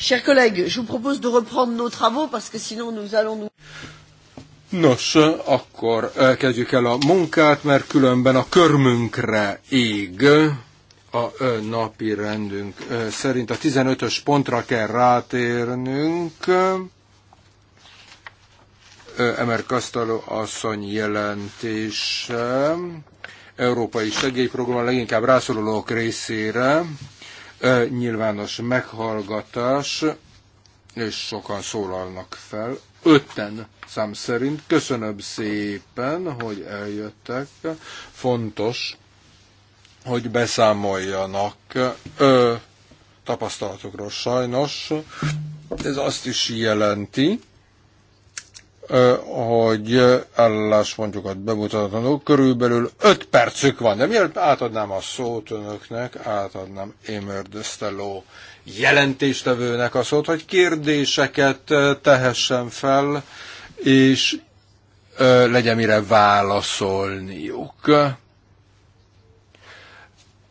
Chers collègues, je vous propose de reprendre nos travaux parce que sinon nous allons nous... Nos, akkor eh, kezdjük el a munkát, mert különben a körmünkre ég a eh, napi rendünk eh, szerint. A 15-ös pontra kell rátérnünk. Emer Kasztaló asszony jelentése, Európai Segélyprogram leginkább rászorulók részére nyilvános meghallgatás, és sokan szólalnak fel, ötten szám szerint. Köszönöm szépen, hogy eljöttek. Fontos, hogy beszámoljanak ö, tapasztalatokról sajnos. Ez azt is jelenti, Eh, hogy eh, álláspontjukat bemutatnak. Körülbelül 5 percük van, de mielőtt átadnám a szót önöknek, átadnám Émer Deszteló jelentéstevőnek a szót, hogy kérdéseket eh, tehessen fel, és legyen mire válaszolniuk.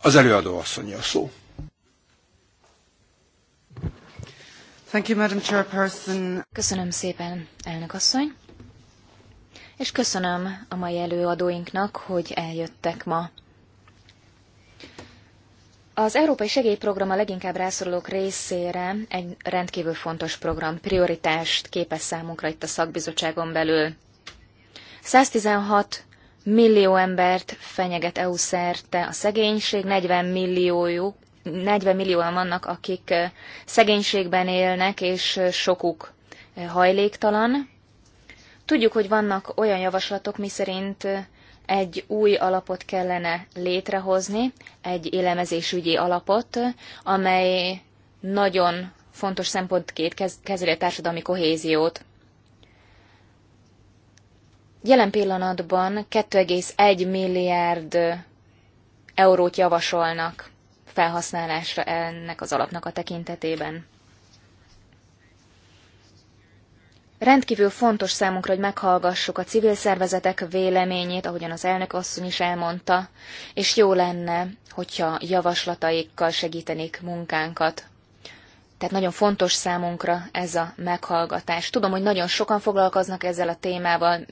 Az előadó asszony a szó. Thank you, Madam Chairperson. Köszönöm szépen, elnök asszony. És köszönöm a mai előadóinknak, hogy eljöttek ma. Az Európai Segélyprogram a leginkább rászorulók részére egy rendkívül fontos program, prioritást képes számunkra itt a szakbizottságon belül. 116 millió embert fenyeget EU szerte a szegénység, 40 milliójuk 40 millióan vannak, akik szegénységben élnek, és sokuk hajléktalan. Tudjuk, hogy vannak olyan javaslatok, miszerint egy új alapot kellene létrehozni, egy élemezésügyi alapot, amely nagyon fontos szempontként kezeli a társadalmi kohéziót. Jelen pillanatban 2,1 milliárd eurót javasolnak felhasználásra ennek az alapnak a tekintetében. Rendkívül fontos számunkra, hogy meghallgassuk a civil szervezetek véleményét, ahogyan az elnök asszony is elmondta, és jó lenne, hogyha javaslataikkal segítenék munkánkat. Tehát nagyon fontos számunkra ez a meghallgatás. Tudom, hogy nagyon sokan foglalkoznak ezzel a témával,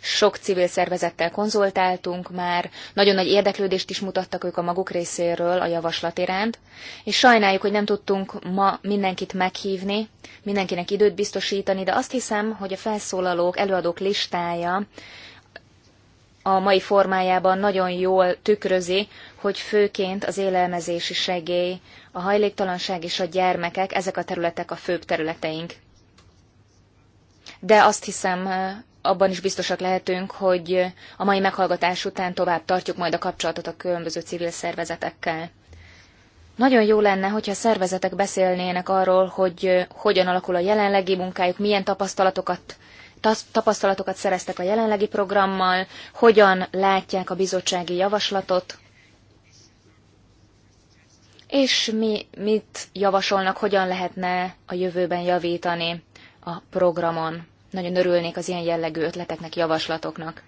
sok civil szervezettel konzultáltunk már, nagyon nagy érdeklődést is mutattak ők a maguk részéről a javaslat iránt, és sajnáljuk, hogy nem tudtunk ma mindenkit meghívni, mindenkinek időt biztosítani, de azt hiszem, hogy a felszólalók, előadók listája a mai formájában nagyon jól tükrözi, hogy főként az élelmezési segély, a hajléktalanság és a gyermekek, ezek a területek a főbb területeink. De azt hiszem, abban is biztosak lehetünk, hogy a mai meghallgatás után tovább tartjuk majd a kapcsolatot a különböző civil szervezetekkel. Nagyon jó lenne, hogyha a szervezetek beszélnének arról, hogy hogyan alakul a jelenlegi munkájuk, milyen tapasztalatokat tapasztalatokat szereztek a jelenlegi programmal, hogyan látják a bizottsági javaslatot, és mi, mit javasolnak, hogyan lehetne a jövőben javítani a programon nagyon örülnék az ilyen jellegű ötleteknek, javaslatoknak.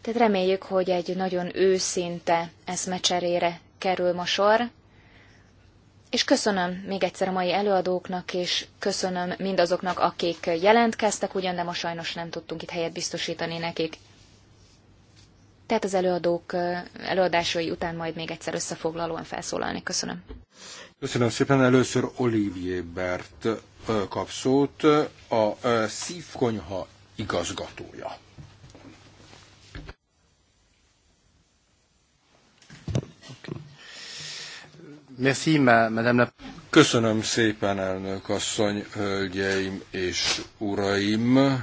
Tehát reméljük, hogy egy nagyon őszinte eszmecserére kerül ma sor, és köszönöm még egyszer a mai előadóknak, és köszönöm mindazoknak, akik jelentkeztek, ugyan de ma sajnos nem tudtunk itt helyet biztosítani nekik tehát az előadók előadásai után majd még egyszer összefoglalóan felszólalni. Köszönöm. Köszönöm szépen. Először Olivier Bert kap szót, a szívkonyha igazgatója. Merci, la... Köszönöm szépen, elnök asszony, hölgyeim és uraim.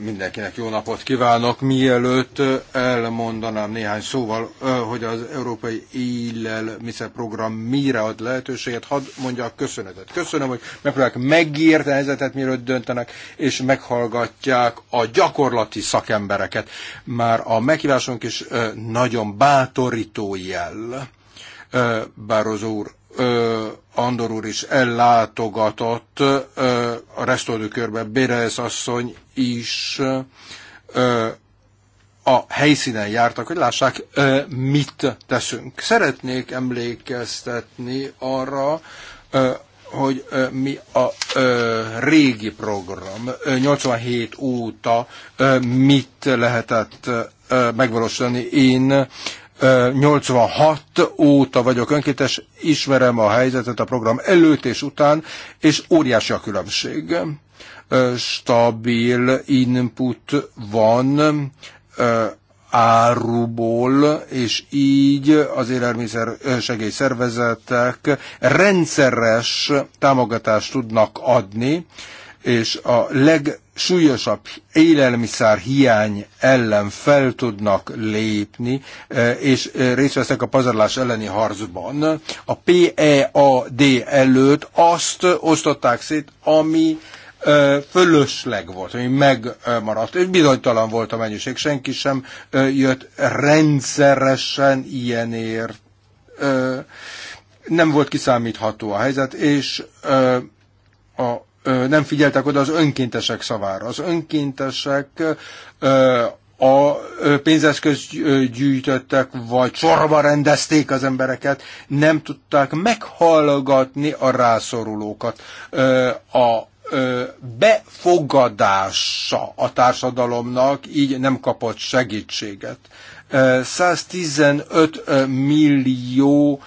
Mindenkinek jó napot kívánok. Mielőtt elmondanám néhány szóval, hogy az Európai Élelmiszer Program mire ad lehetőséget, hadd mondjak köszönetet. Köszönöm, hogy megpróbálják megérteni a helyzetet, mielőtt döntenek, és meghallgatják a gyakorlati szakembereket. Már a meghívásunk is nagyon bátorító jel. Bározó úr Andor úr is ellátogatott a resztoldőkörben Bérez asszony is a helyszínen jártak, hogy lássák, mit teszünk. Szeretnék emlékeztetni arra, hogy mi a régi program 87 óta mit lehetett megvalósítani. Én 86 óta vagyok önkéntes, ismerem a helyzetet a program előtt és után, és óriási a különbség. Stabil input van, áruból, és így az élelmiszer segélyszervezetek rendszeres támogatást tudnak adni, és a leg súlyosabb élelmiszer hiány ellen fel tudnak lépni, eh, és eh, részt vesznek a pazarlás elleni harcban. A PEAD előtt azt osztották szét, ami eh, fölösleg volt, ami megmaradt, és bizonytalan volt a mennyiség, senki sem jött rendszeresen ilyenért. Nem volt kiszámítható a helyzet, és a nem figyeltek oda az önkéntesek szavára. Az önkéntesek a pénzeszköz gyűjtöttek, vagy sorba rendezték az embereket, nem tudták meghallgatni a rászorulókat. A befogadása a társadalomnak így nem kapott segítséget. 115 millió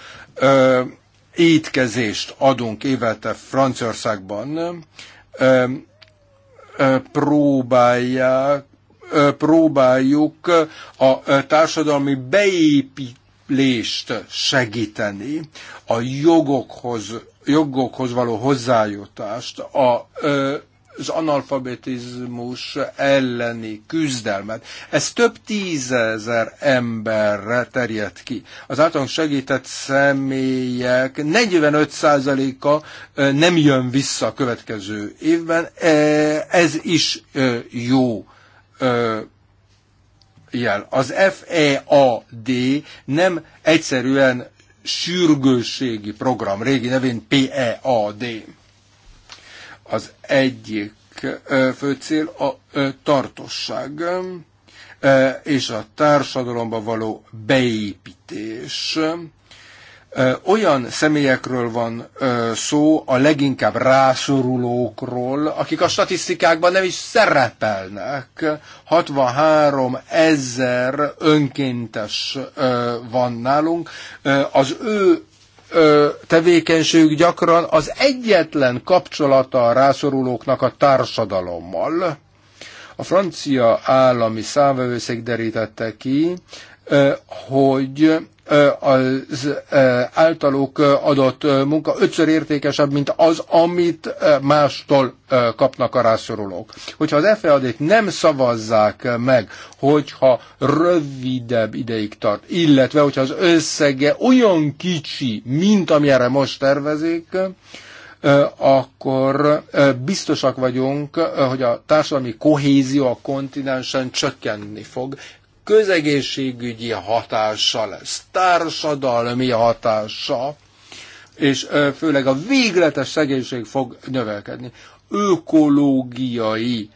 étkezést adunk évente Franciaországban, próbálják, próbáljuk a társadalmi beépítést segíteni, a jogokhoz, jogokhoz való hozzájutást, a az analfabetizmus elleni küzdelmet. Ez több tízezer emberre terjed ki. Az általunk segített személyek 45%-a nem jön vissza a következő évben. Ez is jó jel. Az FEAD nem egyszerűen sürgősségi program, régi nevén PEAD az egyik fő cél a tartosság és a társadalomba való beépítés. Olyan személyekről van szó, a leginkább rászorulókról, akik a statisztikákban nem is szerepelnek. 63 ezer önkéntes van nálunk. Az ő tevékenységük gyakran az egyetlen kapcsolata a rászorulóknak a társadalommal. A francia állami számvevőszék derítette ki, hogy az általuk adott munka ötször értékesebb, mint az, amit mástól kapnak a rászorulók. Hogyha az fead nem szavazzák meg, hogyha rövidebb ideig tart, illetve hogyha az összege olyan kicsi, mint amire most tervezik, akkor biztosak vagyunk, hogy a társadalmi kohézió a kontinensen csökkenni fog, közegészségügyi hatása lesz, társadalmi hatása, és főleg a végletes szegénység fog növelkedni. Ökológiai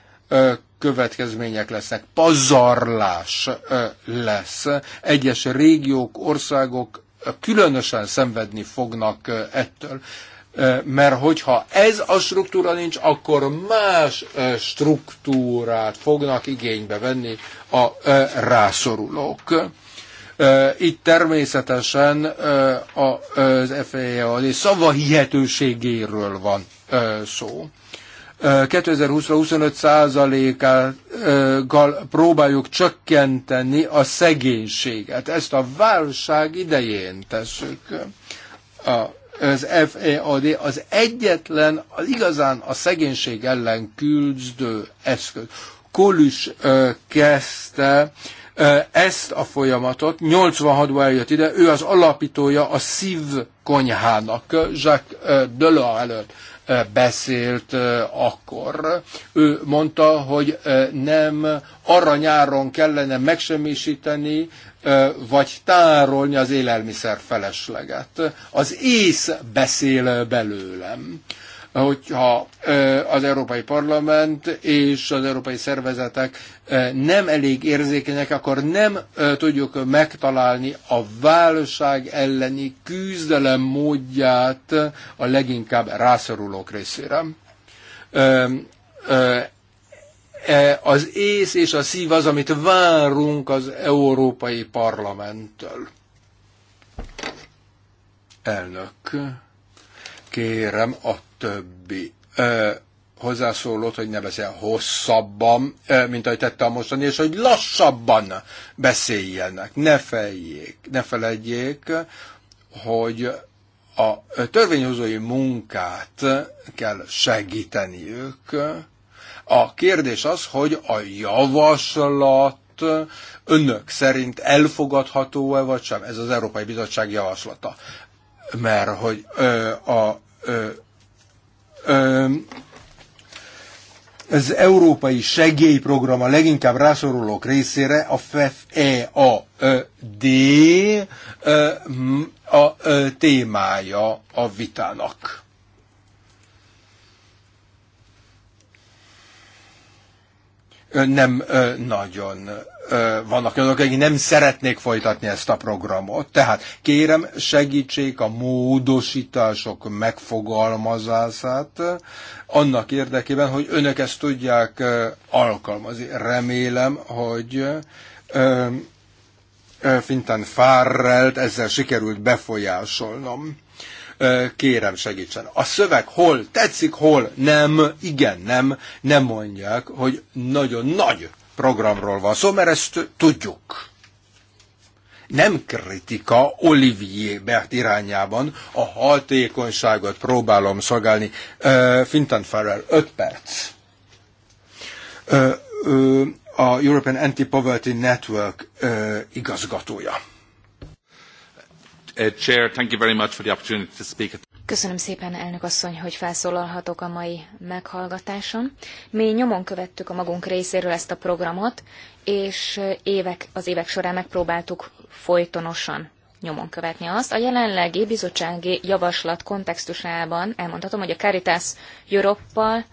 következmények lesznek, pazarlás lesz. Egyes régiók, országok különösen szenvedni fognak ettől mert hogyha ez a struktúra nincs, akkor más struktúrát fognak igénybe venni a rászorulók. Itt természetesen az szava hihetőségéről van szó. 2020-ra 25 százalékkal próbáljuk csökkenteni a szegénységet. Ezt a válság idején tesszük. A az FEAD az egyetlen, az igazán a szegénység ellen küzdő eszköz. Kolus kezdte ezt a folyamatot, 86-ban eljött ide, ő az alapítója a konyhának, Jacques Delors előtt beszélt akkor, ő mondta, hogy nem arra nyáron kellene megsemmisíteni, vagy tárolni az élelmiszer felesleget. Az ész beszél belőlem hogyha az Európai Parlament és az európai szervezetek nem elég érzékenyek, akkor nem tudjuk megtalálni a válság elleni küzdelem módját a leginkább rászorulók részére. E, az ész és a szív az, amit várunk az Európai Parlamenttől. Elnök, kérem a többi ö, hozzászólót, hogy ne beszél hosszabban, ö, mint ahogy tette a mostani, és hogy lassabban beszéljenek, ne feljék, ne felejtjék, hogy a törvényhozói munkát kell segíteniük. A kérdés az, hogy a javaslat önök szerint elfogadható-e vagy sem? Ez az Európai Bizottság javaslata. Mert hogy ö, a ö, az európai segélyprogram a leginkább rászorulók részére a FFEAD a témája a vitának. nem nagyon vannak önök, akik nem szeretnék folytatni ezt a programot. Tehát kérem, segítsék a módosítások megfogalmazását annak érdekében, hogy önök ezt tudják alkalmazni. Remélem, hogy Fintan Fárrelt ezzel sikerült befolyásolnom kérem segítsen. A szöveg hol tetszik, hol nem, igen, nem, nem mondják, hogy nagyon nagy programról van szó, mert ezt tudjuk. Nem kritika Olivier Bert irányában, a hatékonyságot próbálom szolgálni. Fintan Farrell, 5 perc. a European Anti-Poverty Network igazgatója. Uh, Chair, thank you very much for the opportunity to speak. Köszönöm szépen, elnök asszony, hogy felszólalhatok a mai meghallgatáson. Mi nyomon követtük a magunk részéről ezt a programot, és évek, az évek során megpróbáltuk folytonosan nyomon követni azt. A jelenlegi bizottsági javaslat kontextusában elmondhatom, hogy a Caritas Europpal,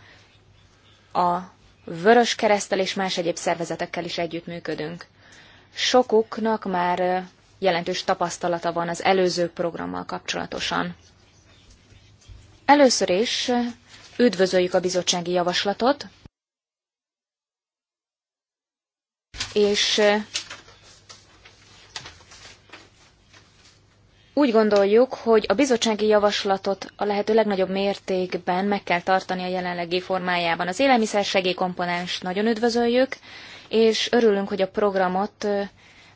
a Vörös Keresztel és más egyéb szervezetekkel is együttműködünk. Sokuknak már jelentős tapasztalata van az előző programmal kapcsolatosan. Először is üdvözöljük a bizottsági javaslatot, és úgy gondoljuk, hogy a bizottsági javaslatot a lehető legnagyobb mértékben meg kell tartani a jelenlegi formájában. Az élelmiszer segélykomponens nagyon üdvözöljük, és örülünk, hogy a programot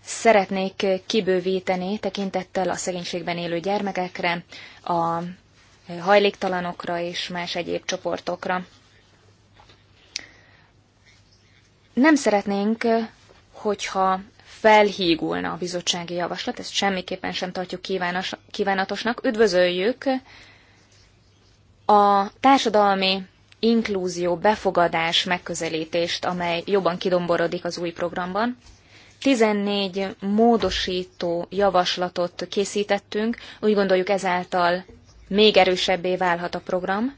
szeretnék kibővíteni tekintettel a szegénységben élő gyermekekre, a hajléktalanokra és más egyéb csoportokra. Nem szeretnénk, hogyha felhígulna a bizottsági javaslat, ezt semmiképpen sem tartjuk kívános, kívánatosnak. Üdvözöljük a társadalmi inklúzió, befogadás megközelítést, amely jobban kidomborodik az új programban. 14 módosító javaslatot készítettünk, úgy gondoljuk ezáltal még erősebbé válhat a program,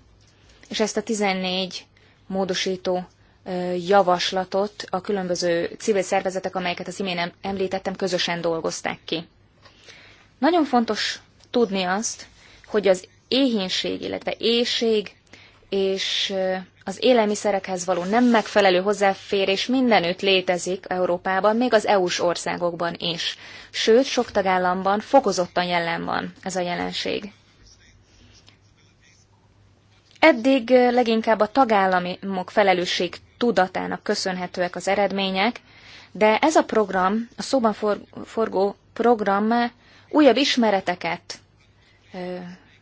és ezt a 14 módosító javaslatot a különböző civil szervezetek, amelyeket az imént említettem, közösen dolgozták ki. Nagyon fontos tudni azt, hogy az éhínség, illetve éjség és az élelmiszerekhez való nem megfelelő hozzáférés mindenütt létezik Európában, még az EU-s országokban is. Sőt, sok tagállamban fokozottan jelen van ez a jelenség. Eddig leginkább a tagállamok felelősség tudatának köszönhetőek az eredmények, de ez a program, a szóban forgó program újabb ismereteket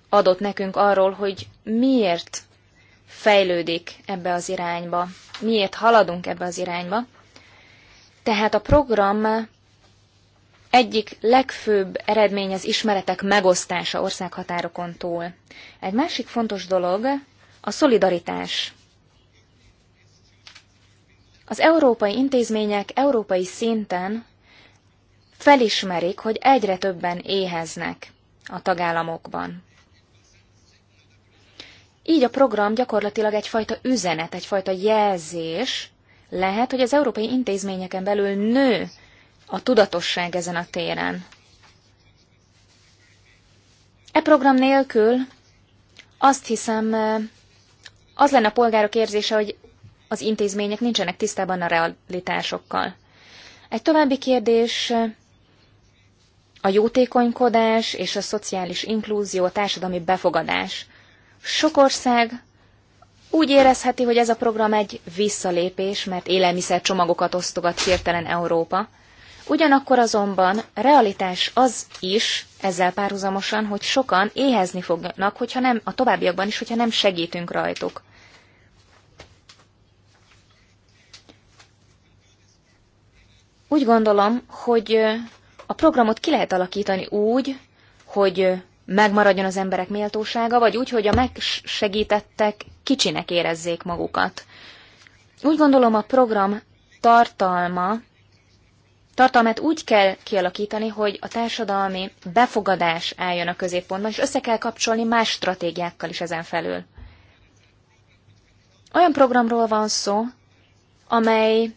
adott nekünk arról, hogy miért fejlődik ebbe az irányba, miért haladunk ebbe az irányba. Tehát a program egyik legfőbb eredmény az ismeretek megosztása országhatárokon túl. Egy másik fontos dolog a szolidaritás. Az európai intézmények európai szinten felismerik, hogy egyre többen éheznek a tagállamokban. Így a program gyakorlatilag egyfajta üzenet, egyfajta jelzés lehet, hogy az európai intézményeken belül nő a tudatosság ezen a téren. E program nélkül azt hiszem, eh, az lenne a polgárok érzése, hogy az intézmények nincsenek tisztában a realitásokkal. Egy további kérdés eh, a jótékonykodás és a szociális inklúzió, a társadalmi befogadás. Sok ország úgy érezheti, hogy ez a program egy visszalépés, mert élelmiszercsomagokat osztogat hirtelen Európa. Ugyanakkor azonban realitás az is, ezzel párhuzamosan, hogy sokan éhezni fognak, hogyha nem, a továbbiakban is, hogyha nem segítünk rajtuk. Úgy gondolom, hogy a programot ki lehet alakítani úgy, hogy megmaradjon az emberek méltósága, vagy úgy, hogy a megsegítettek kicsinek érezzék magukat. Úgy gondolom a program tartalma, tartalmát úgy kell kialakítani, hogy a társadalmi befogadás álljon a középpontban, és össze kell kapcsolni más stratégiákkal is ezen felül. Olyan programról van szó, amely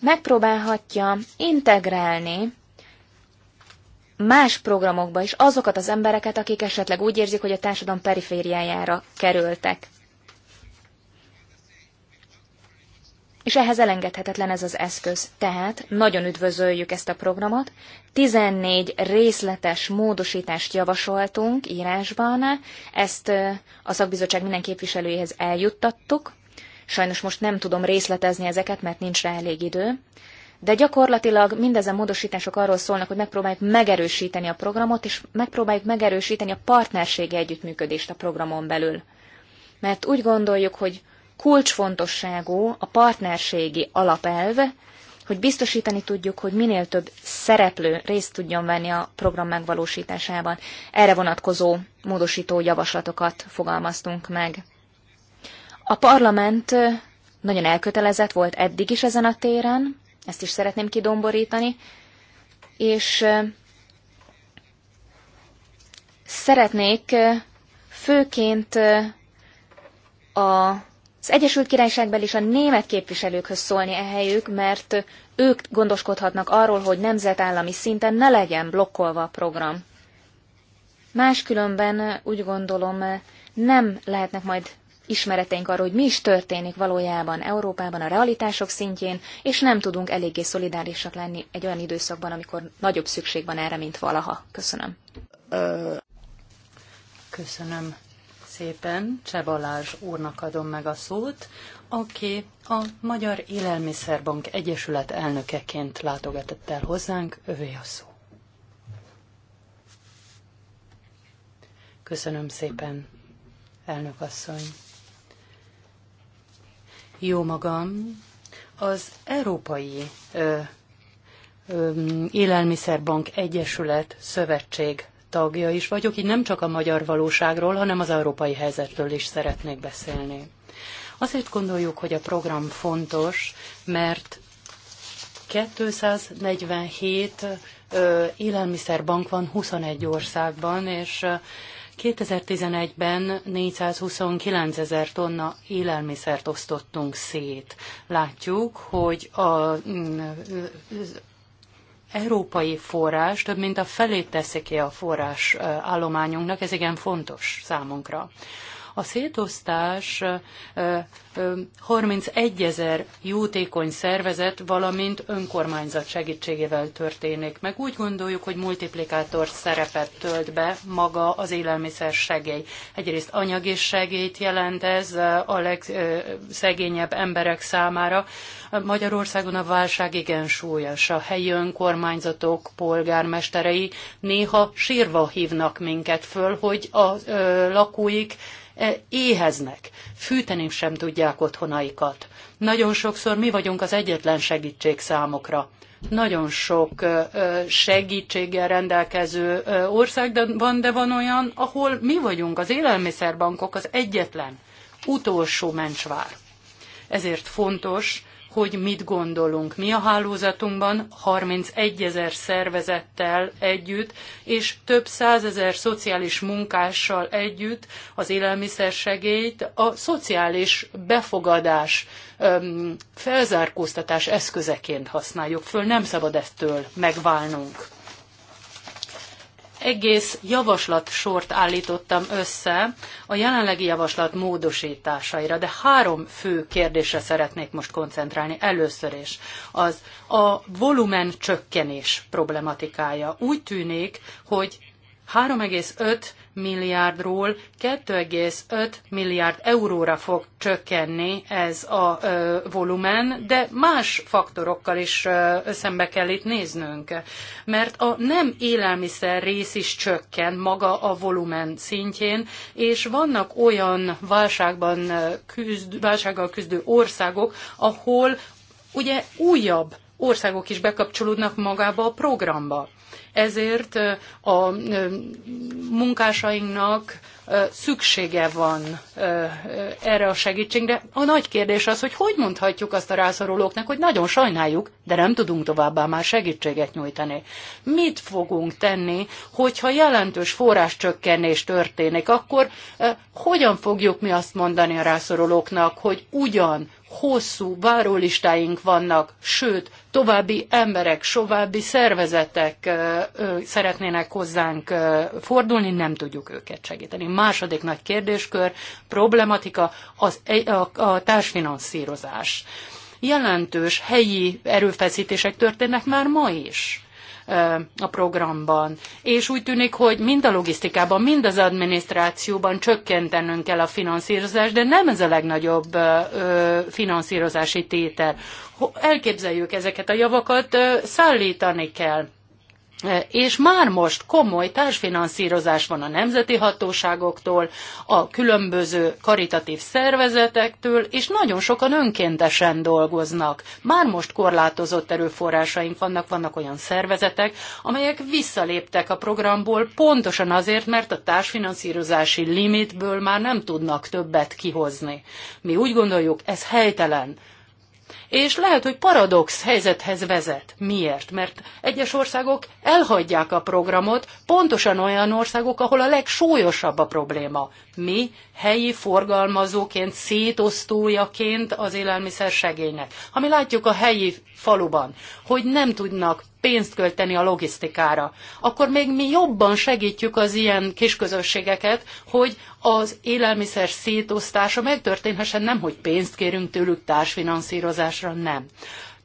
megpróbálhatja integrálni más programokba is azokat az embereket, akik esetleg úgy érzik, hogy a társadalom perifériájára kerültek. És ehhez elengedhetetlen ez az eszköz. Tehát nagyon üdvözöljük ezt a programot. 14 részletes módosítást javasoltunk írásban, ezt a szakbizottság minden képviselőjéhez eljuttattuk. Sajnos most nem tudom részletezni ezeket, mert nincs rá elég idő de gyakorlatilag mindezen módosítások arról szólnak, hogy megpróbáljuk megerősíteni a programot, és megpróbáljuk megerősíteni a partnerségi együttműködést a programon belül. Mert úgy gondoljuk, hogy kulcsfontosságú a partnerségi alapelve, hogy biztosítani tudjuk, hogy minél több szereplő részt tudjon venni a program megvalósításában. Erre vonatkozó módosító javaslatokat fogalmaztunk meg. A parlament nagyon elkötelezett volt eddig is ezen a téren, ezt is szeretném kidomborítani, és szeretnék főként a az Egyesült Királyságban is a német képviselőkhöz szólni e helyük, mert ők gondoskodhatnak arról, hogy nemzetállami szinten ne legyen blokkolva a program. Máskülönben úgy gondolom nem lehetnek majd ismereteink arról, hogy mi is történik valójában Európában a realitások szintjén, és nem tudunk eléggé szolidárisak lenni egy olyan időszakban, amikor nagyobb szükség van erre, mint valaha. Köszönöm. Köszönöm szépen. Cseh Balázs úrnak adom meg a szót, aki a Magyar Élelmiszerbank Egyesület elnökeként látogatott el hozzánk. Övé a szó. Köszönöm szépen, elnök asszony. Jó magam, az Európai ö, ö, Élelmiszerbank Egyesület Szövetség tagja is vagyok, így nem csak a magyar valóságról, hanem az európai helyzetről is szeretnék beszélni. Azért gondoljuk, hogy a program fontos, mert 247 élelmiszerbank van 21 országban, és 2011-ben 429 ezer tonna élelmiszert osztottunk szét. Látjuk, hogy a mm, európai forrás több mint a felét teszi ki a forrás állományunknak, ez igen fontos számunkra. A szétosztás 31 ezer jótékony szervezet, valamint önkormányzat segítségével történik meg. Úgy gondoljuk, hogy multiplikátor szerepet tölt be maga az élelmiszer segély. Egyrészt anyagi segélyt jelent ez a legszegényebb emberek számára. Magyarországon a válság igen súlyos. A helyi önkormányzatok polgármesterei néha sírva hívnak minket föl, hogy a lakóik E, éheznek, fűteni sem tudják otthonaikat. Nagyon sokszor mi vagyunk az egyetlen segítség számokra nagyon sok e, e, segítséggel rendelkező ország de van, de van olyan, ahol mi vagyunk, az élelmiszerbankok az egyetlen utolsó mencsvár. Ezért fontos hogy mit gondolunk. Mi a hálózatunkban 31 ezer szervezettel együtt, és több százezer szociális munkással együtt az élelmiszersegélyt a szociális befogadás, felzárkóztatás eszközeként használjuk föl. Nem szabad ettől megválnunk egész javaslat sort állítottam össze a jelenlegi javaslat módosításaira, de három fő kérdésre szeretnék most koncentrálni. Először is az a volumen csökkenés problematikája. Úgy tűnik, hogy 3,5 milliárdról 2,5 milliárd euróra fog csökkenni ez a volumen, de más faktorokkal is szembe kell itt néznünk, mert a nem élelmiszer rész is csökken maga a volumen szintjén, és vannak olyan válságban küzd, válsággal küzdő országok, ahol ugye újabb országok is bekapcsolódnak magába a programba. Ezért a munkásainknak szüksége van erre a segítségre. A nagy kérdés az, hogy hogy mondhatjuk azt a rászorulóknak, hogy nagyon sajnáljuk, de nem tudunk továbbá már segítséget nyújtani. Mit fogunk tenni, hogyha jelentős forráscsökkenés történik, akkor hogyan fogjuk mi azt mondani a rászorulóknak, hogy ugyan hosszú várólistáink vannak, sőt, további emberek, további szervezetek szeretnének hozzánk fordulni, nem tudjuk őket segíteni. Második nagy kérdéskör, problematika az, e, a, a társfinanszírozás. Jelentős helyi erőfeszítések történnek már ma is a programban. És úgy tűnik, hogy mind a logisztikában, mind az adminisztrációban csökkentenünk kell a finanszírozást, de nem ez a legnagyobb finanszírozási tétel. Elképzeljük ezeket a javakat, szállítani kell és már most komoly társfinanszírozás van a nemzeti hatóságoktól, a különböző karitatív szervezetektől, és nagyon sokan önkéntesen dolgoznak. Már most korlátozott erőforrásaink vannak, vannak olyan szervezetek, amelyek visszaléptek a programból pontosan azért, mert a társfinanszírozási limitből már nem tudnak többet kihozni. Mi úgy gondoljuk, ez helytelen és lehet, hogy paradox helyzethez vezet. Miért? Mert egyes országok elhagyják a programot, pontosan olyan országok, ahol a legsúlyosabb a probléma mi helyi forgalmazóként, szétosztójaként az élelmiszer segélynek. Ha mi látjuk a helyi faluban, hogy nem tudnak pénzt költeni a logisztikára, akkor még mi jobban segítjük az ilyen kisközösségeket, hogy az élelmiszer szétosztása megtörténhessen, nem hogy pénzt kérünk tőlük társfinanszírozásra, nem.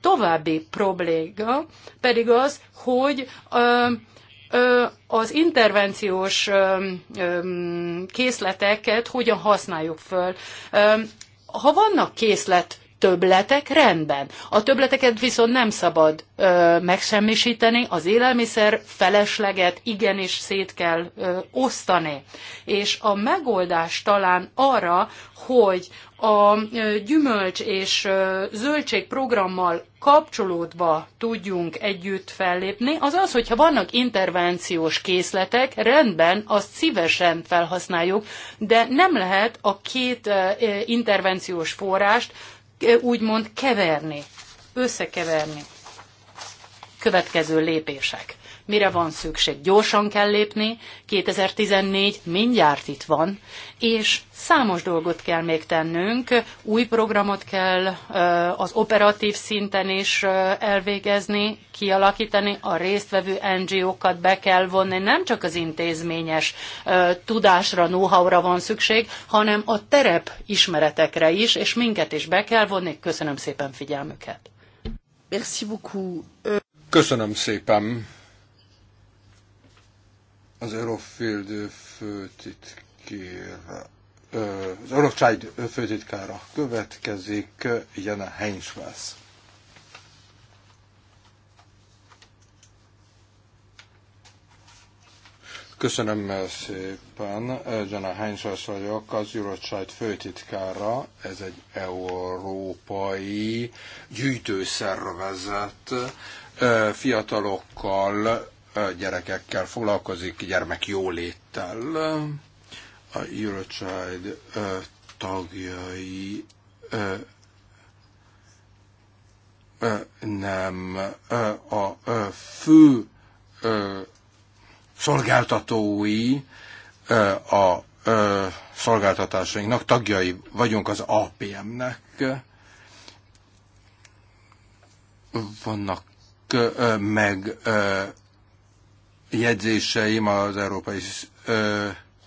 További probléma pedig az, hogy ö, az intervenciós készleteket hogyan használjuk föl. Ha vannak készlet többletek rendben. A többleteket viszont nem szabad ö, megsemmisíteni, az élelmiszer felesleget igenis szét kell ö, osztani. És a megoldás talán arra, hogy a gyümölcs és zöldség programmal kapcsolódva tudjunk együtt fellépni, az az, hogyha vannak intervenciós készletek, rendben, azt szívesen felhasználjuk, de nem lehet a két intervenciós forrást úgymond keverni, összekeverni. Következő lépések mire van szükség. Gyorsan kell lépni, 2014 mindjárt itt van, és számos dolgot kell még tennünk, új programot kell az operatív szinten is elvégezni, kialakítani, a résztvevő NGO-kat be kell vonni, nem csak az intézményes tudásra, know-how-ra van szükség, hanem a terep ismeretekre is, és minket is be kell vonni. Köszönöm szépen figyelmüket! Merci beaucoup. Köszönöm szépen! az Eurofield főtitkér, az Eurofield főtitkára következik Jana Heinschweiss. Köszönöm szépen, Jana Heinzsas vagyok, az Eurochild főtitkára, ez egy európai gyűjtőszervezet, fiatalokkal gyerekekkel foglalkozik, gyermekjóléttel. A Eurochild tagjai nem a fő szolgáltatói a szolgáltatásainknak, tagjai vagyunk az APM-nek. Vannak meg jegyzéseim az európai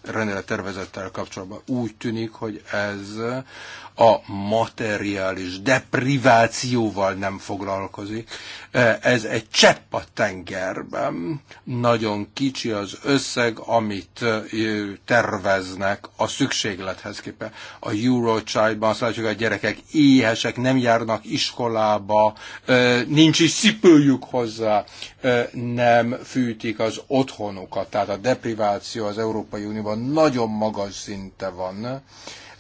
rendelettervezettel kapcsolatban. Úgy tűnik, hogy ez a materiális deprivációval nem foglalkozik. E, ez egy csepp a tengerben. Nagyon kicsi az összeg, amit e, terveznek a szükséglethez képest. A Eurochildban azt látjuk, a gyerekek éhesek, nem járnak iskolába, e, nincs is szipőjük hozzá, nem fűtik az otthonukat. Tehát a depriváció az Európai Unióban nagyon magas szinte van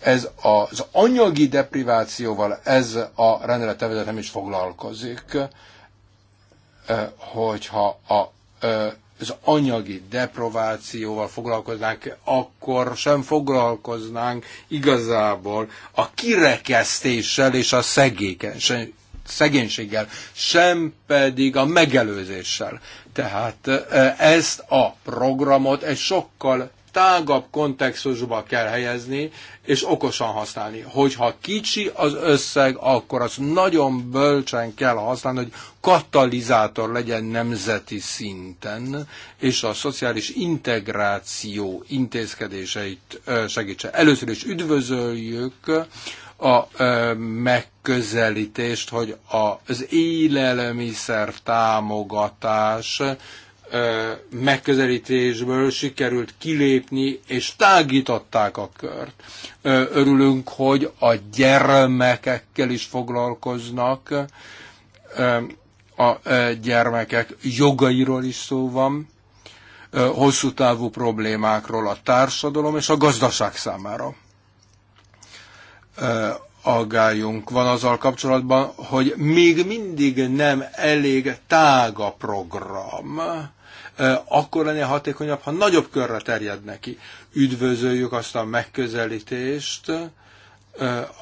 ez az anyagi deprivációval ez a rendelettervezet nem is foglalkozik, hogyha a az anyagi deprivációval foglalkoznánk, akkor sem foglalkoznánk igazából a kirekesztéssel és a szegénységgel, sem pedig a megelőzéssel. Tehát ezt a programot egy sokkal tágabb kontextusba kell helyezni, és okosan használni. Hogyha kicsi az összeg, akkor azt nagyon bölcsen kell használni, hogy katalizátor legyen nemzeti szinten, és a szociális integráció intézkedéseit segítse. Először is üdvözöljük a megközelítést, hogy az élelmiszer támogatás megközelítésből sikerült kilépni, és tágították a kört. Örülünk, hogy a gyermekekkel is foglalkoznak, a gyermekek jogairól is szó van, hosszú távú problémákról a társadalom és a gazdaság számára aggályunk van azzal kapcsolatban, hogy még mindig nem elég tág a program akkor lenne hatékonyabb, ha nagyobb körre terjed neki. Üdvözöljük azt a megközelítést,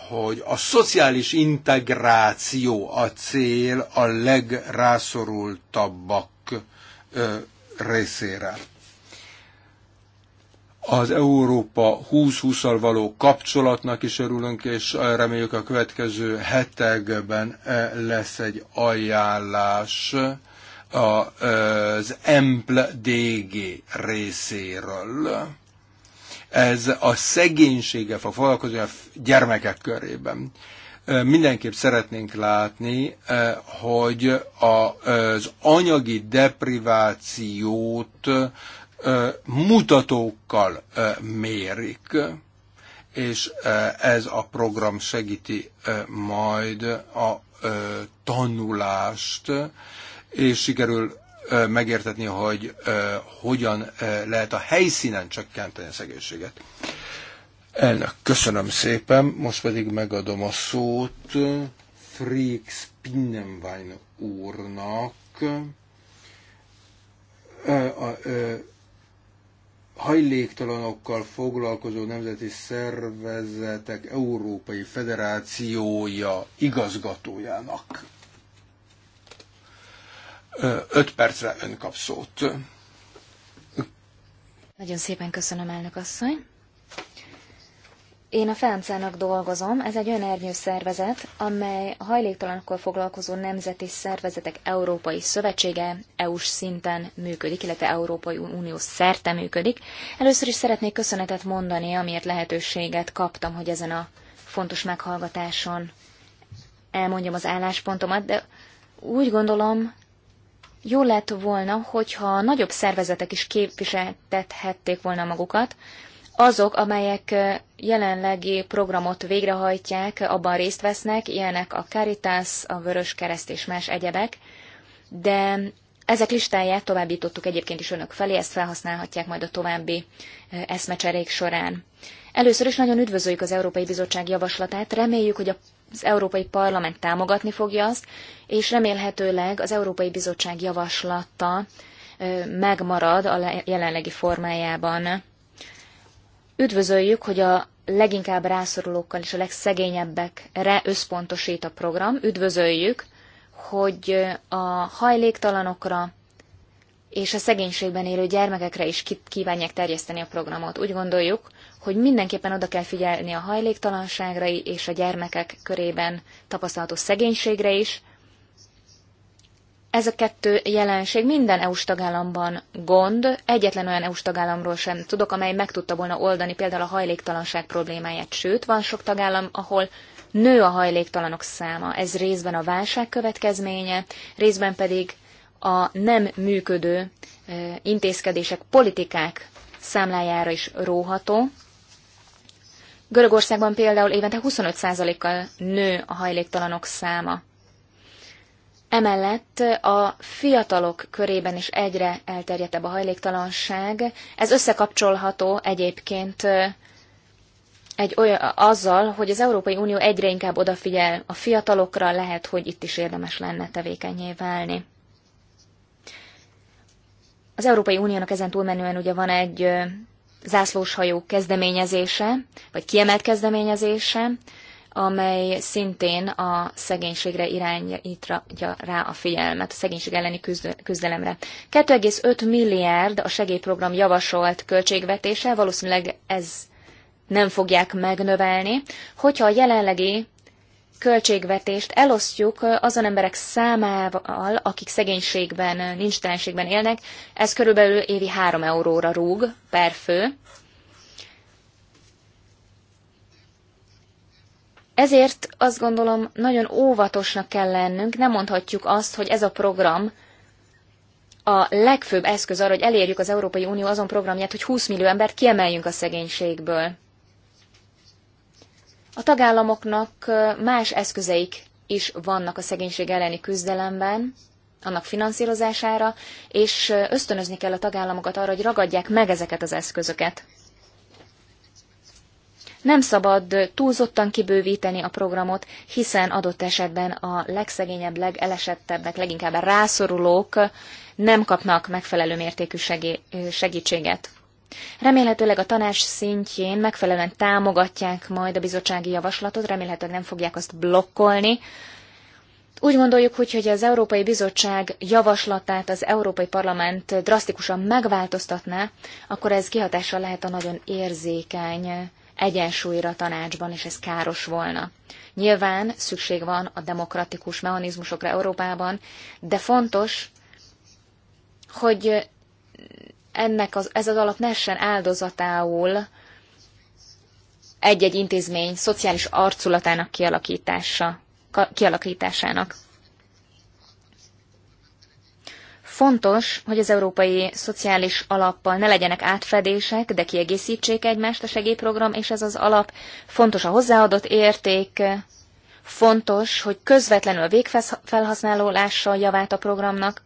hogy a szociális integráció a cél a legrászorultabbak részére. Az Európa 20-20-al való kapcsolatnak is örülünk, és reméljük a következő hetekben lesz egy ajánlás az EMPL DG részéről. Ez a szegénységgel fog foglalkozni a gyermekek körében. Mindenképp szeretnénk látni, hogy az anyagi deprivációt mutatókkal mérik és ez a program segíti majd a tanulást, és sikerül megértetni, hogy hogyan lehet a helyszínen csökkenteni a szegénységet. Elnök, köszönöm szépen, most pedig megadom a szót Frix Pinnenwein úrnak. A, a, a, hajléktalanokkal foglalkozó nemzeti szervezetek Európai Federációja igazgatójának percre ön kap szót. Nagyon szépen köszönöm, elnök asszony. Én a Fáncának dolgozom, ez egy olyan ernyő szervezet, amely a hajléktalanokkal foglalkozó nemzeti szervezetek Európai Szövetsége EU-s szinten működik, illetve Európai Unió szerte működik. Először is szeretnék köszönetet mondani, amiért lehetőséget kaptam, hogy ezen a fontos meghallgatáson elmondjam az álláspontomat, de úgy gondolom, jó lett volna, hogyha nagyobb szervezetek is képviseltethették volna magukat, azok, amelyek jelenlegi programot végrehajtják, abban részt vesznek, ilyenek a Caritas, a Vörös Kereszt és más egyebek, de ezek listáját továbbítottuk egyébként is önök felé, ezt felhasználhatják majd a további eszmecserék során. Először is nagyon üdvözöljük az Európai Bizottság javaslatát, reméljük, hogy a az Európai Parlament támogatni fogja azt, és remélhetőleg az Európai Bizottság javaslata megmarad a jelenlegi formájában. Üdvözöljük, hogy a leginkább rászorulókkal és a legszegényebbekre összpontosít a program. Üdvözöljük, hogy a hajléktalanokra és a szegénységben élő gyermekekre is kívánják terjeszteni a programot. Úgy gondoljuk, hogy mindenképpen oda kell figyelni a hajléktalanságra és a gyermekek körében tapasztalható szegénységre is. Ez a kettő jelenség minden EU-s tagállamban gond, egyetlen olyan EU-s tagállamról sem tudok, amely meg tudta volna oldani például a hajléktalanság problémáját, sőt, van sok tagállam, ahol nő a hajléktalanok száma. Ez részben a válság következménye, részben pedig a nem működő intézkedések, politikák számlájára is róható. Görögországban például évente 25%-kal nő a hajléktalanok száma. Emellett a fiatalok körében is egyre elterjedtebb a hajléktalanság. Ez összekapcsolható egyébként egy olyan, azzal, hogy az Európai Unió egyre inkább odafigyel a fiatalokra, lehet, hogy itt is érdemes lenne tevékenyé válni. Az Európai Uniónak ezen túlmenően ugye van egy zászlóshajók kezdeményezése, vagy kiemelt kezdeményezése, amely szintén a szegénységre irányítja rá a figyelmet, a szegénység elleni küzdelemre. 2,5 milliárd a segélyprogram javasolt költségvetése, valószínűleg ez nem fogják megnövelni, hogyha a jelenlegi költségvetést elosztjuk azon emberek számával, akik szegénységben, nincstelenségben élnek, ez körülbelül évi 3 euróra rúg per fő. Ezért azt gondolom, nagyon óvatosnak kell lennünk, nem mondhatjuk azt, hogy ez a program a legfőbb eszköz arra, hogy elérjük az Európai Unió azon programját, hogy 20 millió embert kiemeljünk a szegénységből. A tagállamoknak más eszközeik is vannak a szegénység elleni küzdelemben, annak finanszírozására, és ösztönözni kell a tagállamokat arra, hogy ragadják meg ezeket az eszközöket. Nem szabad túlzottan kibővíteni a programot, hiszen adott esetben a legszegényebb, legelesettebbek, leginkább rászorulók nem kapnak megfelelő mértékű segítséget. Remélhetőleg a tanács szintjén megfelelően támogatják majd a bizottsági javaslatot, remélhetőleg nem fogják azt blokkolni. Úgy gondoljuk, hogy, hogy az Európai Bizottság javaslatát az Európai Parlament drasztikusan megváltoztatná, akkor ez kihatással lehet a nagyon érzékeny egyensúlyra a tanácsban, és ez káros volna. Nyilván szükség van a demokratikus mechanizmusokra Európában, de fontos, hogy ennek az, ez az alap ne essen áldozatául egy-egy intézmény szociális arculatának kialakítása, kialakításának. Fontos, hogy az európai szociális alappal ne legyenek átfedések, de kiegészítsék egymást a segélyprogram, és ez az alap. Fontos a hozzáadott érték, fontos, hogy közvetlenül a végfelhasználó lássa a javát a programnak,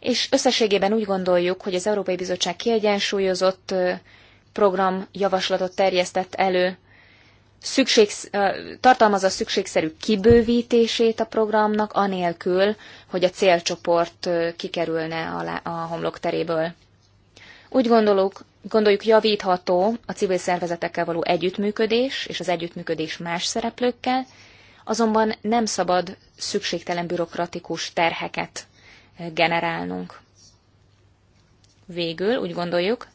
és összességében úgy gondoljuk, hogy az Európai Bizottság kiegyensúlyozott programjavaslatot terjesztett elő, szükség, tartalmazza szükségszerű kibővítését a programnak, anélkül, hogy a célcsoport kikerülne a, homlokteréből. homlok teréből. Úgy gondolok, gondoljuk javítható a civil szervezetekkel való együttműködés és az együttműködés más szereplőkkel, azonban nem szabad szükségtelen bürokratikus terheket generálnunk. Végül úgy gondoljuk,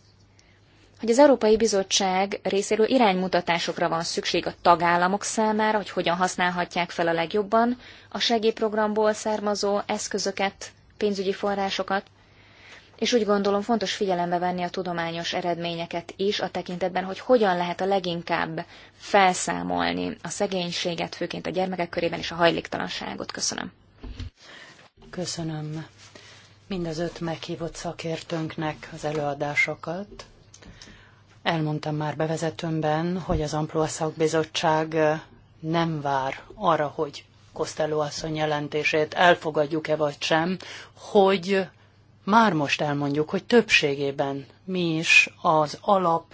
hogy az Európai Bizottság részéről iránymutatásokra van szükség a tagállamok számára, hogy hogyan használhatják fel a legjobban a segélyprogramból származó eszközöket, pénzügyi forrásokat, és úgy gondolom fontos figyelembe venni a tudományos eredményeket is a tekintetben, hogy hogyan lehet a leginkább felszámolni a szegénységet, főként a gyermekek körében és a hajléktalanságot. Köszönöm. Köszönöm mind az öt meghívott szakértőnknek az előadásokat. Elmondtam már bevezetőmben, hogy az Amplóa Szakbizottság nem vár arra, hogy Kosztelló asszony jelentését elfogadjuk-e vagy sem, hogy már most elmondjuk, hogy többségében mi is az alap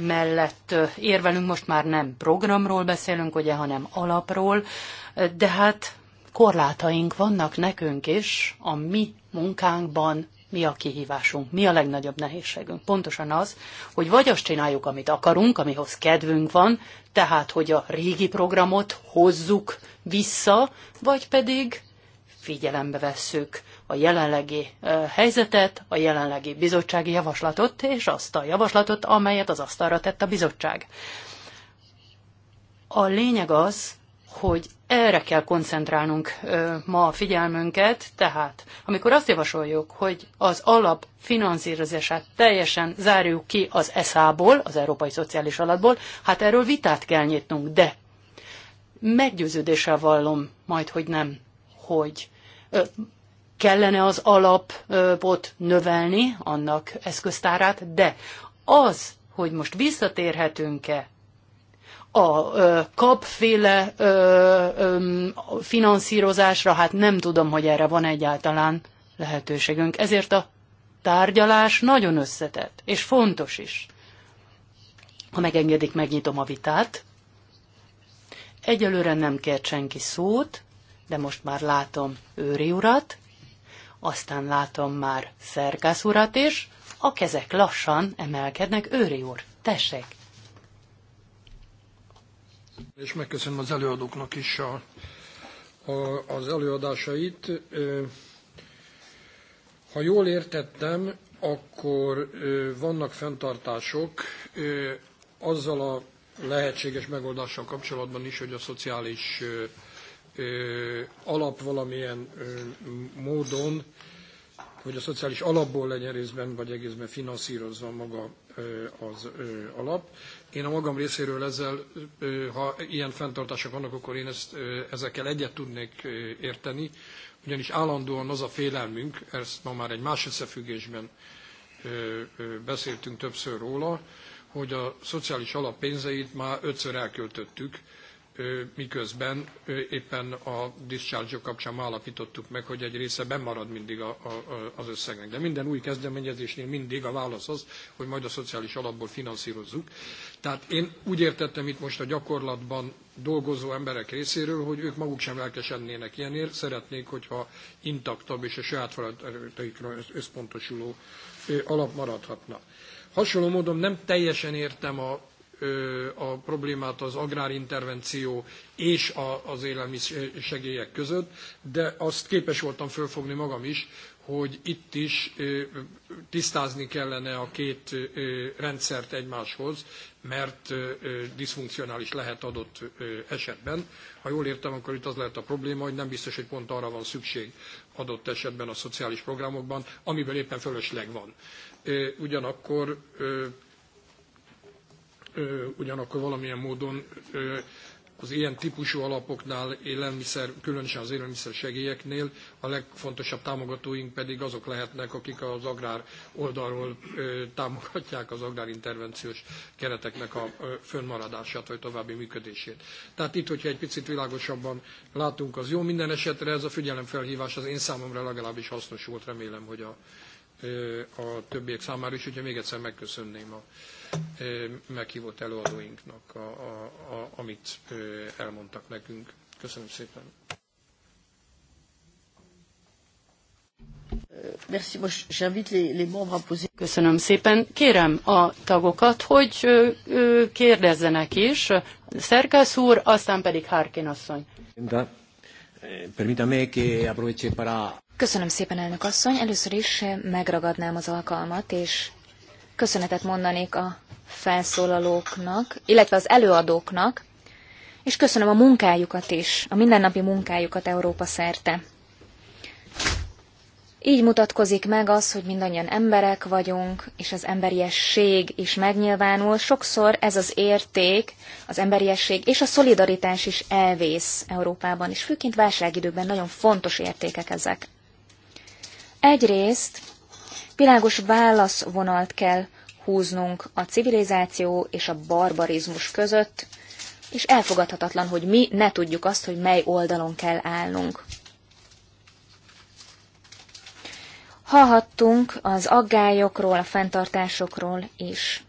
mellett érvelünk, most már nem programról beszélünk, ugye, hanem alapról, de hát korlátaink vannak nekünk is a mi munkánkban, mi a kihívásunk, mi a legnagyobb nehézségünk. Pontosan az, hogy vagy azt csináljuk, amit akarunk, amihoz kedvünk van, tehát hogy a régi programot hozzuk vissza, vagy pedig figyelembe vesszük a jelenlegi helyzetet, a jelenlegi bizottsági javaslatot, és azt a javaslatot, amelyet az asztalra tett a bizottság. A lényeg az, hogy erre kell koncentrálnunk ma a figyelmünket, tehát amikor azt javasoljuk, hogy az alap finanszírozását teljesen zárjuk ki az ESZA-ból, az Európai Szociális Alapból, hát erről vitát kell nyitnunk, de meggyőződéssel vallom majd, hogy nem, hogy kellene az alapot növelni, annak eszköztárát, de az, hogy most visszatérhetünk-e a kapféle finanszírozásra, hát nem tudom, hogy erre van egyáltalán lehetőségünk. Ezért a tárgyalás nagyon összetett, és fontos is. Ha megengedik, megnyitom a vitát. Egyelőre nem kért senki szót, de most már látom őri urat, aztán látom már szerkász urat is, a kezek lassan emelkednek, őri úr, tessék! És megköszönöm az előadóknak is a, a, az előadásait. Ha jól értettem, akkor vannak fenntartások azzal a lehetséges megoldással kapcsolatban is, hogy a szociális alap valamilyen módon hogy a szociális alapból legyen részben vagy egészben finanszírozva maga az alap. Én a magam részéről ezzel, ha ilyen fenntartások vannak, akkor én ezt, ezekkel egyet tudnék érteni, ugyanis állandóan az a félelmünk, ezt ma már egy más összefüggésben beszéltünk többször róla, hogy a szociális alap pénzeit már ötször elköltöttük, miközben éppen a discharge -ok kapcsán állapítottuk meg, hogy egy része bemarad mindig a, a, az összegnek. De minden új kezdeményezésnél mindig a válasz az, hogy majd a szociális alapból finanszírozzuk. Tehát én úgy értettem itt most a gyakorlatban dolgozó emberek részéről, hogy ők maguk sem lelkesednének ilyenért, szeretnék, hogyha intaktabb és a saját feladataikra összpontosuló alap maradhatna. Hasonló módon nem teljesen értem a a problémát az agrárintervenció és az élelmiszersegélyek között, de azt képes voltam fölfogni magam is, hogy itt is tisztázni kellene a két rendszert egymáshoz, mert diszfunkcionális lehet adott esetben. Ha jól értem, akkor itt az lehet a probléma, hogy nem biztos, hogy pont arra van szükség adott esetben a szociális programokban, amiből éppen fölösleg van. Ugyanakkor ugyanakkor valamilyen módon az ilyen típusú alapoknál, élelmiszer, különösen az élelmiszer segélyeknél, a legfontosabb támogatóink pedig azok lehetnek, akik az agrár oldalról támogatják az agrárintervenciós kereteknek a fönnmaradását vagy további működését. Tehát itt, hogyha egy picit világosabban látunk, az jó. Minden esetre ez a figyelemfelhívás az én számomra legalábbis hasznos volt, remélem, hogy a, a többiek számára is, hogyha még egyszer megköszönném a meghívott előadóinknak, a, a, a, amit elmondtak nekünk. Köszönöm szépen. Köszönöm szépen. Kérem a tagokat, hogy kérdezzenek is. Szerkesz úr, aztán pedig Harkin asszony. Eh, Köszönöm szépen, elnök asszony. Először is eh, megragadnám az alkalmat, és köszönetet mondanék a felszólalóknak, illetve az előadóknak, és köszönöm a munkájukat is, a mindennapi munkájukat Európa szerte. Így mutatkozik meg az, hogy mindannyian emberek vagyunk, és az emberiesség is megnyilvánul. Sokszor ez az érték, az emberiesség és a szolidaritás is elvész Európában, és főként válságidőkben nagyon fontos értékek ezek. Egyrészt Világos válaszvonalt kell húznunk a civilizáció és a barbarizmus között, és elfogadhatatlan, hogy mi ne tudjuk azt, hogy mely oldalon kell állnunk. Hallhattunk az aggályokról, a fenntartásokról is.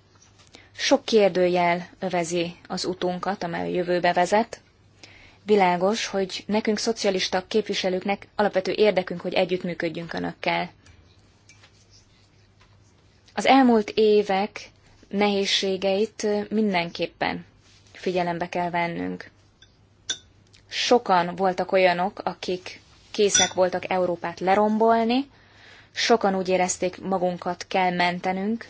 Sok kérdőjel övezi az utunkat, amely a jövőbe vezet. Világos, hogy nekünk szocialista képviselőknek alapvető érdekünk, hogy együttműködjünk önökkel. Az elmúlt évek nehézségeit mindenképpen figyelembe kell vennünk. Sokan voltak olyanok, akik készek voltak Európát lerombolni, sokan úgy érezték, magunkat kell mentenünk.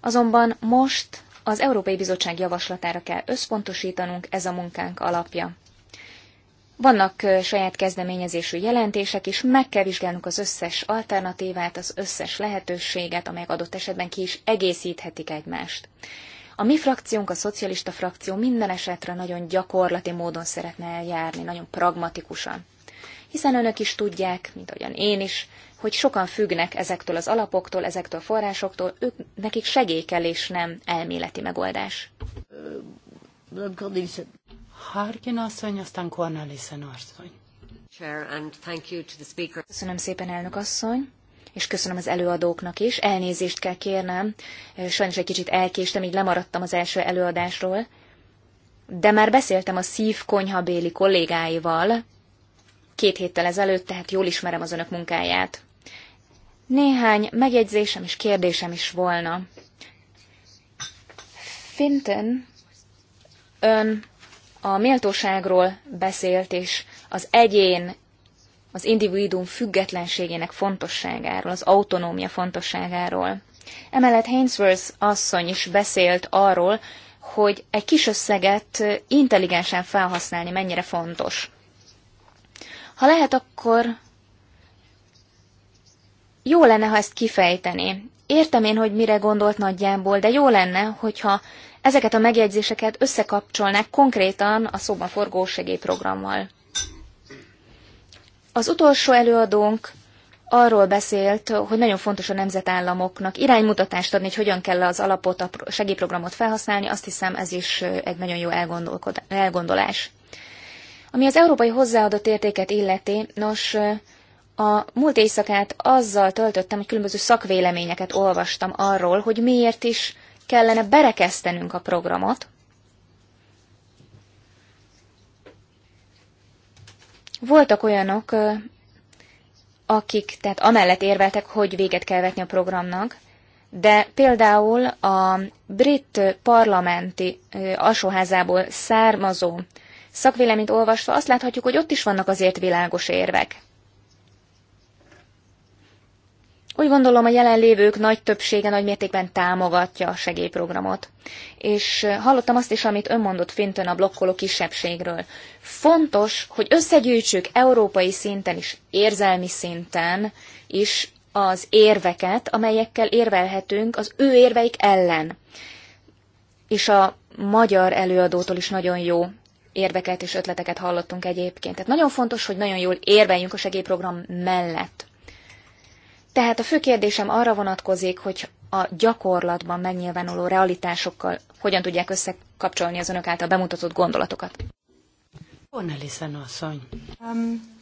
Azonban most az Európai Bizottság javaslatára kell összpontosítanunk, ez a munkánk alapja. Vannak saját kezdeményezésű jelentések is, meg kell vizsgálnunk az összes alternatívát, az összes lehetőséget, amelyek adott esetben ki is egészíthetik egymást. A mi frakciónk, a szocialista frakció minden esetre nagyon gyakorlati módon szeretne eljárni, nagyon pragmatikusan. Hiszen önök is tudják, mint ahogyan én is, hogy sokan függnek ezektől az alapoktól, ezektől a forrásoktól, ők, nekik segélykelés nem elméleti megoldás. Harkin asszony, aztán Cornelissen asszony. Köszönöm szépen, elnök asszony, és köszönöm az előadóknak is. Elnézést kell kérnem, sajnos egy kicsit elkéstem, így lemaradtam az első előadásról, de már beszéltem a szív konyhabéli kollégáival két héttel ezelőtt, tehát jól ismerem az önök munkáját. Néhány megjegyzésem és kérdésem is volna. Finten ön a méltóságról beszélt, és az egyén, az individuum függetlenségének fontosságáról, az autonómia fontosságáról. Emellett Hainsworth asszony is beszélt arról, hogy egy kis összeget intelligensen felhasználni mennyire fontos. Ha lehet, akkor jó lenne, ha ezt kifejteni. Értem én, hogy mire gondolt nagyjából, de jó lenne, hogyha ezeket a megjegyzéseket összekapcsolnák konkrétan a szóban forgó segélyprogrammal. Az utolsó előadónk arról beszélt, hogy nagyon fontos a nemzetállamoknak iránymutatást adni, hogy hogyan kell az alapot, a segélyprogramot felhasználni, azt hiszem ez is egy nagyon jó elgondolás. Ami az európai hozzáadott értéket illeti, nos, a múlt éjszakát azzal töltöttem, hogy különböző szakvéleményeket olvastam arról, hogy miért is kellene berekesztenünk a programot. Voltak olyanok, akik tehát amellett érveltek, hogy véget kell vetni a programnak, de például a brit parlamenti alsóházából származó szakvéleményt olvasva azt láthatjuk, hogy ott is vannak azért világos érvek. Úgy gondolom, a jelenlévők nagy többsége nagy mértékben támogatja a segélyprogramot. És hallottam azt is, amit ön mondott fintön a blokkoló kisebbségről. Fontos, hogy összegyűjtsük európai szinten is, érzelmi szinten is az érveket, amelyekkel érvelhetünk az ő érveik ellen. És a magyar előadótól is nagyon jó érveket és ötleteket hallottunk egyébként. Tehát nagyon fontos, hogy nagyon jól érveljünk a segélyprogram mellett. Tehát a fő kérdésem arra vonatkozik, hogy a gyakorlatban megnyilvánuló realitásokkal hogyan tudják összekapcsolni az önök által bemutatott gondolatokat. asszony. Um,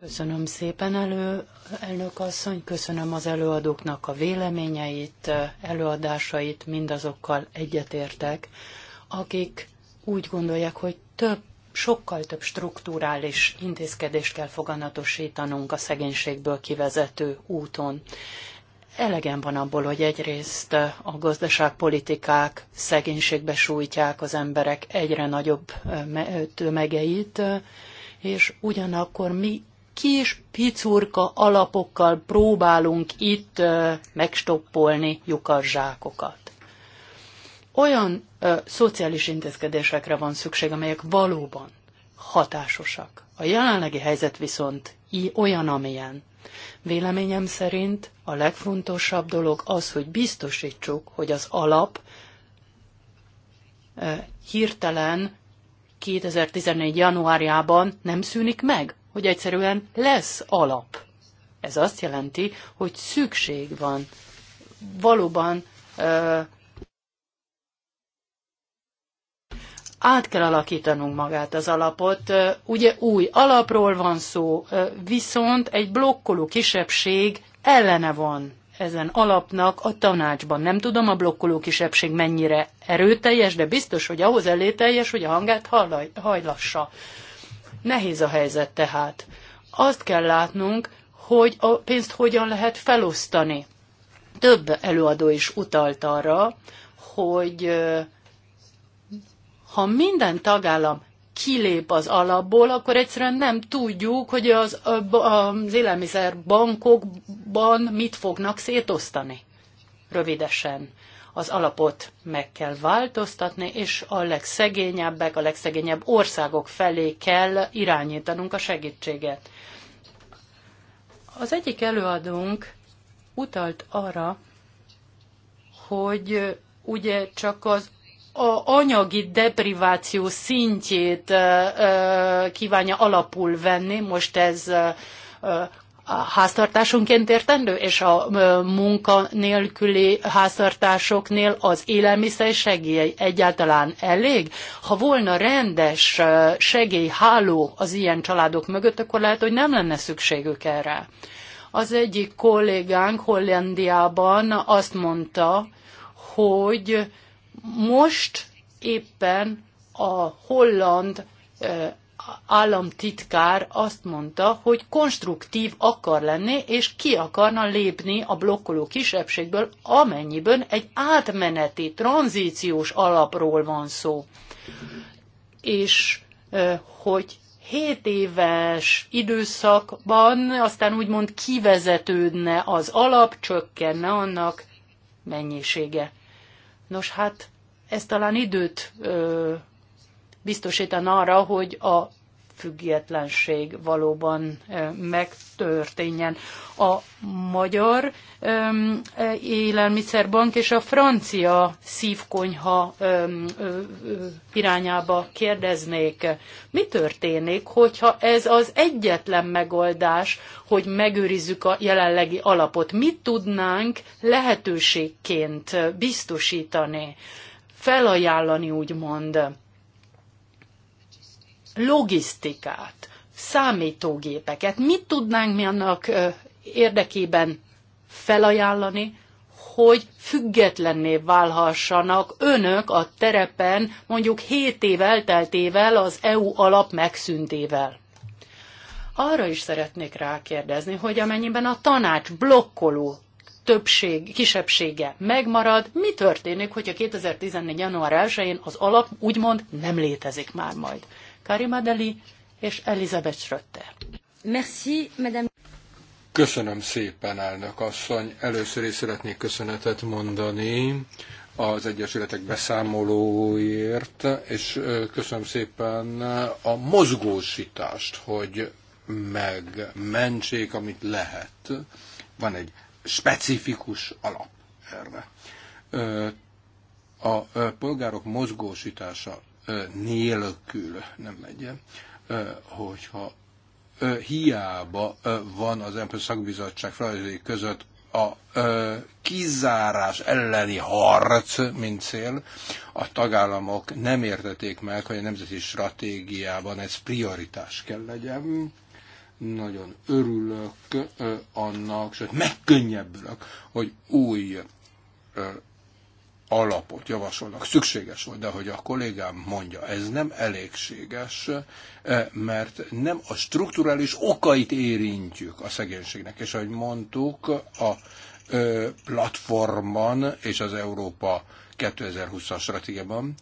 köszönöm szépen, elő, elnök asszony, köszönöm az előadóknak a véleményeit, előadásait, mindazokkal egyetértek, akik úgy gondolják, hogy több sokkal több strukturális intézkedést kell foganatosítanunk a szegénységből kivezető úton. Elegen van abból, hogy egyrészt a gazdaságpolitikák szegénységbe sújtják az emberek egyre nagyobb tömegeit, és ugyanakkor mi kis picurka alapokkal próbálunk itt megstoppolni lyukas zsákokat olyan ö, szociális intézkedésekre van szükség, amelyek valóban hatásosak. A jelenlegi helyzet viszont olyan, amilyen. Véleményem szerint a legfontosabb dolog az, hogy biztosítsuk, hogy az alap ö, hirtelen 2014. januárjában nem szűnik meg, hogy egyszerűen lesz alap. Ez azt jelenti, hogy szükség van valóban ö, át kell alakítanunk magát az alapot. Ugye új alapról van szó, viszont egy blokkoló kisebbség ellene van ezen alapnak a tanácsban. Nem tudom, a blokkoló kisebbség mennyire erőteljes, de biztos, hogy ahhoz elételjes, hogy a hangát hajlassa. Nehéz a helyzet tehát. Azt kell látnunk, hogy a pénzt hogyan lehet felosztani. Több előadó is utalt arra, hogy ha minden tagállam kilép az alapból, akkor egyszerűen nem tudjuk, hogy az, az élelmiszerbankokban mit fognak szétosztani. Rövidesen az alapot meg kell változtatni, és a legszegényebbek, a legszegényebb országok felé kell irányítanunk a segítséget. Az egyik előadónk utalt arra, hogy ugye csak az anyagi depriváció szintjét kívánja alapul venni, most ez a háztartásonként értendő, és a munkanélküli háztartásoknél az élelmiszer segély egyáltalán elég? Ha volna rendes segélyháló az ilyen családok mögött, akkor lehet, hogy nem lenne szükségük erre. Az egyik kollégánk Hollandiában azt mondta, hogy most éppen a holland államtitkár azt mondta, hogy konstruktív akar lenni, és ki akarna lépni a blokkoló kisebbségből, amennyiben egy átmeneti, tranzíciós alapról van szó. És hogy 7 éves időszakban aztán úgymond kivezetődne az alap, csökkenne annak mennyisége. Nos hát ez talán időt ö, biztosítan arra, hogy a függetlenség valóban megtörténjen. A magyar élelmiszerbank és a francia szívkonyha irányába kérdeznék, mi történik, hogyha ez az egyetlen megoldás, hogy megőrizzük a jelenlegi alapot? Mit tudnánk lehetőségként biztosítani? felajánlani, úgymond logisztikát, számítógépeket, mit tudnánk mi annak érdekében felajánlani, hogy függetlenné válhassanak önök a terepen mondjuk 7 év elteltével az EU alap megszüntével. Arra is szeretnék rákérdezni, hogy amennyiben a tanács blokkoló többség, kisebbsége megmarad, mi történik, hogyha 2014. január 1-én az alap úgymond nem létezik már majd. Karim Adeli és Elizabeth Schröter. Merci, madame. Köszönöm szépen, elnök asszony. Először is szeretnék köszönetet mondani az Egyesületek beszámolóért, és köszönöm szépen a mozgósítást, hogy megmentsék, amit lehet. Van egy specifikus alap erre. A polgárok mozgósítása nélkül nem megy, hogyha hiába van az MP szakbizottság feladatai között a kizárás elleni harc, mint cél, a tagállamok nem értették meg, hogy a nemzeti stratégiában ez prioritás kell legyen. Nagyon örülök annak, sőt megkönnyebbülök, hogy új alapot javasolnak. Szükséges volt, de hogy a kollégám mondja, ez nem elégséges, mert nem a strukturális okait érintjük a szegénységnek. És ahogy mondtuk, a platformon és az Európa 2020-as stratégiában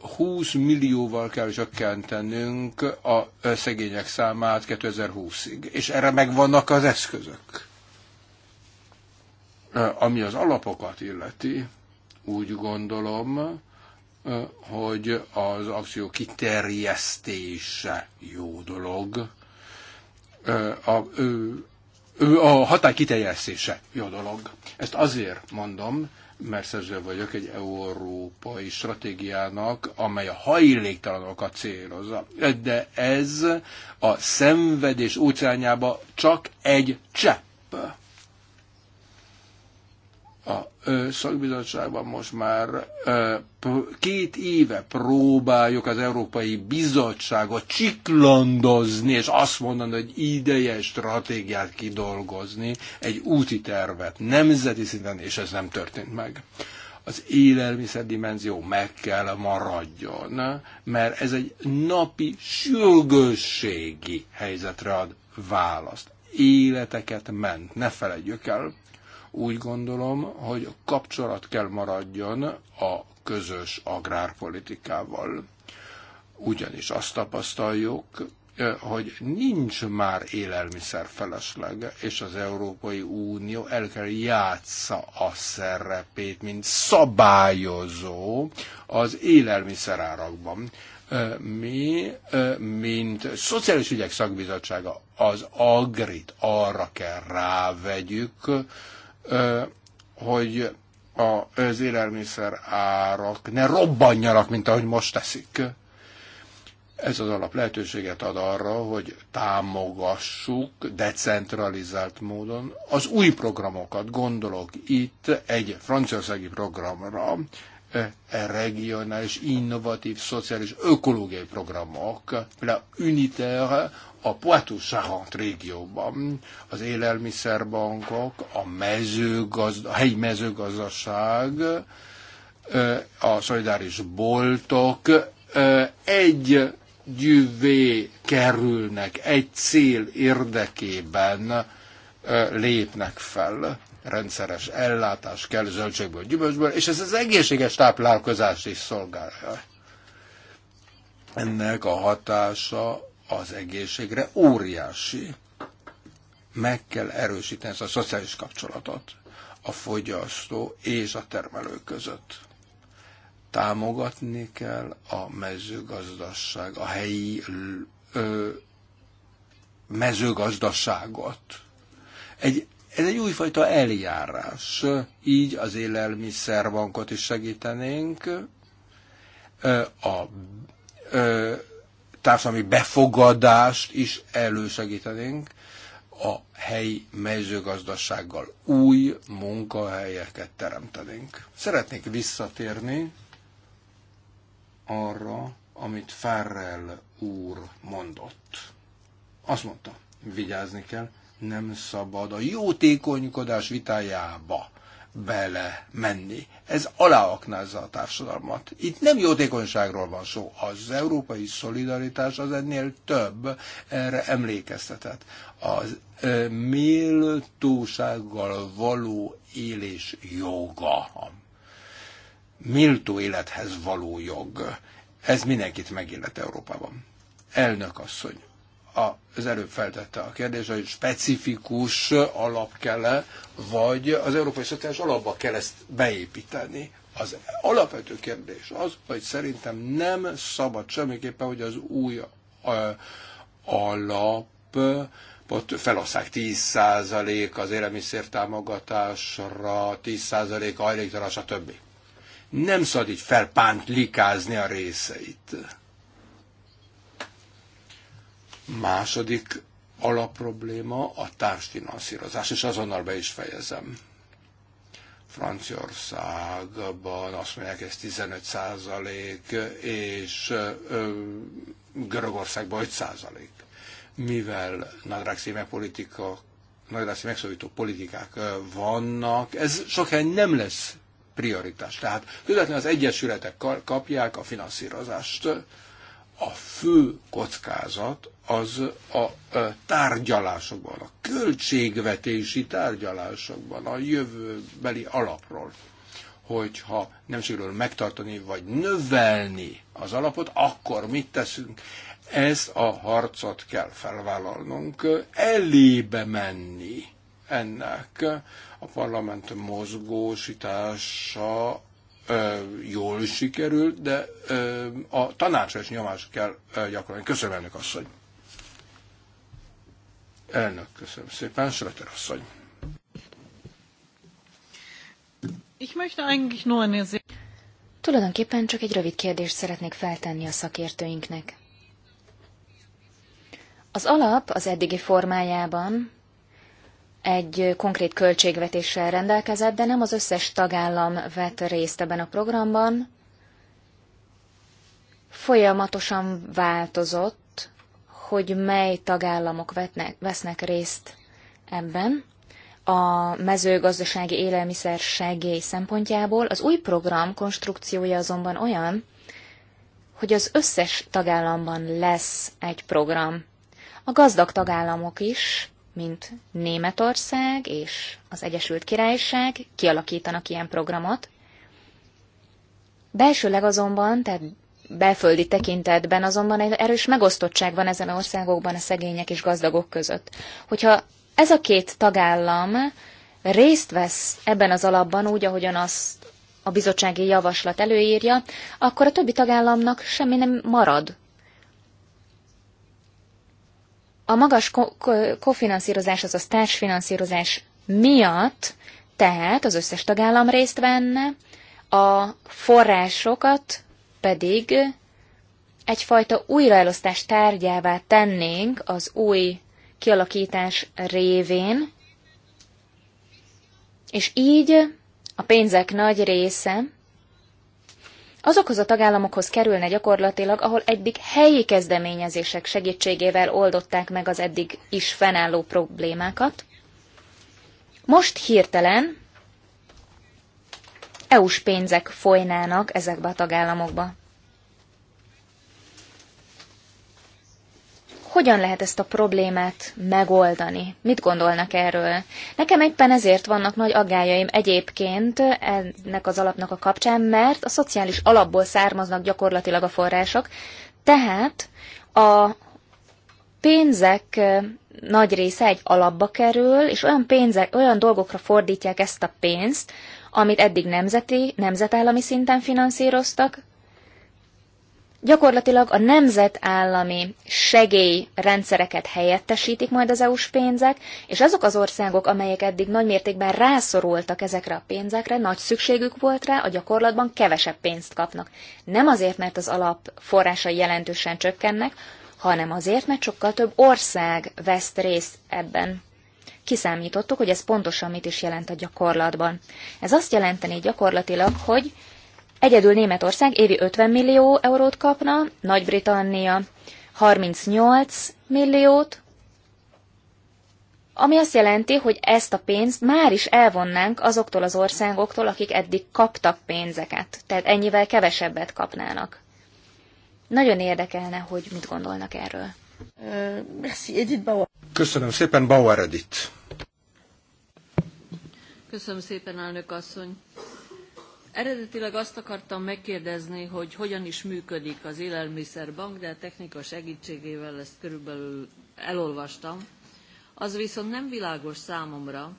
20 millióval kell csökkentenünk a szegények számát 2020-ig, és erre megvannak az eszközök. Ami az alapokat illeti, úgy gondolom, hogy az akció kiterjesztése jó dolog. A, a hatály kiterjesztése jó dolog. Ezt azért mondom, mert szerző vagyok egy európai stratégiának, amely a hajléktalanokat célozza. De ez a szenvedés óceánjába csak egy csepp. A szakbizottságban most már két éve próbáljuk az Európai Bizottságot csiklandozni, és azt mondani, hogy ideje stratégiát kidolgozni, egy úti tervet nemzeti szinten, és ez nem történt meg az élelmiszer dimenzió meg kell maradjon, mert ez egy napi sürgősségi helyzetre ad választ. Életeket ment, ne felejtjük el. Úgy gondolom, hogy kapcsolat kell maradjon a közös agrárpolitikával. Ugyanis azt tapasztaljuk, hogy nincs már élelmiszer felesleg, és az Európai Unió el kell játsza a szerepét, mint szabályozó az élelmiszerárakban. Mi, mint Szociális Ügyek Szakbizottsága, az agrit arra kell rávegyük, hogy az élelmiszer árak ne robbanjanak, mint ahogy most teszik. Ez az alap lehetőséget ad arra, hogy támogassuk decentralizált módon az új programokat. Gondolok itt egy franciaországi programra, regionális, innovatív, szociális, ökológiai programok, például Uniter, a Poitou-Charentes régióban az élelmiszerbankok, a, mezőgazda, a helyi mezőgazdaság, a szolidáris boltok egy gyűvé kerülnek, egy cél érdekében lépnek fel. Rendszeres ellátás kell zöldségből, gyümölcsből, és ez az egészséges táplálkozás is szolgálja. Ennek a hatása az egészségre óriási. Meg kell erősíteni ezt a szociális kapcsolatot a fogyasztó és a termelő között. Támogatni kell a mezőgazdaság, a helyi ö, mezőgazdaságot. Egy, ez egy újfajta eljárás. Így az élelmiszerbankot is segítenénk, a, a társadalmi befogadást is elősegítenénk a helyi mezőgazdasággal. Új munkahelyeket teremtenénk. Szeretnék visszatérni arra, amit Farrell úr mondott. Azt mondta, vigyázni kell, nem szabad a jótékonykodás vitájába bele menni. Ez aláaknázza a társadalmat. Itt nem jótékonyságról van szó. Az európai szolidaritás az ennél több, erre emlékeztetett. Az e, méltósággal való élés joga. méltó élethez való jog. Ez mindenkit megillet Európában. Elnök asszony az előbb feltette a kérdés, hogy specifikus alap kell vagy az Európai Szociális Alapba kell ezt beépíteni. Az alapvető kérdés az, hogy szerintem nem szabad semmiképpen, hogy az új alap, ott felosztják 10% az élelmiszer támogatásra, 10% hajléktalan, stb. Nem szabad így felpántlikázni a részeit Második alapprobléma a társfinanszírozás, és azonnal be is fejezem. Franciaországban azt mondják, ez 15 százalék, és Görögországban 5 százalék. Mivel nadrágszíme politika, nadrágszíme megszólító politikák vannak, ez sok helyen nem lesz prioritás. Tehát közvetlenül az egyesületek kapják a finanszírozást. A fő kockázat az a tárgyalásokban, a költségvetési tárgyalásokban, a jövőbeli alapról, hogyha nem sikerül megtartani vagy növelni az alapot, akkor mit teszünk? Ezt a harcot kell felvállalnunk, elébe menni ennek a parlament mozgósítása ö, jól sikerült, de ö, a tanácsos nyomás kell ö, gyakorolni. Köszönöm, elnök asszony! Elnök, köszönöm szépen. Söter asszony. Tulajdonképpen csak egy rövid kérdést szeretnék feltenni a szakértőinknek. Az alap az eddigi formájában egy konkrét költségvetéssel rendelkezett, de nem az összes tagállam vett részt ebben a programban. Folyamatosan változott hogy mely tagállamok vetnek, vesznek részt ebben. A mezőgazdasági élelmiszer segély szempontjából az új program konstrukciója azonban olyan, hogy az összes tagállamban lesz egy program. A gazdag tagállamok is, mint Németország és az Egyesült Királyság kialakítanak ilyen programot. Belsőleg azonban, tehát belföldi tekintetben azonban egy erős megosztottság van ezen országokban a szegények és gazdagok között. Hogyha ez a két tagállam részt vesz ebben az alapban úgy, ahogyan azt a bizottsági javaslat előírja, akkor a többi tagállamnak semmi nem marad. A magas kofinanszírozás, azaz társfinanszírozás miatt tehát az összes tagállam részt venne, a forrásokat pedig egyfajta újraelosztás tárgyává tennénk az új kialakítás révén, és így a pénzek nagy része azokhoz a tagállamokhoz kerülne gyakorlatilag, ahol eddig helyi kezdeményezések segítségével oldották meg az eddig is fennálló problémákat. Most hirtelen EU-s pénzek folynának ezekbe a tagállamokba. Hogyan lehet ezt a problémát megoldani? Mit gondolnak erről? Nekem éppen ezért vannak nagy aggájaim egyébként ennek az alapnak a kapcsán, mert a szociális alapból származnak gyakorlatilag a források, tehát a pénzek nagy része egy alapba kerül, és olyan, pénzek, olyan dolgokra fordítják ezt a pénzt, amit eddig nemzeti, nemzetállami szinten finanszíroztak, gyakorlatilag a nemzetállami segélyrendszereket helyettesítik majd az EU-s pénzek, és azok az országok, amelyek eddig nagymértékben rászorultak ezekre a pénzekre, nagy szükségük volt rá, a gyakorlatban kevesebb pénzt kapnak. Nem azért, mert az alap forrásai jelentősen csökkennek, hanem azért, mert sokkal több ország vesz részt ebben kiszámítottuk, hogy ez pontosan mit is jelent a gyakorlatban. Ez azt jelenteni gyakorlatilag, hogy egyedül Németország évi 50 millió eurót kapna, Nagy-Britannia 38 milliót, ami azt jelenti, hogy ezt a pénzt már is elvonnánk azoktól az országoktól, akik eddig kaptak pénzeket, tehát ennyivel kevesebbet kapnának. Nagyon érdekelne, hogy mit gondolnak erről. Merci, Edith Bauer. Köszönöm szépen, Bauer Edith. Köszönöm szépen, elnök asszony. Eredetileg azt akartam megkérdezni, hogy hogyan is működik az élelmiszerbank, de a technika segítségével ezt körülbelül elolvastam. Az viszont nem világos számomra,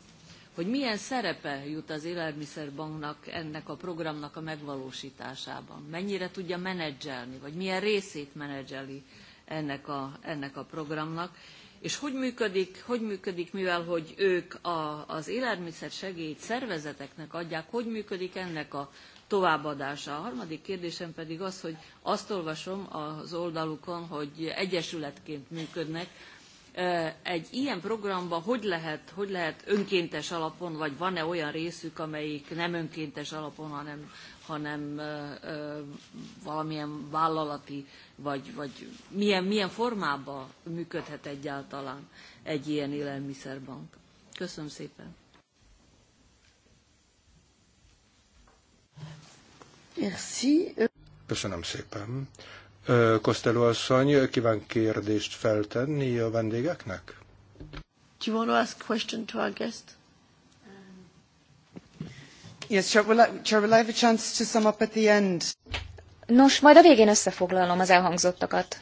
hogy milyen szerepe jut az élelmiszerbanknak ennek a programnak a megvalósításában. Mennyire tudja menedzselni, vagy milyen részét menedzseli ennek a, ennek a programnak. És hogy működik, hogy működik mivel hogy ők a, az élelmiszer segélyt szervezeteknek adják, hogy működik ennek a továbbadása. A harmadik kérdésem pedig az, hogy azt olvasom az oldalukon, hogy egyesületként működnek. Egy ilyen programban hogy lehet, hogy lehet önkéntes alapon, vagy van-e olyan részük, amelyik nem önkéntes alapon, hanem hanem valamilyen vállalati, vagy, vagy milyen, milyen formában működhet egyáltalán egy ilyen élelmiszerbank. Köszönöm szépen. Merci. Köszönöm szépen. Costello asszony, kíván kérdést feltenni a vendégeknek? Do you want to ask question to our guest? chance to sum up at the end? Nos, majd a végén összefoglalom az elhangzottakat.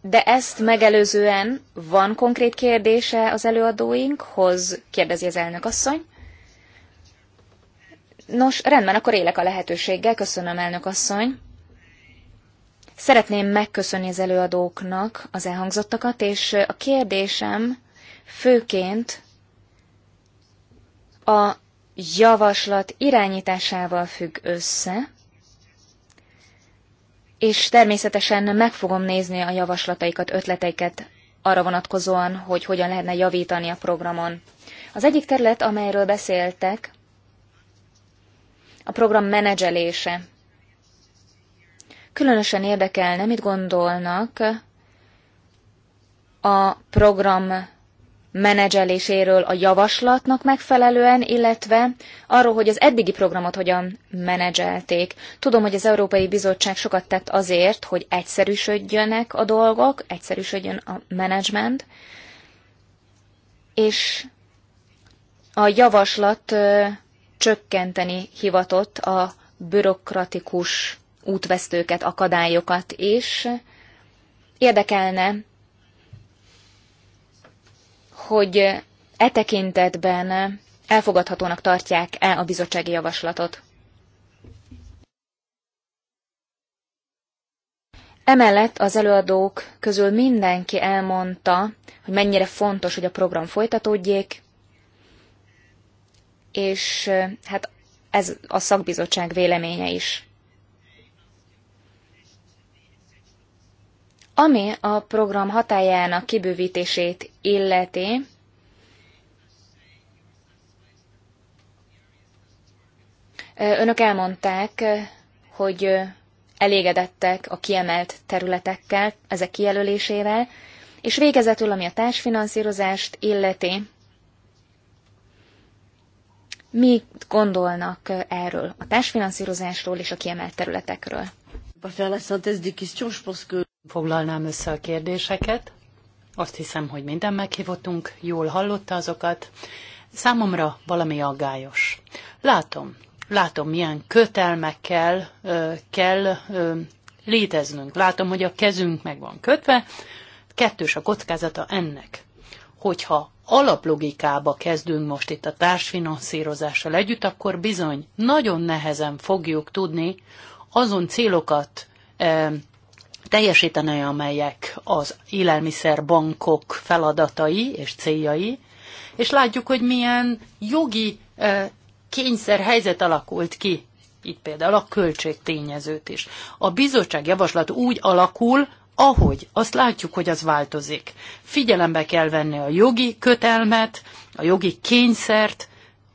De ezt megelőzően van konkrét kérdése az előadóinkhoz, kérdezi az elnök asszony. Nos, rendben, akkor élek a lehetőséggel, köszönöm elnök asszony. Szeretném megköszönni az előadóknak az elhangzottakat, és a kérdésem főként a javaslat irányításával függ össze, és természetesen meg fogom nézni a javaslataikat, ötleteiket arra vonatkozóan, hogy hogyan lehetne javítani a programon. Az egyik terület, amelyről beszéltek, a program menedzselése. Különösen érdekelne, mit gondolnak a program menedzseléséről a javaslatnak megfelelően, illetve arról, hogy az eddigi programot hogyan menedzselték. Tudom, hogy az Európai Bizottság sokat tett azért, hogy egyszerűsödjönek a dolgok, egyszerűsödjön a menedzsment, és a javaslat csökkenteni hivatott a bürokratikus útvesztőket, akadályokat, és érdekelne, hogy e tekintetben elfogadhatónak tartják-e a bizottsági javaslatot. Emellett az előadók közül mindenki elmondta, hogy mennyire fontos, hogy a program folytatódjék, és hát ez a szakbizottság véleménye is. Ami a program hatájának kibővítését illeti, önök elmondták, hogy elégedettek a kiemelt területekkel, ezek kijelölésével, és végezetül, ami a társfinanszírozást illeti, mi gondolnak erről, a társfinanszírozásról és a kiemelt területekről? Foglalnám össze a kérdéseket. Azt hiszem, hogy minden meghívottunk jól hallotta azokat. Számomra valami aggályos. Látom, látom, milyen kötelmekkel ö, kell ö, léteznünk. Látom, hogy a kezünk meg van kötve. Kettős a kockázata ennek, hogyha alaplogikába kezdünk most itt a társfinanszírozással együtt, akkor bizony nagyon nehezen fogjuk tudni azon célokat teljesíteni, amelyek az élelmiszerbankok feladatai és céljai, és látjuk, hogy milyen jogi kényszer helyzet alakult ki, itt például a költségtényezőt is. A bizottság javaslat úgy alakul, ahogy azt látjuk, hogy az változik. Figyelembe kell venni a jogi kötelmet, a jogi kényszert,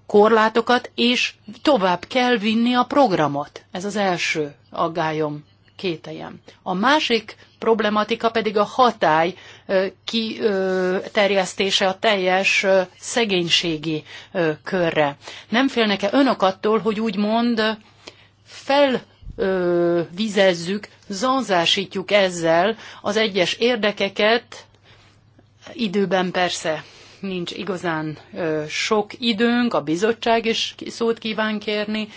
korlátokat, és tovább kell vinni a programot. Ez az első aggályom kételjem. A másik problematika pedig a hatály kiterjesztése a teljes szegénységi körre. Nem félnek-e önök attól, hogy úgymond fel vizezzük, zanzásítjuk ezzel az egyes érdekeket, időben persze nincs igazán sok időnk, a bizottság is szót kíván kérni,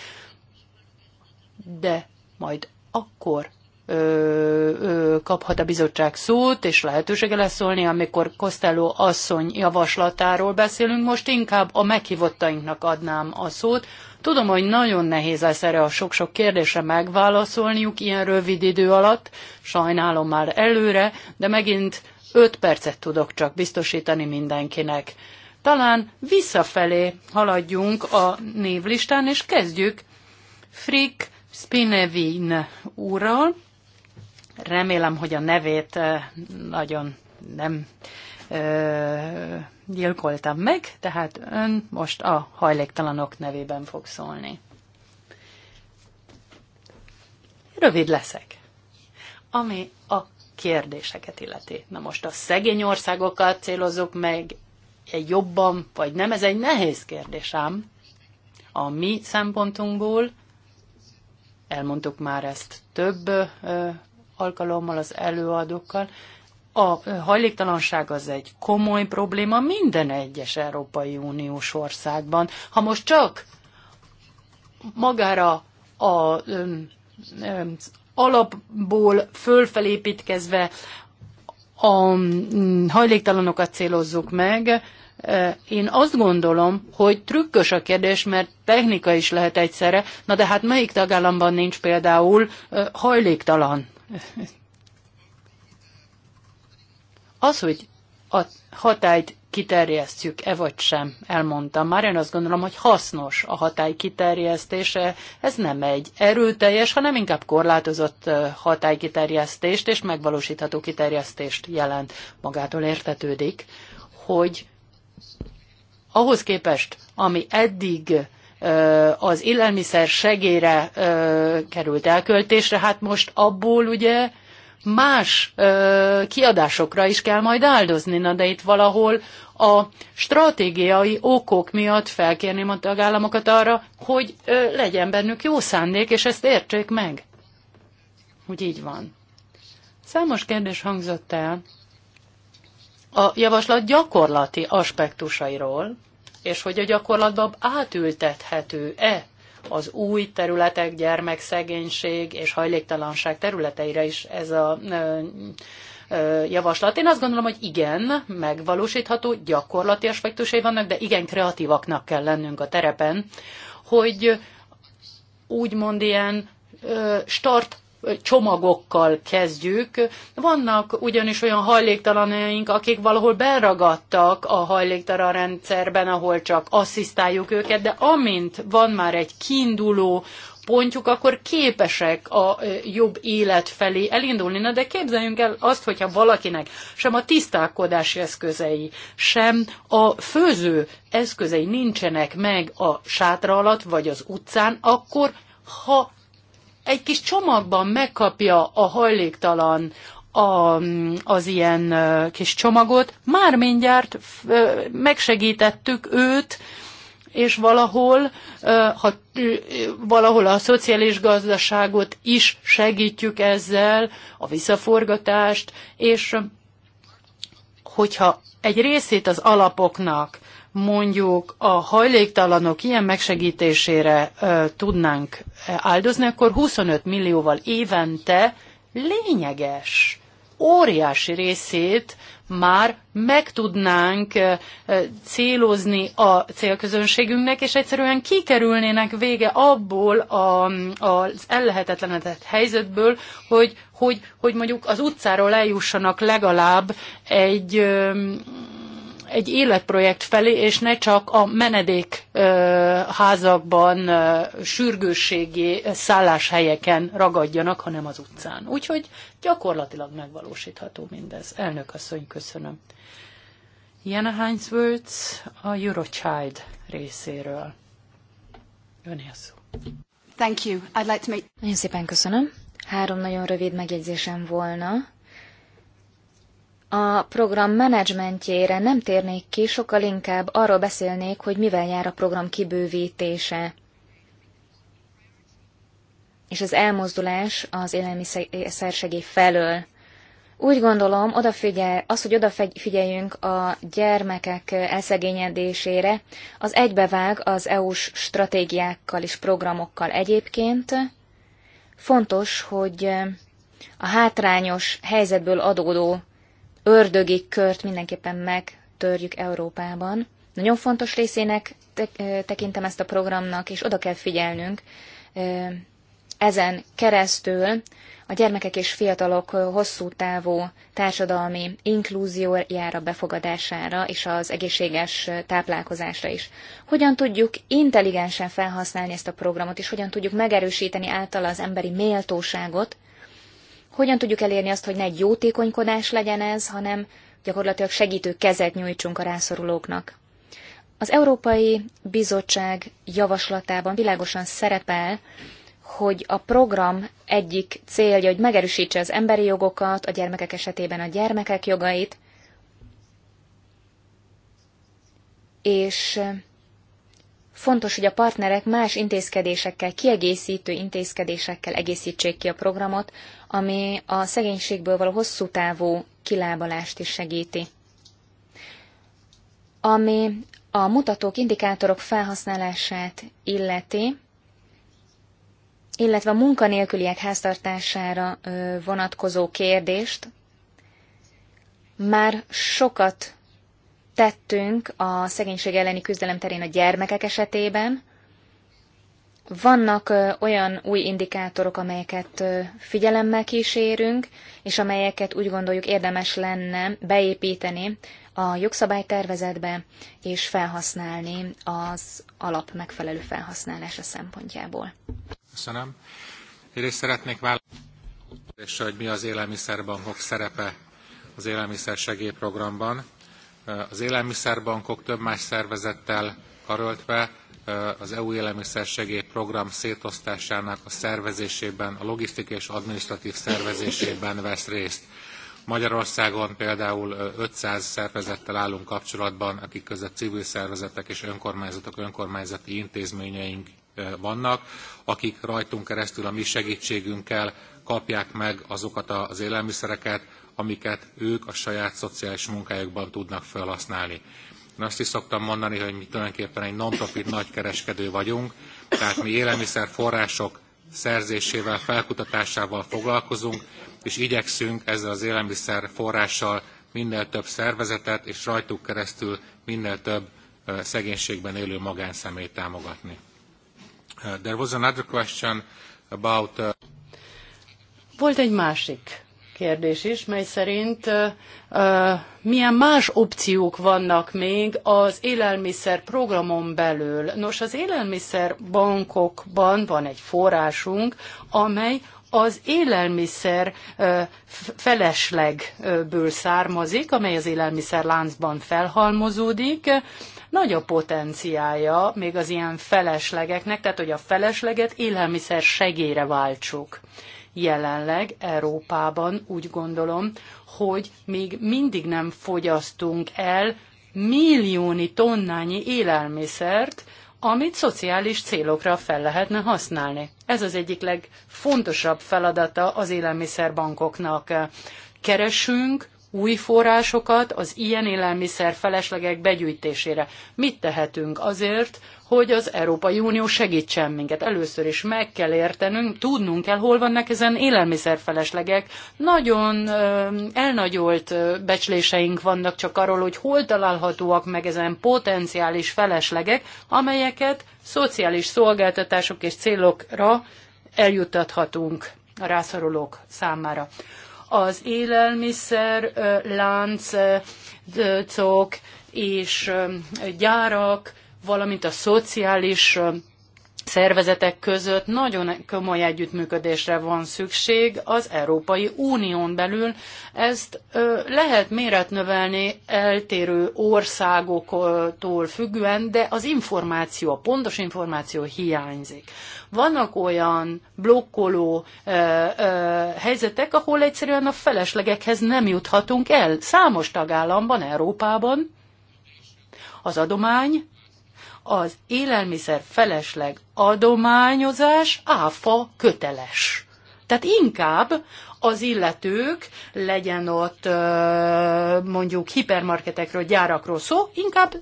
de majd akkor ö, ö, kaphat a bizottság szót, és lehetősége lesz szólni, amikor Costello asszony javaslatáról beszélünk. Most inkább a meghívottainknak adnám a szót. Tudom, hogy nagyon nehéz lesz erre a sok-sok kérdésre megválaszolniuk ilyen rövid idő alatt, sajnálom már előre, de megint 5 percet tudok csak biztosítani mindenkinek. Talán visszafelé haladjunk a névlistán, és kezdjük Frick Spinevin úrral. Remélem, hogy a nevét nagyon nem ö, gyilkoltam meg, tehát ön most a hajléktalanok nevében fog szólni. Rövid leszek. Ami a kérdéseket illeti. Na most a szegény országokat célozok meg, egy jobban, vagy nem, ez egy nehéz kérdés ám. A mi szempontunkból elmondtuk már ezt több alkalommal az előadókkal, a hajléktalanság az egy komoly probléma minden egyes Európai Uniós országban. Ha most csak magára a alapból fölfelépítkezve a mm, hajléktalanokat célozzuk meg, én azt gondolom, hogy trükkös a kérdés, mert technika is lehet egyszerre. Na de hát melyik tagállamban nincs például hajléktalan? Az, hogy a hatályt kiterjesztjük-e vagy sem, elmondtam. Már én azt gondolom, hogy hasznos a hatály kiterjesztése. Ez nem egy erőteljes, hanem inkább korlátozott hatály kiterjesztést és megvalósítható kiterjesztést jelent. Magától értetődik, hogy ahhoz képest, ami eddig az élelmiszer segére került elköltésre, hát most abból ugye más kiadásokra is kell majd áldozni, na de itt valahol a stratégiai okok miatt felkérném a tagállamokat arra, hogy legyen bennük jó szándék, és ezt értsék meg. Úgy így van. Számos kérdés hangzott el a javaslat gyakorlati aspektusairól, és hogy a gyakorlatban átültethető-e az új területek, gyermekszegénység és hajléktalanság területeire is ez a ö, ö, javaslat. Én azt gondolom, hogy igen, megvalósítható, gyakorlati aspektusai vannak, de igen kreatívaknak kell lennünk a terepen, hogy úgymond ilyen start csomagokkal kezdjük. Vannak ugyanis olyan hajléktalanaink, akik valahol beragadtak a hajléktalan rendszerben, ahol csak asszisztáljuk őket, de amint van már egy kiinduló pontjuk, akkor képesek a jobb élet felé elindulni. Na de képzeljünk el azt, hogyha valakinek sem a tisztálkodási eszközei, sem a főző eszközei nincsenek meg a sátra alatt vagy az utcán, akkor ha egy kis csomagban megkapja a hajléktalan a, az ilyen kis csomagot, már mindjárt megsegítettük őt, és valahol, ha, valahol a szociális gazdaságot is segítjük ezzel, a visszaforgatást, és hogyha egy részét az alapoknak mondjuk a hajléktalanok ilyen megsegítésére ö, tudnánk áldozni, akkor 25 millióval évente lényeges, óriási részét már meg tudnánk célozni a célközönségünknek, és egyszerűen kikerülnének vége abból a, az ellehetetlenetett helyzetből, hogy, hogy, hogy mondjuk az utcáról eljussanak legalább egy egy életprojekt felé, és ne csak a menedékházakban, sürgősségi szálláshelyeken ragadjanak, hanem az utcán. Úgyhogy gyakorlatilag megvalósítható mindez. Elnök asszony, köszönöm. Jana Heinz a Eurochild részéről. Öné a szó. Thank you. I'd like to make... Nagyon szépen köszönöm. Három nagyon rövid megjegyzésem volna a program menedzsmentjére nem térnék ki, sokkal inkább arról beszélnék, hogy mivel jár a program kibővítése. És az elmozdulás az élelmiszersegély felől. Úgy gondolom, odafigyel, az, hogy odafigyeljünk a gyermekek elszegényedésére, az egybevág az EU-s stratégiákkal és programokkal egyébként. Fontos, hogy a hátrányos helyzetből adódó ördögi kört mindenképpen megtörjük Európában. Nagyon fontos részének tekintem ezt a programnak, és oda kell figyelnünk ezen keresztül a gyermekek és fiatalok hosszú távú társadalmi inklúziójára, befogadására és az egészséges táplálkozásra is. Hogyan tudjuk intelligensen felhasználni ezt a programot, és hogyan tudjuk megerősíteni által az emberi méltóságot, hogyan tudjuk elérni azt, hogy ne egy jótékonykodás legyen ez, hanem gyakorlatilag segítő kezet nyújtsunk a rászorulóknak. Az Európai Bizottság javaslatában világosan szerepel, hogy a program egyik célja, hogy megerősítse az emberi jogokat, a gyermekek esetében a gyermekek jogait, és fontos, hogy a partnerek más intézkedésekkel, kiegészítő intézkedésekkel egészítsék ki a programot, ami a szegénységből való hosszú távú kilábalást is segíti. Ami a mutatók, indikátorok felhasználását illeti, illetve a munkanélküliek háztartására vonatkozó kérdést, már sokat tettünk a szegénység elleni küzdelem terén a gyermekek esetében, vannak olyan új indikátorok, amelyeket figyelemmel kísérünk, és amelyeket úgy gondoljuk érdemes lenne beépíteni a jogszabálytervezetbe, és felhasználni az alap megfelelő felhasználása szempontjából. Köszönöm. Egyrészt szeretnék válaszolni, hogy mi az élelmiszerbankok szerepe az élelmiszer segélyprogramban. Az élelmiszerbankok több más szervezettel karöltve az EU élelmiszersegély program szétosztásának a szervezésében, a logisztikai és administratív szervezésében vesz részt. Magyarországon például 500 szervezettel állunk kapcsolatban, akik között civil szervezetek és önkormányzatok, önkormányzati intézményeink vannak, akik rajtunk keresztül a mi segítségünkkel kapják meg azokat az élelmiszereket, amiket ők a saját szociális munkájukban tudnak felhasználni. Én azt is szoktam mondani, hogy mi tulajdonképpen egy non-profit nagykereskedő vagyunk, tehát mi források, szerzésével, felkutatásával foglalkozunk, és igyekszünk ezzel az forrással minél több szervezetet, és rajtuk keresztül minél több szegénységben élő magánszemélyt támogatni. There was another question about... Volt egy másik kérdés is, mely szerint uh, milyen más opciók vannak még az élelmiszer programon belül. Nos, az élelmiszer bankokban van egy forrásunk, amely az élelmiszer feleslegből származik, amely az élelmiszerláncban felhalmozódik, nagy a potenciája még az ilyen feleslegeknek, tehát hogy a felesleget élelmiszer segére váltsuk jelenleg Európában úgy gondolom, hogy még mindig nem fogyasztunk el millióni tonnányi élelmiszert, amit szociális célokra fel lehetne használni. Ez az egyik legfontosabb feladata az élelmiszerbankoknak. Keresünk új forrásokat az ilyen élelmiszer feleslegek begyűjtésére. Mit tehetünk azért, hogy az Európai Unió segítsen minket. Először is meg kell értenünk, tudnunk kell, hol vannak ezen élelmiszerfeleslegek. Nagyon elnagyolt becsléseink vannak csak arról, hogy hol találhatóak meg ezen potenciális feleslegek, amelyeket szociális szolgáltatások és célokra eljuttathatunk a rászorulók számára. Az élelmiszer lánc, és gyárak valamint a szociális szervezetek között nagyon komoly együttműködésre van szükség az Európai Unión belül. Ezt ö, lehet méretnövelni eltérő országoktól függően, de az információ, a pontos információ hiányzik. Vannak olyan blokkoló ö, ö, helyzetek, ahol egyszerűen a feleslegekhez nem juthatunk el. Számos tagállamban, Európában az adomány az élelmiszer felesleg adományozás áfa köteles. Tehát inkább az illetők, legyen ott mondjuk hipermarketekről, gyárakról szó, inkább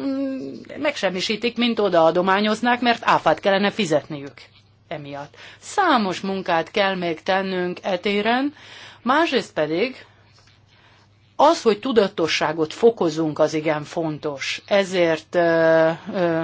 mm, megsemmisítik, mint odaadományoznák, mert áfát kellene fizetniük emiatt. Számos munkát kell még tennünk etéren, másrészt pedig az, hogy tudatosságot fokozunk, az igen fontos. Ezért ö, ö,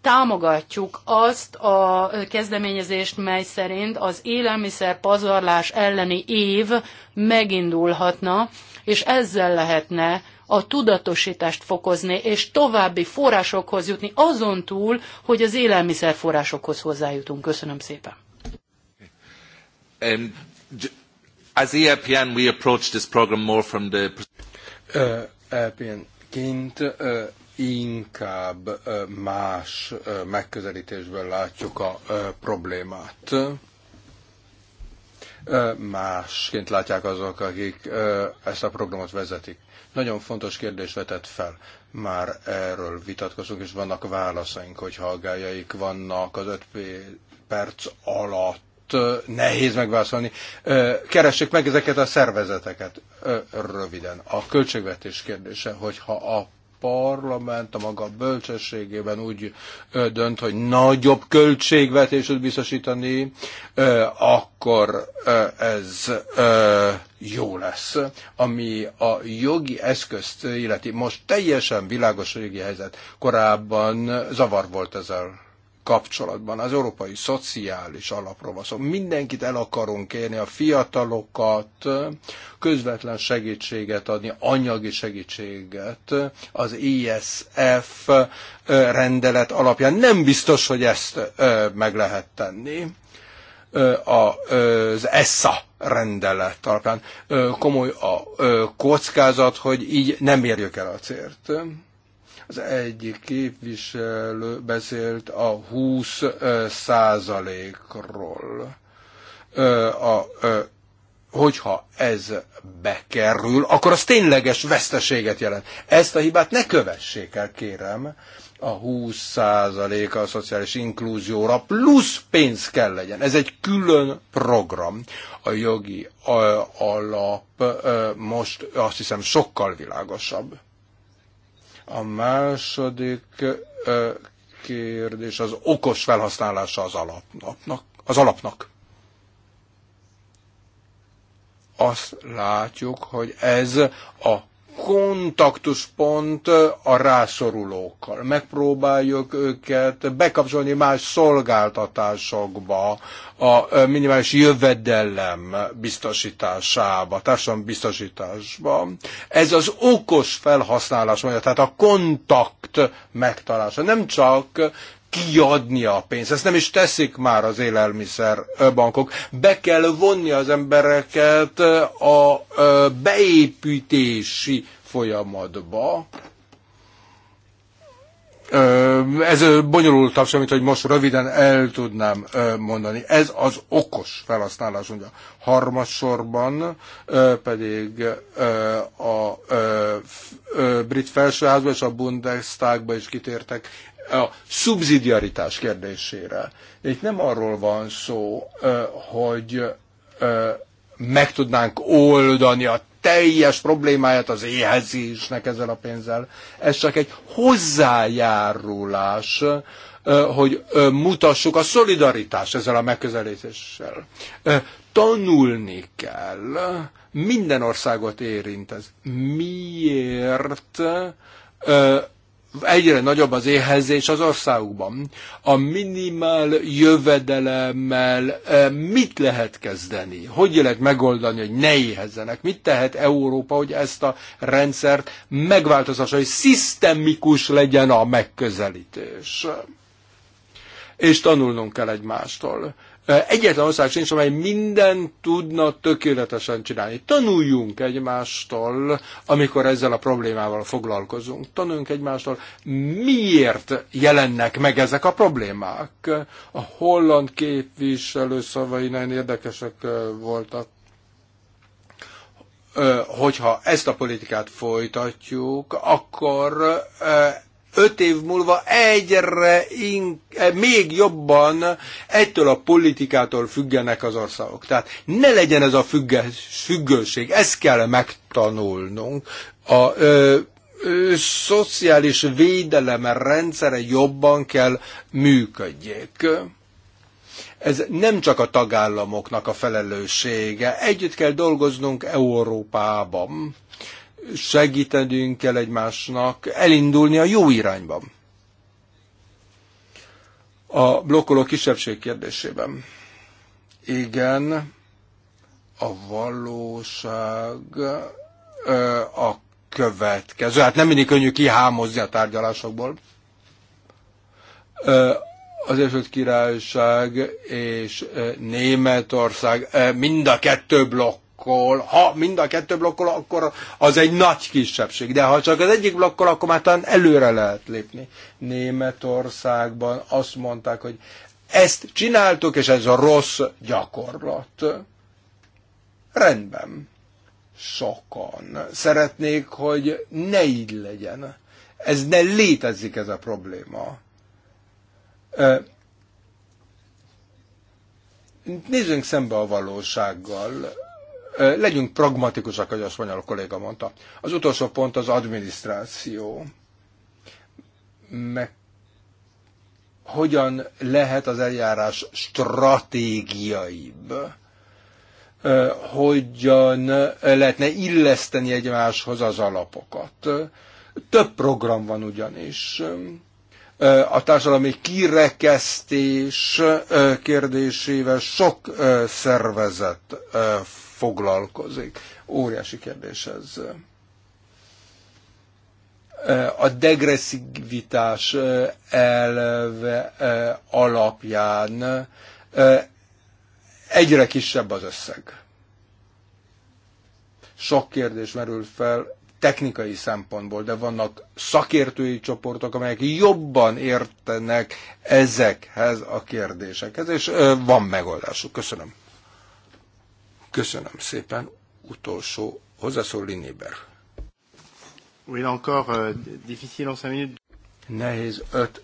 támogatjuk azt a kezdeményezést, mely szerint az élelmiszer pazarlás elleni év megindulhatna, és ezzel lehetne a tudatosítást fokozni, és további forrásokhoz jutni, azon túl, hogy az élelmiszer forrásokhoz hozzájutunk. Köszönöm szépen. As EAPN, we approach this program more from the... Uh, ként uh, inkább uh, más uh, megközelítésből látjuk a uh, problémát. Uh, másként látják azok, akik uh, ezt a programot vezetik. Nagyon fontos kérdés vetett fel. Már erről vitatkozunk, és vannak válaszaink, hogy hallgájaik vannak az öt perc alatt nehéz megválaszolni. Keressék meg ezeket a szervezeteket. Röviden. A költségvetés kérdése, hogyha a parlament a maga bölcsességében úgy dönt, hogy nagyobb költségvetést tud biztosítani, akkor ez jó lesz. Ami a jogi eszközt illeti, most teljesen világos a jogi helyzet. Korábban zavar volt ezzel kapcsolatban. Az európai szociális alapról van szó. Szóval mindenkit el akarunk kérni, a fiatalokat, közvetlen segítséget adni, anyagi segítséget az ISF rendelet alapján. Nem biztos, hogy ezt meg lehet tenni az ESSA rendelet alapján. Komoly a kockázat, hogy így nem érjük el a célt az egyik képviselő beszélt a 20 százalékról. A, hogyha ez bekerül, akkor az tényleges veszteséget jelent. Ezt a hibát ne kövessék el, kérem. A 20%-a a szociális inklúzióra plusz pénz kell legyen. Ez egy külön program. A jogi alap most azt hiszem sokkal világosabb. A második kérdés az okos felhasználása az alapnak. Az alapnak. Azt látjuk, hogy ez a kontaktuspont a rászorulókkal. Megpróbáljuk őket bekapcsolni más szolgáltatásokba, a minimális jövedelem biztosításába, társadalom biztosításba. Ez az okos felhasználás mondja, tehát a kontakt megtalálása. Nem csak kiadni a pénzt. Ezt nem is teszik már az élelmiszerbankok. Be kell vonni az embereket a beépítési folyamatba. Ez bonyolultabb semmit, hogy most röviden el tudnám mondani. Ez az okos felhasználás, mondja. Harmadsorban pedig a brit felsőházba és a Bundestagba is kitértek a szubszidiaritás kérdésére. Itt nem arról van szó, hogy meg tudnánk oldani a teljes problémáját az éhezésnek ezzel a pénzzel. Ez csak egy hozzájárulás, hogy mutassuk a szolidaritást ezzel a megközelítéssel. Tanulni kell, minden országot érint ez. Miért egyre nagyobb az éhezés az országukban. A minimál jövedelemmel e, mit lehet kezdeni? Hogy lehet megoldani, hogy ne éhezzenek? Mit tehet Európa, hogy ezt a rendszert megváltozása, hogy szisztemikus legyen a megközelítés? És tanulnunk kell egymástól Egyetlen ország sincs, amely mindent tudna tökéletesen csinálni. Tanuljunk egymástól, amikor ezzel a problémával foglalkozunk. Tanuljunk egymástól, miért jelennek meg ezek a problémák. A holland képviselő szavai nagyon érdekesek voltak hogyha ezt a politikát folytatjuk, akkor öt év múlva egyre in, eh, még jobban ettől a politikától függenek az országok. Tehát ne legyen ez a függes, függőség, ezt kell megtanulnunk. A ö, ö, szociális védelem rendszere jobban kell működjék ez nem csak a tagállamoknak a felelőssége. Együtt kell dolgoznunk Európában segítenünk kell egymásnak elindulni a jó irányban. A blokkoló kisebbség kérdésében. Igen, a valóság ö, a következő. Hát nem mindig könnyű kihámozni a tárgyalásokból. Ö, az Egyesült Királyság és Németország mind a kettő blokk blokkol, ha mind a kettő blokkol, akkor az egy nagy kisebbség. De ha csak az egyik blokkol, akkor már talán előre lehet lépni. Németországban azt mondták, hogy ezt csináltuk, és ez a rossz gyakorlat. Rendben. Sokan szeretnék, hogy ne így legyen. Ez ne létezik ez a probléma. Nézzünk szembe a valósággal. Legyünk pragmatikusak, ahogy a spanyol kolléga mondta. Az utolsó pont az adminisztráció. Meg hogyan lehet az eljárás stratégiaibb, hogyan lehetne illeszteni egymáshoz az alapokat. Több program van ugyanis. A társadalmi kirekesztés kérdésével sok szervezet foglalkozik. Óriási kérdés ez. A degresszivitás elve alapján egyre kisebb az összeg. Sok kérdés merül fel technikai szempontból, de vannak szakértői csoportok, amelyek jobban értenek ezekhez a kérdésekhez, és van megoldásuk. Köszönöm. Köszönöm szépen. Utolsó hozzászól Linéber. 5 euh, Nehéz öt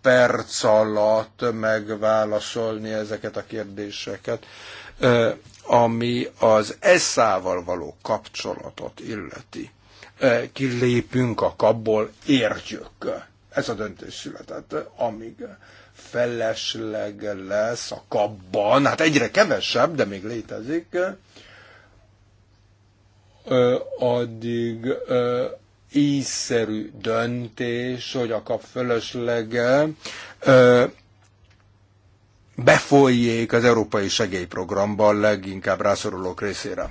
perc alatt megválaszolni ezeket a kérdéseket, ami az eszával való kapcsolatot illeti. Kilépünk a kapból, értjük. Ez a döntés született, amíg felesleg lesz a kapban, hát egyre kevesebb, de még létezik, addig ízszerű döntés, hogy a kap feleslege befolyék az európai segélyprogramban leginkább rászorulók részére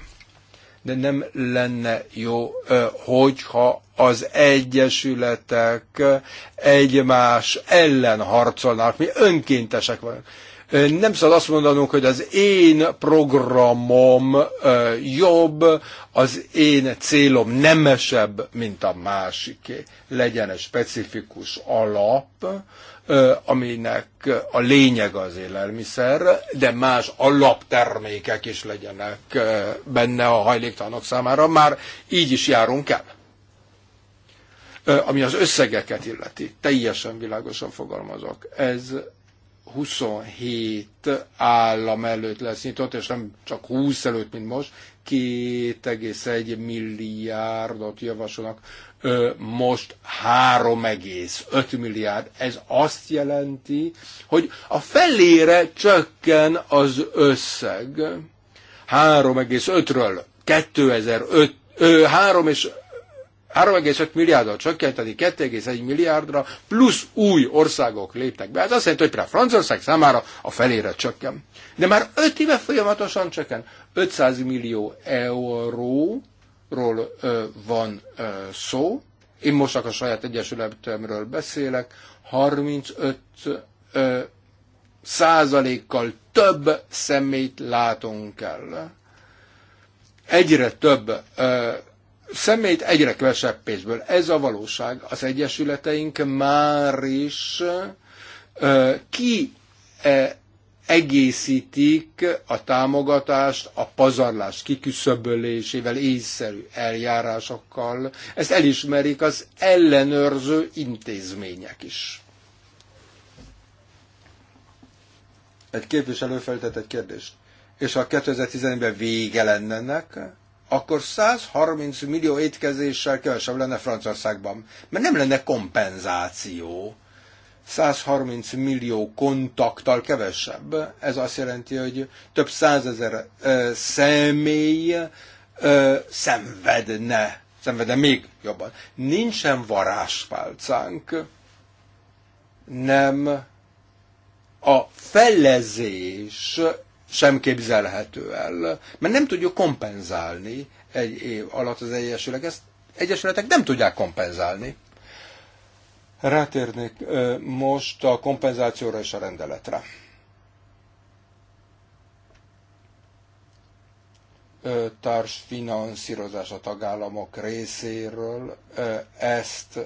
de nem lenne jó, hogyha az egyesületek egymás ellen harcolnak, mi önkéntesek vagyunk. Nem szabad azt mondanunk, hogy az én programom jobb, az én célom nemesebb, mint a másiké. Legyen egy specifikus alap, aminek a lényeg az élelmiszer, de más alaptermékek is legyenek benne a hajléktalanok számára, már így is járunk el. Ami az összegeket illeti, teljesen világosan fogalmazok, ez 27 állam előtt lesz nyitott, és nem csak 20 előtt, mint most, 2,1 milliárdot javasolnak most 3,5 milliárd. Ez azt jelenti, hogy a felére csökken az összeg. 3,5-ről 3,5 milliárdra csökkenteni 2,1 milliárdra, plusz új országok léptek be. Ez azt jelenti, hogy például Franciaország számára a felére csökken. De már 5 éve folyamatosan csökken. 500 millió euró ról van szó. Én most csak a saját egyesületemről beszélek. 35 százalékkal több szemét látunk el. Egyre több szemét, egyre kevesebb pénzből. Ez a valóság. Az egyesületeink már is ki egészítik a támogatást a pazarlás kiküszöbölésével, észszerű eljárásokkal. Ezt elismerik az ellenőrző intézmények is. Egy képviselő feltett egy kérdést. És ha 2014-ben vége lenne ennek, akkor 130 millió étkezéssel kevesebb lenne Franciaországban, mert nem lenne kompenzáció 130 millió kontakttal kevesebb. Ez azt jelenti, hogy több százezer ö, személy ö, szenvedne, szenvedne még jobban. Nincsen varázspálcánk, nem a felezés sem képzelhető el, mert nem tudjuk kompenzálni egy év alatt az egyesületek. Ezt egyesületek nem tudják kompenzálni. Rátérnék most a kompenzációra és a rendeletre. társfinanszírozás a tagállamok részéről ezt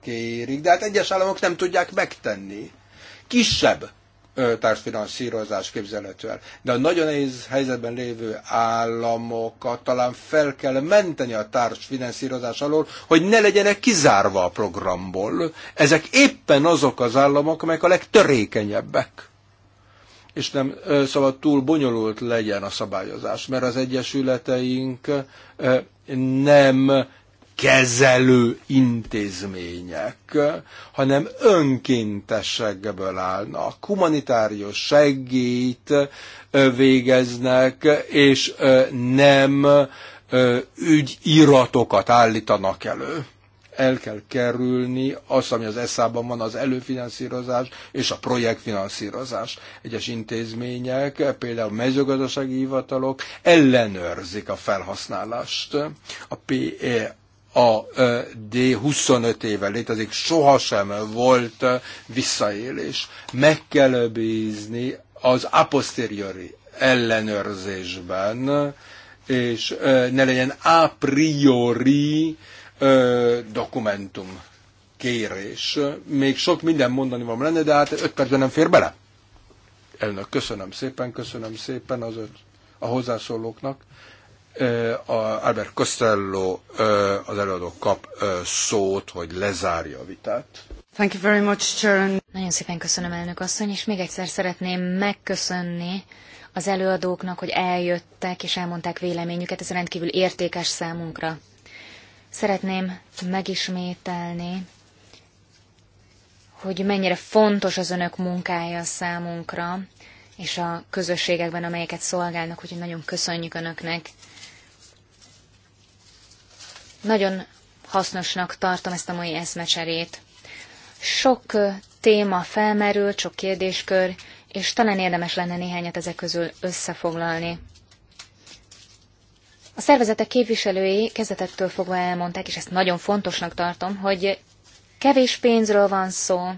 kérik, de hát egyes államok nem tudják megtenni. Kisebb társfinanszírozás képzelhetően. De a nagyon nehéz helyzetben lévő államokat talán fel kell menteni a társfinanszírozás alól, hogy ne legyenek kizárva a programból. Ezek éppen azok az államok, amelyek a legtörékenyebbek. És nem szabad túl bonyolult legyen a szabályozás, mert az egyesületeink nem kezelő intézmények, hanem önkéntesekből állnak, humanitárius segít végeznek, és nem ügyiratokat állítanak elő. El kell kerülni azt, ami az eszában van, az előfinanszírozás és a projektfinanszírozás. Egyes intézmények, például mezőgazdasági hivatalok ellenőrzik a felhasználást. A PE a D 25 éve létezik, sohasem volt visszaélés. Meg kell bízni az a posteriori ellenőrzésben, és ne legyen a priori dokumentum kérés. Még sok minden mondani van lenne, de hát öt percben nem fér bele. Elnök, köszönöm szépen, köszönöm szépen az öt, a hozzászólóknak a Albert Costello az előadó kap szót, hogy lezárja a vitát. Thank you very much, Sharon. Nagyon szépen köszönöm, elnök asszony, és még egyszer szeretném megköszönni az előadóknak, hogy eljöttek és elmondták véleményüket, ez rendkívül értékes számunkra. Szeretném megismételni, hogy mennyire fontos az önök munkája számunkra, és a közösségekben, amelyeket szolgálnak, hogy nagyon köszönjük önöknek nagyon hasznosnak tartom ezt a mai eszmecserét. Sok téma felmerül, sok kérdéskör, és talán érdemes lenne néhányat ezek közül összefoglalni. A szervezetek képviselői kezdetektől fogva elmondták, és ezt nagyon fontosnak tartom, hogy kevés pénzről van szó,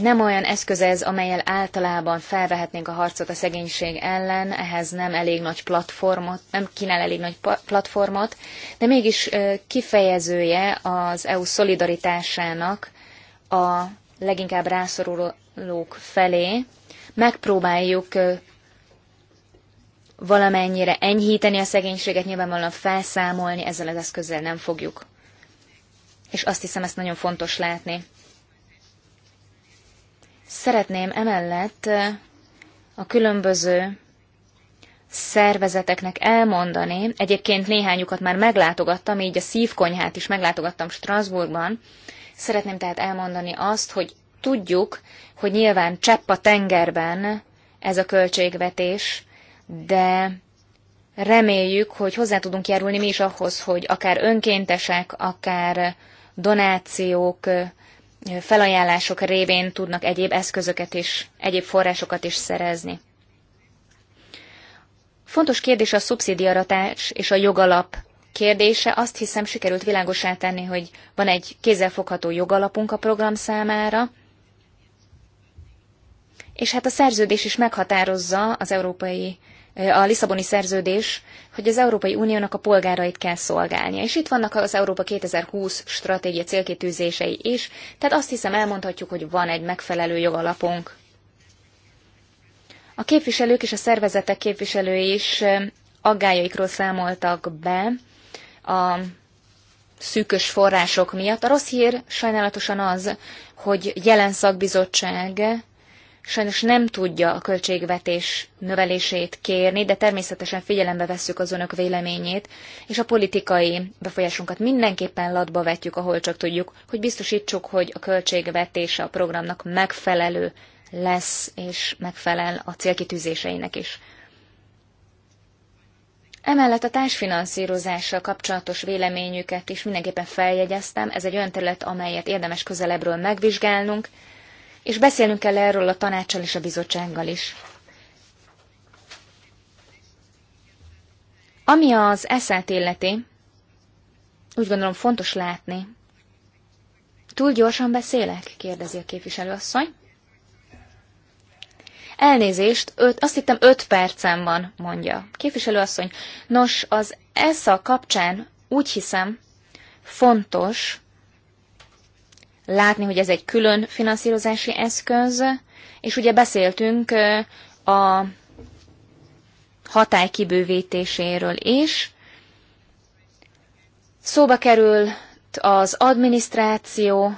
nem olyan eszköz ez, amelyel általában felvehetnénk a harcot a szegénység ellen, ehhez nem elég nagy platformot, nem kínál elég nagy platformot, de mégis kifejezője az EU szolidaritásának a leginkább rászorulók felé. Megpróbáljuk valamennyire enyhíteni a szegénységet, nyilvánvalóan felszámolni, ezzel az eszközzel nem fogjuk. És azt hiszem, ezt nagyon fontos látni. Szeretném emellett a különböző szervezeteknek elmondani, egyébként néhányukat már meglátogattam, így a szívkonyhát is meglátogattam Strasbourgban, szeretném tehát elmondani azt, hogy tudjuk, hogy nyilván csepp a tengerben ez a költségvetés, de reméljük, hogy hozzá tudunk járulni mi is ahhoz, hogy akár önkéntesek, akár donációk felajánlások révén tudnak egyéb eszközöket is, egyéb forrásokat is szerezni. Fontos kérdés a szubszidiaratás és a jogalap kérdése. Azt hiszem sikerült világosá tenni, hogy van egy kézzelfogható jogalapunk a program számára, és hát a szerződés is meghatározza az Európai a Lisszaboni szerződés, hogy az Európai Uniónak a polgárait kell szolgálnia. És itt vannak az Európa 2020 stratégia célkitűzései is, tehát azt hiszem elmondhatjuk, hogy van egy megfelelő jogalapunk. A képviselők és a szervezetek képviselői is aggájaikról számoltak be a szűkös források miatt. A rossz hír sajnálatosan az, hogy jelen szakbizottság sajnos nem tudja a költségvetés növelését kérni, de természetesen figyelembe vesszük az önök véleményét, és a politikai befolyásunkat mindenképpen latba vetjük, ahol csak tudjuk, hogy biztosítsuk, hogy a költségvetése a programnak megfelelő lesz, és megfelel a célkitűzéseinek is. Emellett a társfinanszírozással kapcsolatos véleményüket is mindenképpen feljegyeztem. Ez egy olyan terület, amelyet érdemes közelebbről megvizsgálnunk, és beszélnünk kell erről a tanácssal és a bizottsággal is. Ami az eszát illeti, úgy gondolom fontos látni. Túl gyorsan beszélek? kérdezi a képviselőasszony. Elnézést, öt, azt hittem öt percem van, mondja. Képviselőasszony, nos, az ESZA kapcsán úgy hiszem fontos, látni, hogy ez egy külön finanszírozási eszköz, és ugye beszéltünk a hatály kibővítéséről is. Szóba került az adminisztráció,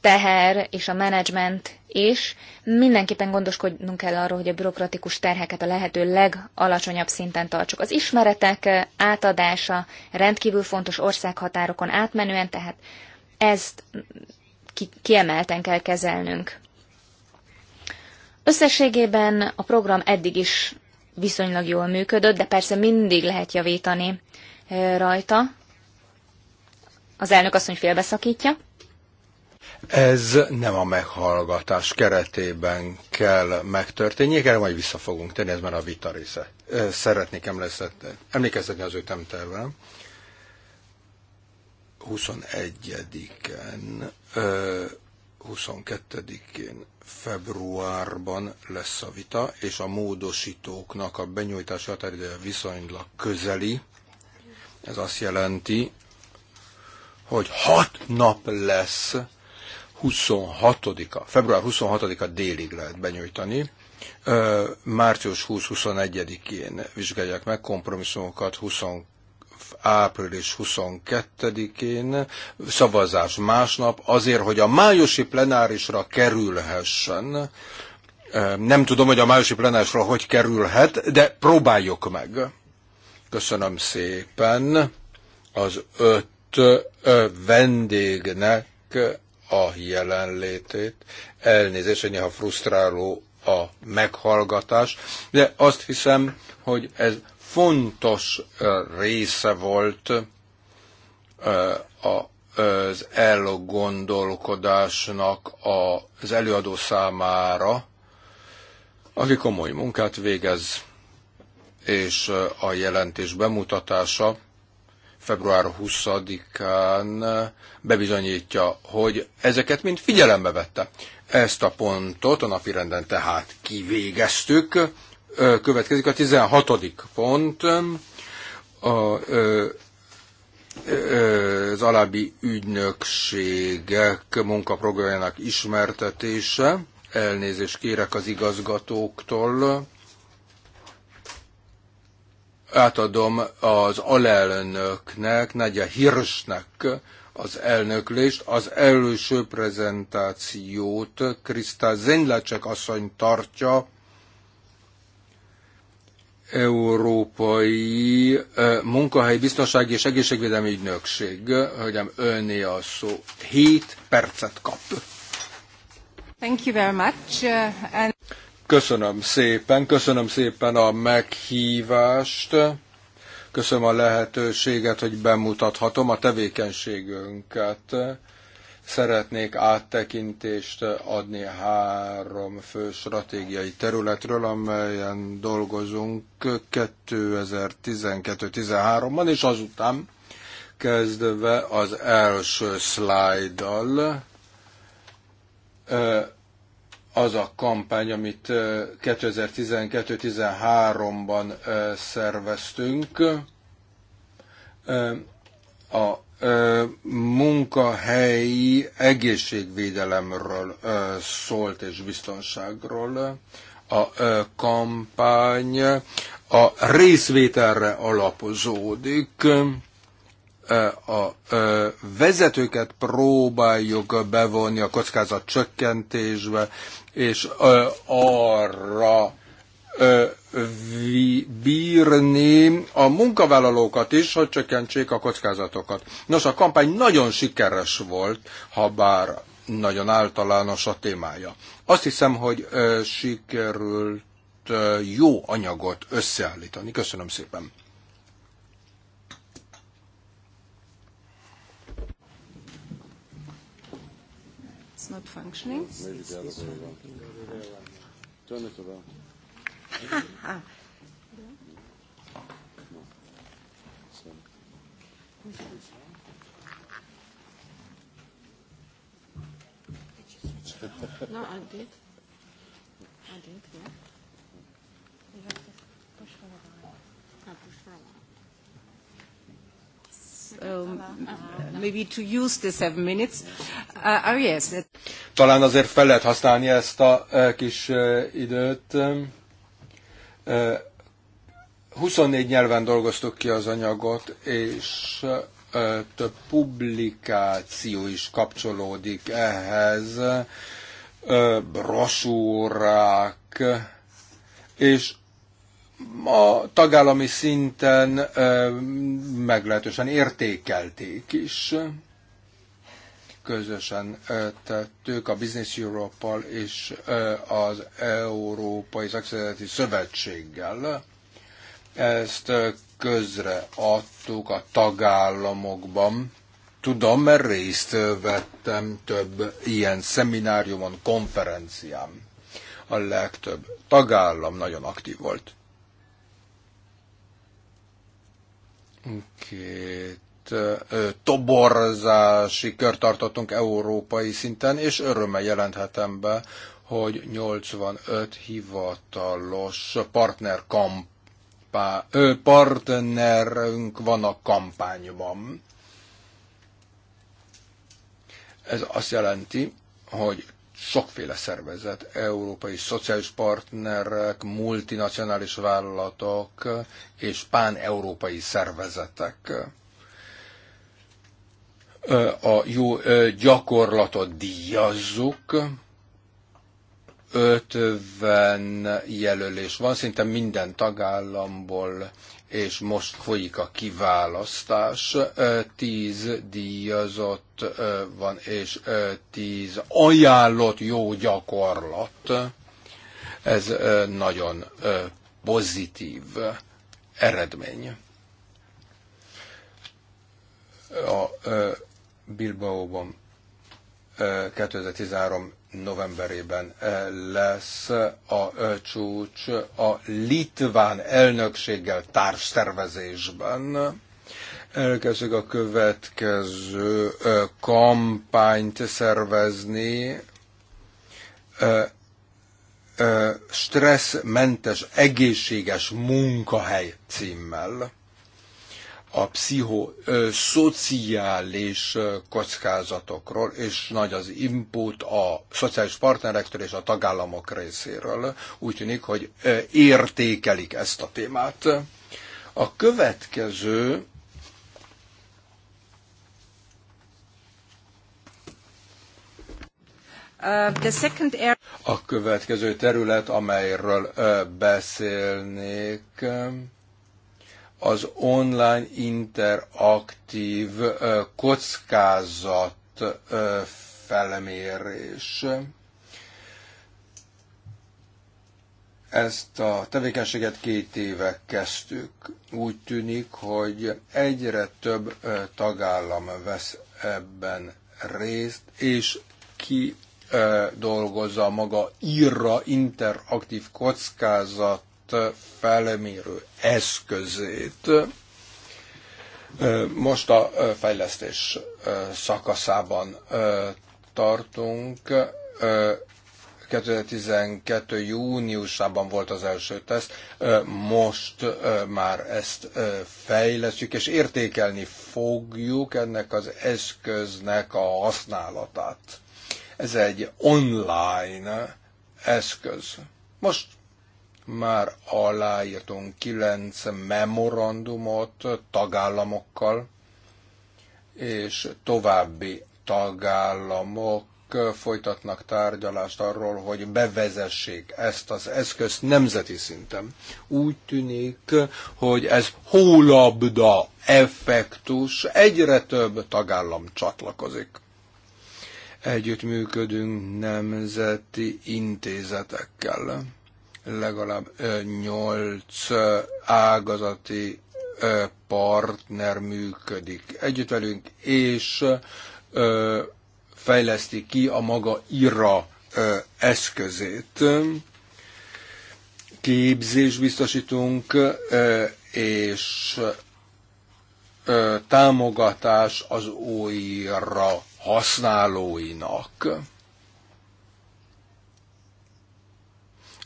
teher és a menedzsment is. Mindenképpen gondoskodnunk kell arról, hogy a bürokratikus terheket a lehető legalacsonyabb szinten tartsuk. Az ismeretek átadása rendkívül fontos országhatárokon átmenően, tehát ezt kiemelten kell kezelnünk. Összességében a program eddig is viszonylag jól működött, de persze mindig lehet javítani rajta. Az elnök azt asszony félbeszakítja. Ez nem a meghallgatás keretében kell megtörténjék, erre majd vissza fogunk tenni, ez már a vita része. Szeretnék emlékeztetni az temtelvel. 21-en, 22-én februárban lesz a vita, és a módosítóknak a benyújtási határideje viszonylag közeli. Ez azt jelenti, hogy hat nap lesz, 26-a, február 26-a délig lehet benyújtani, március 20-21-én vizsgálják meg kompromisszumokat április 22-én, szavazás másnap, azért, hogy a májusi plenárisra kerülhessen. Nem tudom, hogy a májusi plenárisra hogy kerülhet, de próbáljuk meg. Köszönöm szépen az öt vendégnek a jelenlétét. Elnézést, hogy néha frusztráló a meghallgatás, de azt hiszem, hogy ez fontos része volt az elgondolkodásnak az előadó számára, aki komoly munkát végez, és a jelentés bemutatása február 20-án bebizonyítja, hogy ezeket mind figyelembe vette. Ezt a pontot a napirenden tehát kivégeztük, következik a 16. pont. A, ö, az alábbi ügynökségek munkaprogramjának ismertetése. Elnézést kérek az igazgatóktól. Átadom az alelnöknek, Nagyja Hirsnek az elnöklést. Az első prezentációt Krista Zenlacsek asszony tartja Európai Munkahely Biztonsági és Egészségvédelmi Ügynökség. Hölgyem, ölné a szó. Hét percet kap. Thank you very much. Uh, and... Köszönöm szépen, köszönöm szépen a meghívást. Köszönöm a lehetőséget, hogy bemutathatom a tevékenységünket. Szeretnék áttekintést adni három fő stratégiai területről, amelyen dolgozunk 2012-13-ban, és azután kezdve az első szlájddal az a kampány, amit 2012-13-ban szerveztünk, a munkahelyi egészségvédelemről szólt és biztonságról. A kampány a részvételre alapozódik, a vezetőket próbáljuk bevonni a kockázat csökkentésbe, és arra bírni a munkavállalókat is, hogy csökkentsék a kockázatokat. Nos, a kampány nagyon sikeres volt, ha bár nagyon általános a témája. Azt hiszem, hogy sikerült jó anyagot összeállítani. Köszönöm szépen. It's not functioning. Maybe the other way around. Turn it around no, I did. I did, yeah. Uh, you have to push for a while. push for a while. Talán azért fel lehet használni ezt a uh, kis uh, időt. Um, 24 nyelven dolgoztuk ki az anyagot, és több publikáció is kapcsolódik ehhez, brosúrák, és a tagállami szinten meglehetősen értékelték is közösen tettük a Business Europe-al és az Európai Szakszervezeti Szövetséggel. Ezt közre adtuk a tagállamokban. Tudom, mert részt vettem több ilyen szemináriumon, konferencián. A legtöbb tagállam nagyon aktív volt. Két toborzási kört tartottunk európai szinten, és örömmel jelenthetem be, hogy 85 hivatalos partner kampá, ö, partnerünk van a kampányban. Ez azt jelenti, hogy sokféle szervezet, európai szociális partnerek, multinacionális vállalatok és pán-európai szervezetek a jó gyakorlatot díjazzuk. 50 jelölés van, szinte minden tagállamból, és most folyik a kiválasztás. 10 díjazott van, és 10 ajánlott jó gyakorlat. Ez nagyon pozitív eredmény. A Bilbaóban 2013 novemberében lesz a csúcs a litván elnökséggel társszervezésben. Elkezdjük a következő kampányt szervezni, stresszmentes, egészséges munkahely címmel a pszichoszociális kockázatokról, és nagy az input a szociális partnerektől és a tagállamok részéről. Úgy tűnik, hogy értékelik ezt a témát. A következő uh, A következő terület, amelyről beszélnék, az online interaktív kockázat felmérés. Ezt a tevékenységet két éve kezdtük. Úgy tűnik, hogy egyre több tagállam vesz ebben részt, és ki dolgozza maga írra interaktív kockázat Eh, felmérő eszközét eh, most a eh, fejlesztés szakaszában tartunk. 2012. júniusában volt az első teszt, most már ezt fejlesztjük, és értékelni fogjuk ennek az eszköznek a használatát. Ez egy online eszköz. Most már aláírtunk kilenc memorandumot tagállamokkal, és további tagállamok folytatnak tárgyalást arról, hogy bevezessék ezt az eszközt nemzeti szinten. Úgy tűnik, hogy ez hólabda effektus, egyre több tagállam csatlakozik. Együttműködünk nemzeti intézetekkel legalább nyolc ágazati partner működik együtt velünk, és fejleszti ki a maga IRA eszközét. Képzés biztosítunk, és támogatás az újra használóinak.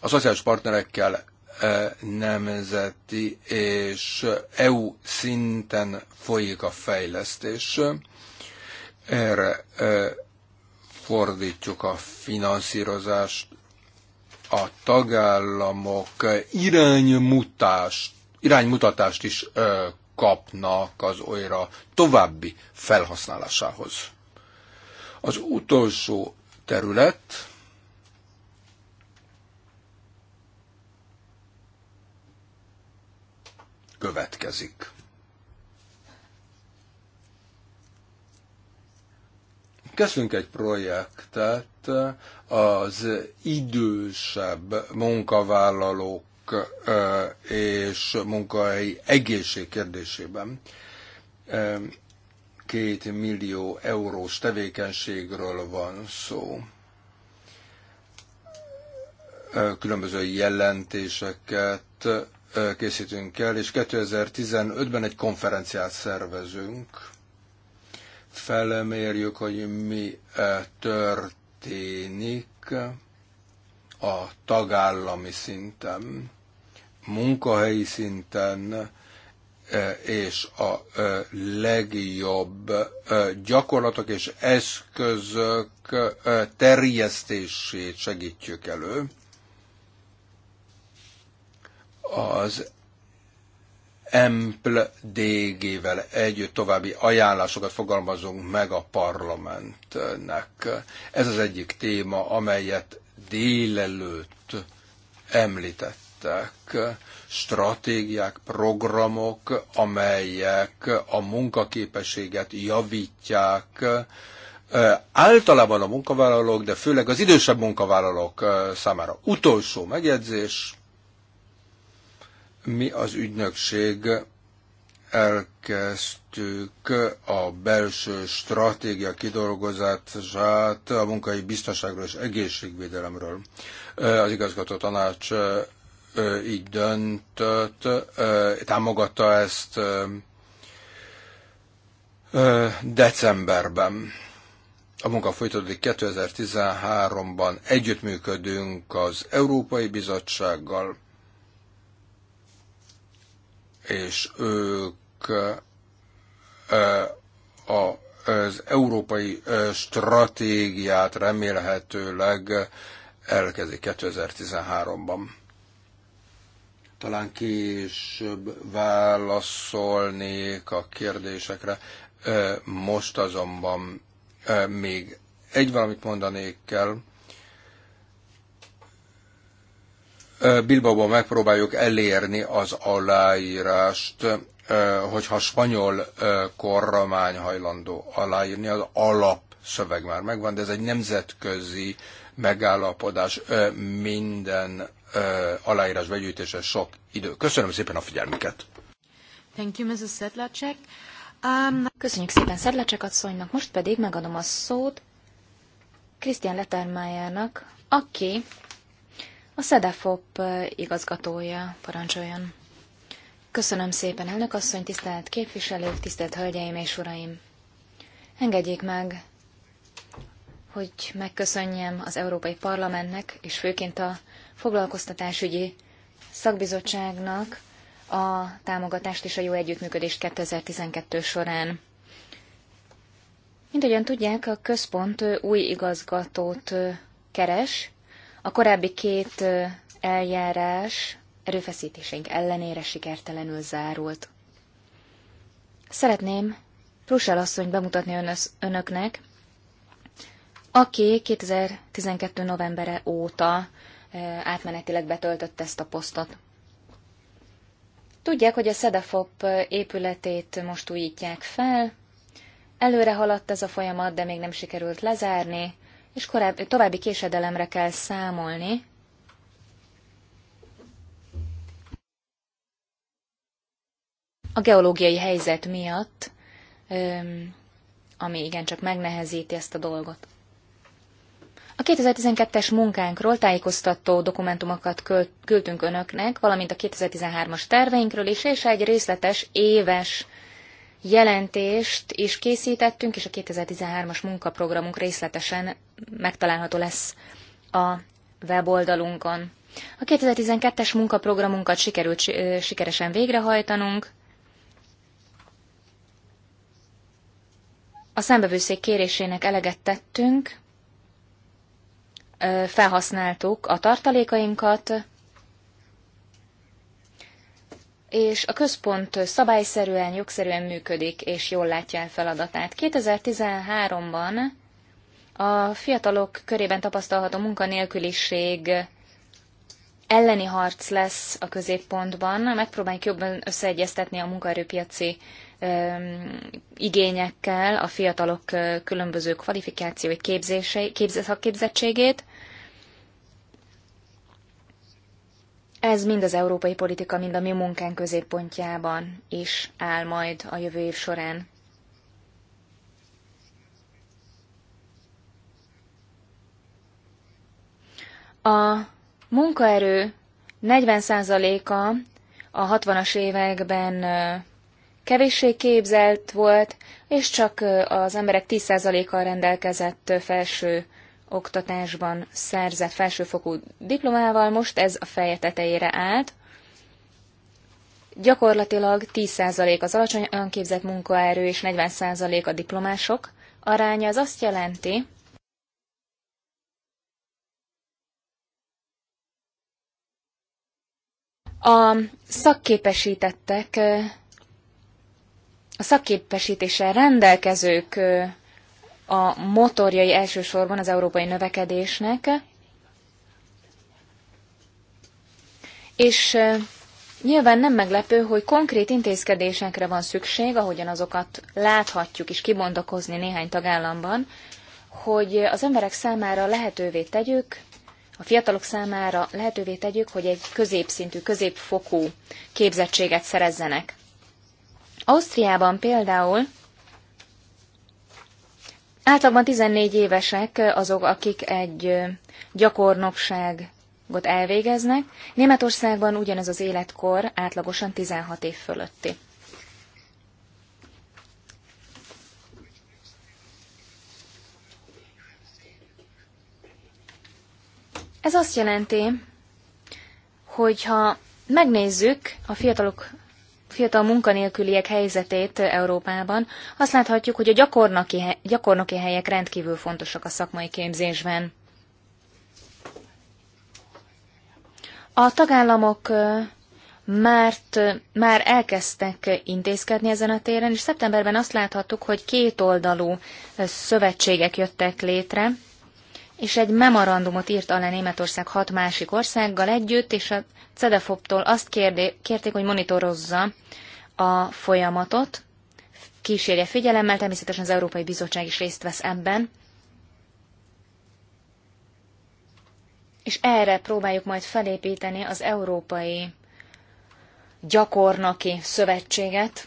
a szociális partnerekkel nemzeti és EU szinten folyik a fejlesztés. Erre fordítjuk a finanszírozást, a tagállamok iránymutatást, iránymutatást is kapnak az olyra további felhasználásához. Az utolsó terület következik. Kezdünk egy projektet az idősebb munkavállalók és munkahelyi egészség kérdésében két millió eurós tevékenységről van szó. Különböző jelentéseket készítünk el, és 2015-ben egy konferenciát szervezünk. Felmérjük, hogy mi történik a tagállami szinten, munkahelyi szinten, és a legjobb gyakorlatok és eszközök terjesztését segítjük elő az mpdg vel együtt további ajánlásokat fogalmazunk meg a parlamentnek. Ez az egyik téma, amelyet délelőtt említettek. Stratégiák, programok, amelyek a munkaképességet javítják, általában a munkavállalók, de főleg az idősebb munkavállalók számára. Utolsó megjegyzés, mi az ügynökség elkezdtük a belső stratégia kidolgozását a munkai biztonságról és egészségvédelemről. Az igazgató tanács így döntött, támogatta ezt decemberben. A munka folytatódik 2013-ban, együttműködünk az Európai Bizottsággal, és ők az európai stratégiát remélhetőleg elkezdik 2013-ban. Talán később válaszolnék a kérdésekre. Most azonban még egy valamit mondanék kell, Bilbaóban megpróbáljuk elérni az aláírást, hogyha a spanyol kormány hajlandó aláírni, az alapszöveg már megvan, de ez egy nemzetközi megállapodás, minden aláírás begyűjtése sok idő. Köszönöm szépen a figyelmüket! Thank you, Mrs. Sedlacek. Um... Köszönjük szépen Sedlacek asszonynak, most pedig megadom a szót Krisztián Letermájának, aki a SZEDEFOP igazgatója parancsoljon. Köszönöm szépen, elnök asszony, tisztelt képviselők, tisztelt hölgyeim és uraim! Engedjék meg, hogy megköszönjem az Európai Parlamentnek, és főként a foglalkoztatásügyi szakbizottságnak a támogatást és a jó együttműködést 2012 során. Mint ahogyan tudják, a központ új igazgatót keres, a korábbi két eljárás erőfeszítéseink ellenére sikertelenül zárult. Szeretném Prussel asszonyt bemutatni önöz, önöknek, aki 2012. novembere óta átmenetileg betöltött ezt a posztot. Tudják, hogy a Szedefop épületét most újítják fel. Előre haladt ez a folyamat, de még nem sikerült lezárni és korábbi, további késedelemre kell számolni. A geológiai helyzet miatt, ami igencsak megnehezíti ezt a dolgot. A 2012-es munkánkról tájékoztató dokumentumokat küldtünk önöknek, valamint a 2013-as terveinkről is, és egy részletes éves jelentést is készítettünk, és a 2013-as munkaprogramunk részletesen megtalálható lesz a weboldalunkon. A 2012-es munkaprogramunkat sikerült sikeresen végrehajtanunk. A számbevőszék kérésének eleget tettünk, felhasználtuk a tartalékainkat, és a központ szabályszerűen, jogszerűen működik, és jól látja el feladatát. 2013-ban a fiatalok körében tapasztalható munkanélküliség elleni harc lesz a középpontban. Megpróbáljuk jobban összeegyeztetni a munkaerőpiaci igényekkel a fiatalok különböző kvalifikációi képzései, képzettségét. Ez mind az európai politika, mind a mi munkánk középpontjában is áll majd a jövő év során. A munkaerő 40%-a a 60-as években kevéssé képzelt volt, és csak az emberek 10%-a rendelkezett felső oktatásban szerzett felsőfokú diplomával, most ez a feje tetejére állt. Gyakorlatilag 10% az alacsony önképzett munkaerő és 40% a diplomások aránya. az azt jelenti, A szakképesítettek, a szakképesítéssel rendelkezők a motorjai elsősorban az európai növekedésnek, és nyilván nem meglepő, hogy konkrét intézkedésekre van szükség, ahogyan azokat láthatjuk és kibontakozni néhány tagállamban, hogy az emberek számára lehetővé tegyük, a fiatalok számára lehetővé tegyük, hogy egy középszintű, középfokú képzettséget szerezzenek. Ausztriában például Általában 14 évesek azok, akik egy gyakornokságot elvégeznek. Németországban ugyanez az életkor átlagosan 16 év fölötti. Ez azt jelenti, hogy ha megnézzük a fiatalok fiatal munkanélküliek helyzetét Európában, azt láthatjuk, hogy a gyakornoki, gyakornoki helyek rendkívül fontosak a szakmai képzésben. A tagállamok már, már elkezdtek intézkedni ezen a téren, és szeptemberben azt láthattuk, hogy kétoldalú szövetségek jöttek létre, és egy memorandumot írt alá Németország hat másik országgal együtt, és a CEDEFOP-tól azt kérdé, kérték, hogy monitorozza a folyamatot, kísérje figyelemmel, természetesen az Európai Bizottság is részt vesz ebben. És erre próbáljuk majd felépíteni az Európai Gyakornoki Szövetséget,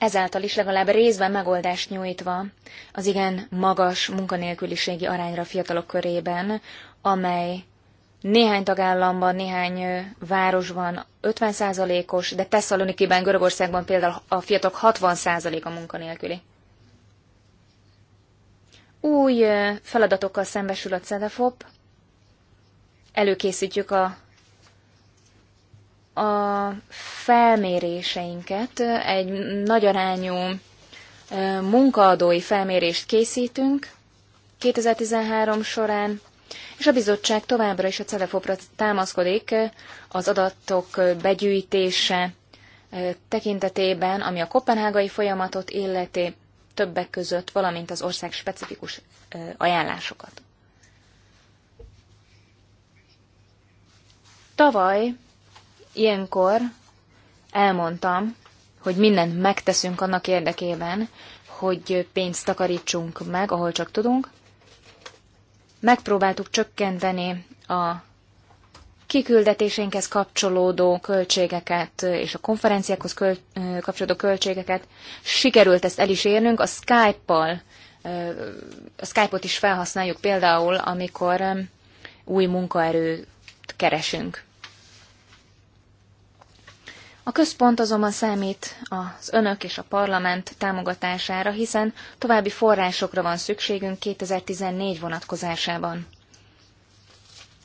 ezáltal is legalább részben megoldást nyújtva az igen magas munkanélküliségi arányra a fiatalok körében, amely néhány tagállamban, néhány városban 50%-os, de Tesszalonikiben, Görögországban például a fiatalok 60%-a munkanélküli. Új feladatokkal szembesül a CEDEFOP, előkészítjük a a felméréseinket, egy nagy arányú munkaadói felmérést készítünk 2013 során, és a bizottság továbbra is a Celefopra támaszkodik az adatok begyűjtése tekintetében, ami a kopenhágai folyamatot illeti többek között, valamint az ország specifikus ajánlásokat. Tavaly Ilyenkor elmondtam, hogy mindent megteszünk annak érdekében, hogy pénzt takarítsunk meg, ahol csak tudunk. Megpróbáltuk csökkenteni a kiküldetésénkhez kapcsolódó költségeket és a konferenciákhoz köl- kapcsolódó költségeket. Sikerült ezt el is érnünk. A Skype-pal, a Skype-ot is felhasználjuk például, amikor új munkaerőt keresünk. A központ azonban számít az önök és a parlament támogatására, hiszen további forrásokra van szükségünk 2014 vonatkozásában.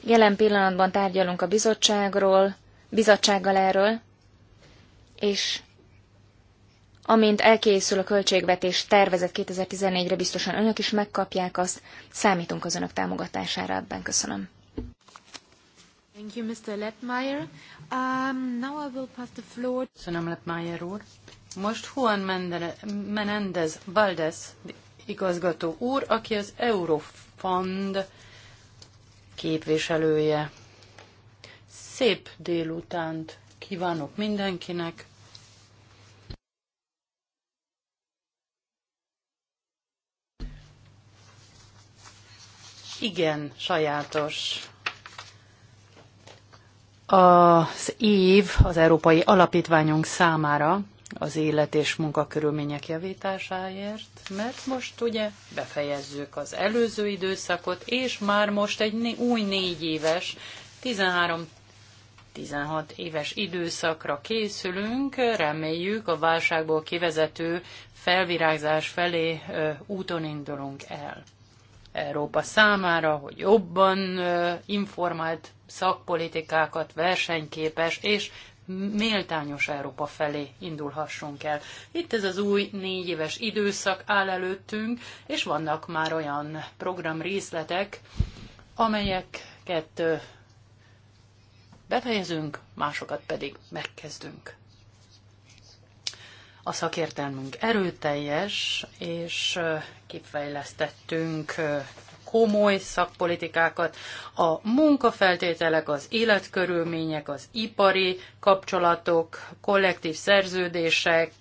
Jelen pillanatban tárgyalunk a bizottságról, bizottsággal erről, és amint elkészül a költségvetés tervezet 2014-re, biztosan önök is megkapják azt, számítunk az önök támogatására ebben. Köszönöm. Thank you, Mr. Lettmeyer. Um, now I will pass the floor. Köszönöm, Lettmeyer úr. Most Juan Mendele, Menendez Valdez igazgató úr, aki az Eurofund képviselője. Szép délutánt kívánok mindenkinek. Igen, sajátos az év az Európai Alapítványunk számára az élet és munkakörülmények javításáért, mert most ugye befejezzük az előző időszakot, és már most egy új négy éves, 13 16 éves időszakra készülünk, reméljük a válságból kivezető felvirágzás felé úton indulunk el. Európa számára, hogy jobban informált szakpolitikákat, versenyképes és méltányos Európa felé indulhassunk el. Itt ez az új négy éves időszak áll előttünk, és vannak már olyan program részletek, amelyeket befejezünk, másokat pedig megkezdünk a szakértelmünk erőteljes, és kifejlesztettünk komoly szakpolitikákat. A munkafeltételek, az életkörülmények, az ipari kapcsolatok, kollektív szerződések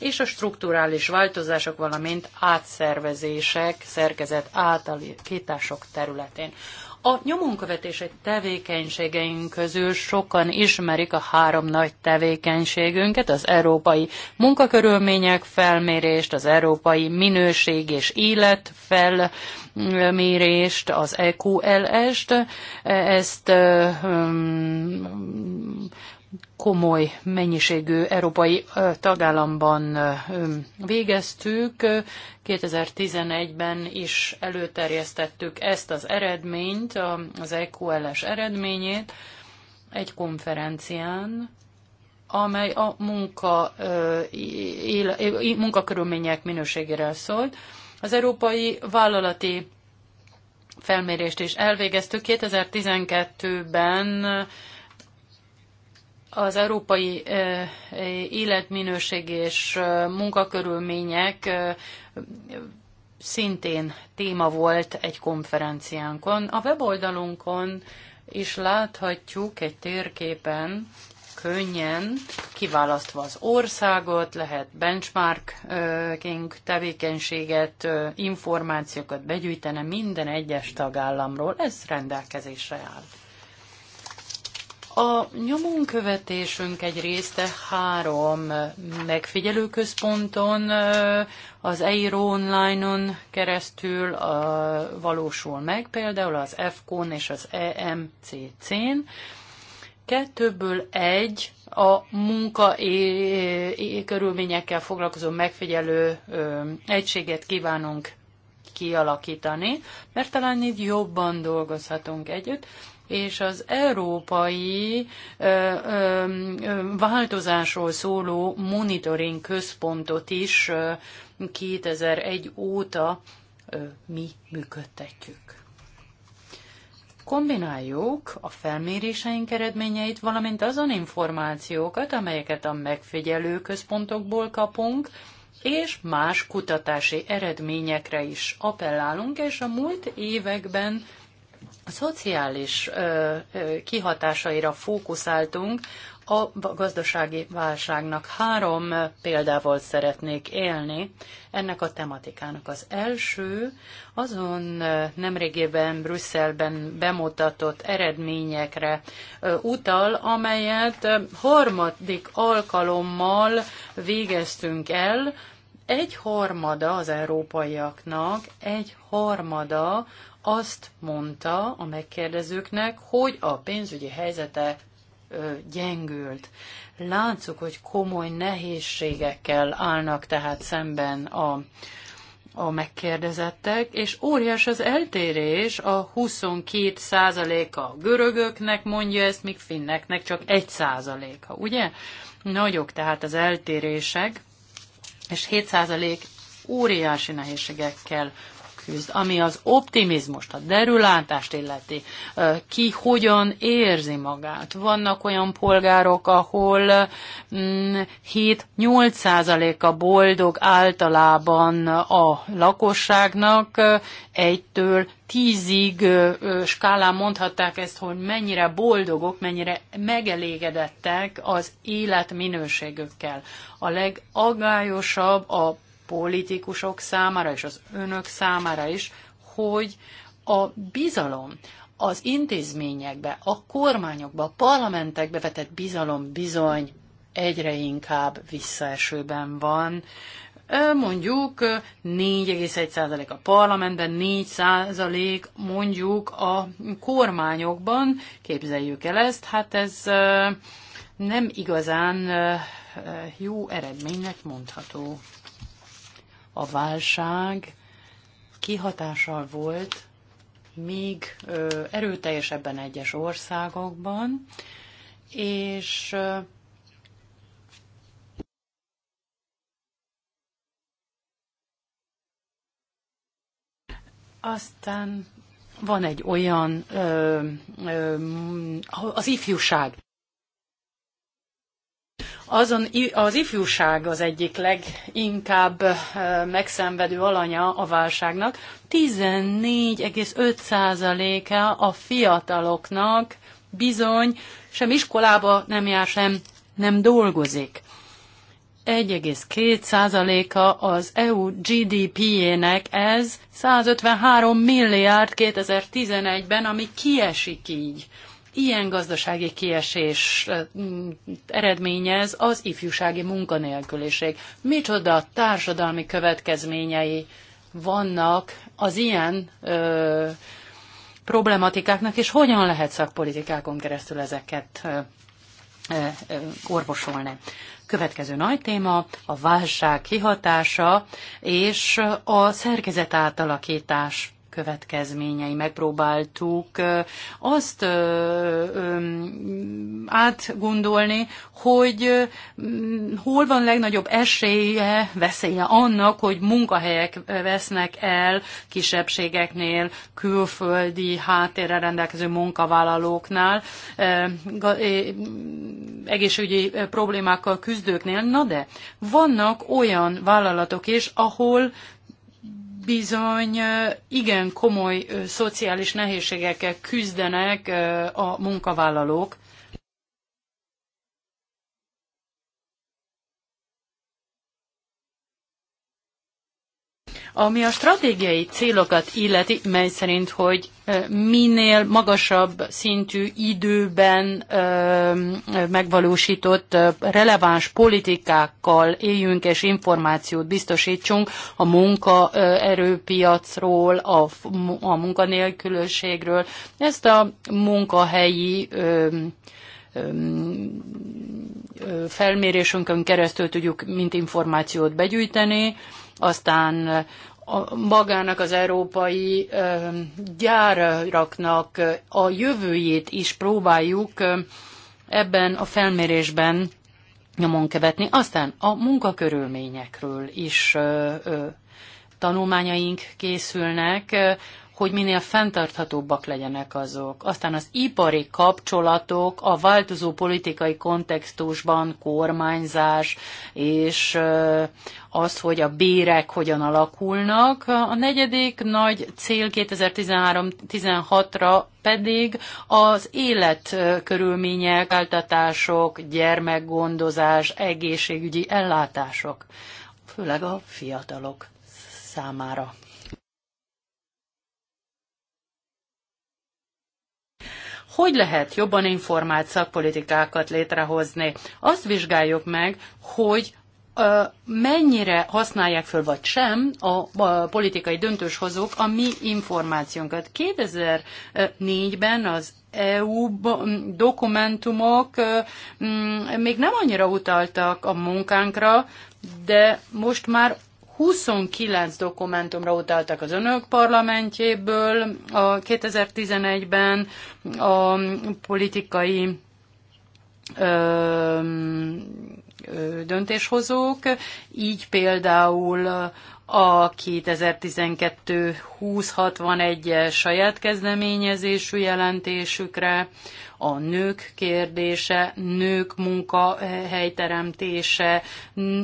és a strukturális változások, valamint átszervezések, szerkezet átalakítások területén. A nyomonkövetési tevékenységeink közül sokan ismerik a három nagy tevékenységünket, az európai munkakörülmények felmérést, az európai minőség és élet felmérést, az EQLS-t, ezt um, komoly mennyiségű európai tagállamban végeztük. 2011-ben is előterjesztettük ezt az eredményt, az EQLS eredményét egy konferencián, amely a munka, munkakörülmények minőségéről szólt. Az európai vállalati felmérést is elvégeztük. 2012-ben az európai életminőség és munkakörülmények szintén téma volt egy konferenciánkon. A weboldalunkon is láthatjuk egy térképen, könnyen kiválasztva az országot, lehet benchmarking tevékenységet, információkat begyűjteni minden egyes tagállamról, ez rendelkezésre áll. A nyomonkövetésünk egy része három megfigyelőközponton, az EIRO online-on keresztül valósul meg, például az FCON és az EMCC-n. Kettőből egy a munka körülményekkel foglalkozó megfigyelő egységet kívánunk kialakítani, mert talán így jobban dolgozhatunk együtt, és az európai ö, ö, változásról szóló monitoring központot is ö, 2001 óta ö, mi működtetjük. Kombináljuk a felméréseink eredményeit, valamint azon információkat, amelyeket a megfigyelő központokból kapunk, és más kutatási eredményekre is appellálunk, és a múlt években a szociális kihatásaira fókuszáltunk a gazdasági válságnak. Három példával szeretnék élni ennek a tematikának. Az első azon nemrégében Brüsszelben bemutatott eredményekre utal, amelyet harmadik alkalommal végeztünk el, egy harmada az európaiaknak, egy harmada azt mondta a megkérdezőknek, hogy a pénzügyi helyzete ö, gyengült. Látszuk, hogy komoly nehézségekkel állnak tehát szemben a, a megkérdezettek, és óriás az eltérés, a 22 a görögöknek mondja ezt, míg finneknek csak 1 a ugye? Nagyok tehát az eltérések, és 7 százalék óriási nehézségekkel küzd, ami az optimizmust, a derülátást illeti, ki hogyan érzi magát. Vannak olyan polgárok, ahol 7-8 mm, százaléka boldog általában a lakosságnak, egytől tízig skálán mondhatták ezt, hogy mennyire boldogok, mennyire megelégedettek az életminőségükkel. A legagályosabb a politikusok számára és az önök számára is, hogy a bizalom az intézményekbe, a kormányokba, a parlamentekbe vetett bizalom bizony egyre inkább visszaesőben van. Mondjuk 4,1% a parlamentben, 4% mondjuk a kormányokban, képzeljük el ezt, hát ez nem igazán jó eredménynek mondható a válság kihatással volt még erőteljesebben egyes országokban, és aztán van egy olyan, ö, ö, az ifjúság azon az ifjúság az egyik leginkább megszenvedő alanya a válságnak. 14,5%-a a fiataloknak bizony sem iskolába nem jár, sem nem dolgozik. 1,2%-a az EU GDP-jének ez 153 milliárd 2011-ben, ami kiesik így ilyen gazdasági kiesés eredményez az ifjúsági munkanélküliség. Micsoda társadalmi következményei vannak az ilyen ö, problematikáknak, és hogyan lehet szakpolitikákon keresztül ezeket ö, ö, orvosolni. Következő nagy téma a válság kihatása és a szerkezet átalakítás következményei. Megpróbáltuk azt átgondolni, hogy hol van legnagyobb esélye, veszélye annak, hogy munkahelyek vesznek el kisebbségeknél, külföldi háttérre rendelkező munkavállalóknál, egészségügyi problémákkal küzdőknél. Na de vannak olyan vállalatok is, ahol bizony igen komoly szociális nehézségekkel küzdenek a munkavállalók, Ami a stratégiai célokat illeti, mely szerint, hogy minél magasabb szintű időben megvalósított releváns politikákkal éljünk és információt biztosítsunk a munkaerőpiacról, a, a munkanélkülösségről. Ezt a munkahelyi felmérésünkön keresztül tudjuk mint információt begyűjteni, aztán a magának az európai gyáraknak a jövőjét is próbáljuk ebben a felmérésben nyomon követni. Aztán a munkakörülményekről is tanulmányaink készülnek hogy minél fenntarthatóbbak legyenek azok. Aztán az ipari kapcsolatok a változó politikai kontextusban, kormányzás és az, hogy a bérek hogyan alakulnak. A negyedik nagy cél 2013-16-ra pedig az életkörülmények, áltatások, gyermekgondozás, egészségügyi ellátások, főleg a fiatalok számára. hogy lehet jobban informált szakpolitikákat létrehozni. Azt vizsgáljuk meg, hogy mennyire használják föl vagy sem a, politikai döntéshozók a mi információnkat. 2004-ben az EU dokumentumok még nem annyira utaltak a munkánkra, de most már 29 dokumentumra utaltak az önök parlamentjéből a 2011-ben a politikai ö, ö, döntéshozók, így például a 2012-2061-es saját kezdeményezésű jelentésükre, a nők kérdése, nők munkahelyteremtése,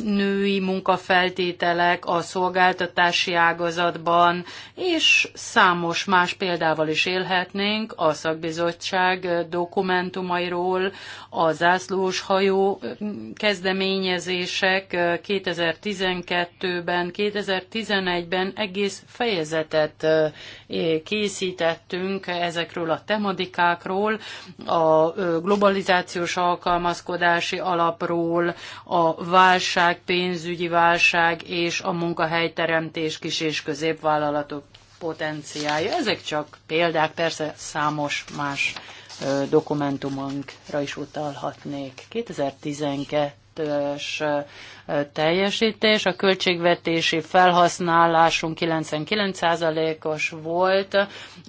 női munkafeltételek a szolgáltatási ágazatban, és számos más példával is élhetnénk a szakbizottság dokumentumairól, a zászlós hajó kezdeményezések 2012-ben, 2011-ben egész fejezetet készítettünk ezekről a tematikákról, a globalizációs alkalmazkodási alapról, a válság, pénzügyi válság és a munkahelyteremtés kis- és középvállalatok potenciálja. Ezek csak példák, persze számos más dokumentumunkra is utalhatnék. 2012 kettős teljesítés. A költségvetési felhasználásunk 99%-os volt.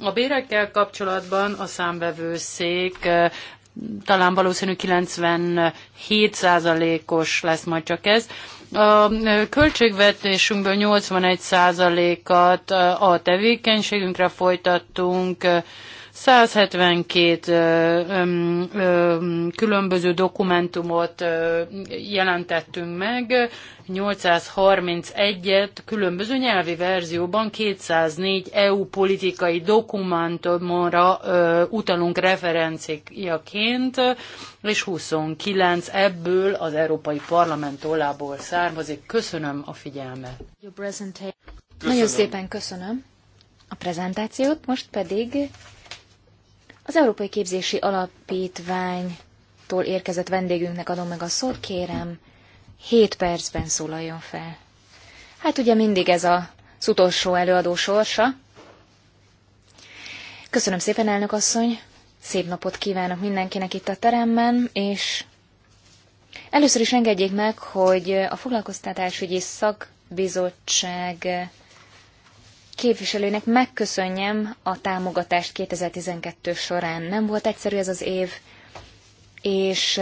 A bérekkel kapcsolatban a számvevőszék talán valószínű 97%-os lesz majd csak ez. A költségvetésünkből 81%-at a tevékenységünkre folytattunk, 172 különböző dokumentumot jelentettünk meg, 831-et különböző nyelvi verzióban 204 EU politikai dokumentumra utalunk referenciaként, és 29 ebből az Európai Parlament tollából származik. Köszönöm a figyelmet. Köszönöm. Nagyon szépen köszönöm a prezentációt, most pedig az Európai Képzési Alapítványtól érkezett vendégünknek adom meg a szót, kérem, 7 percben szólaljon fel. Hát ugye mindig ez a az utolsó előadó sorsa. Köszönöm szépen, elnök asszony! Szép napot kívánok mindenkinek itt a teremben, és először is engedjék meg, hogy a foglalkoztatásügyi szakbizottság képviselőnek megköszönjem a támogatást 2012 során. Nem volt egyszerű ez az év, és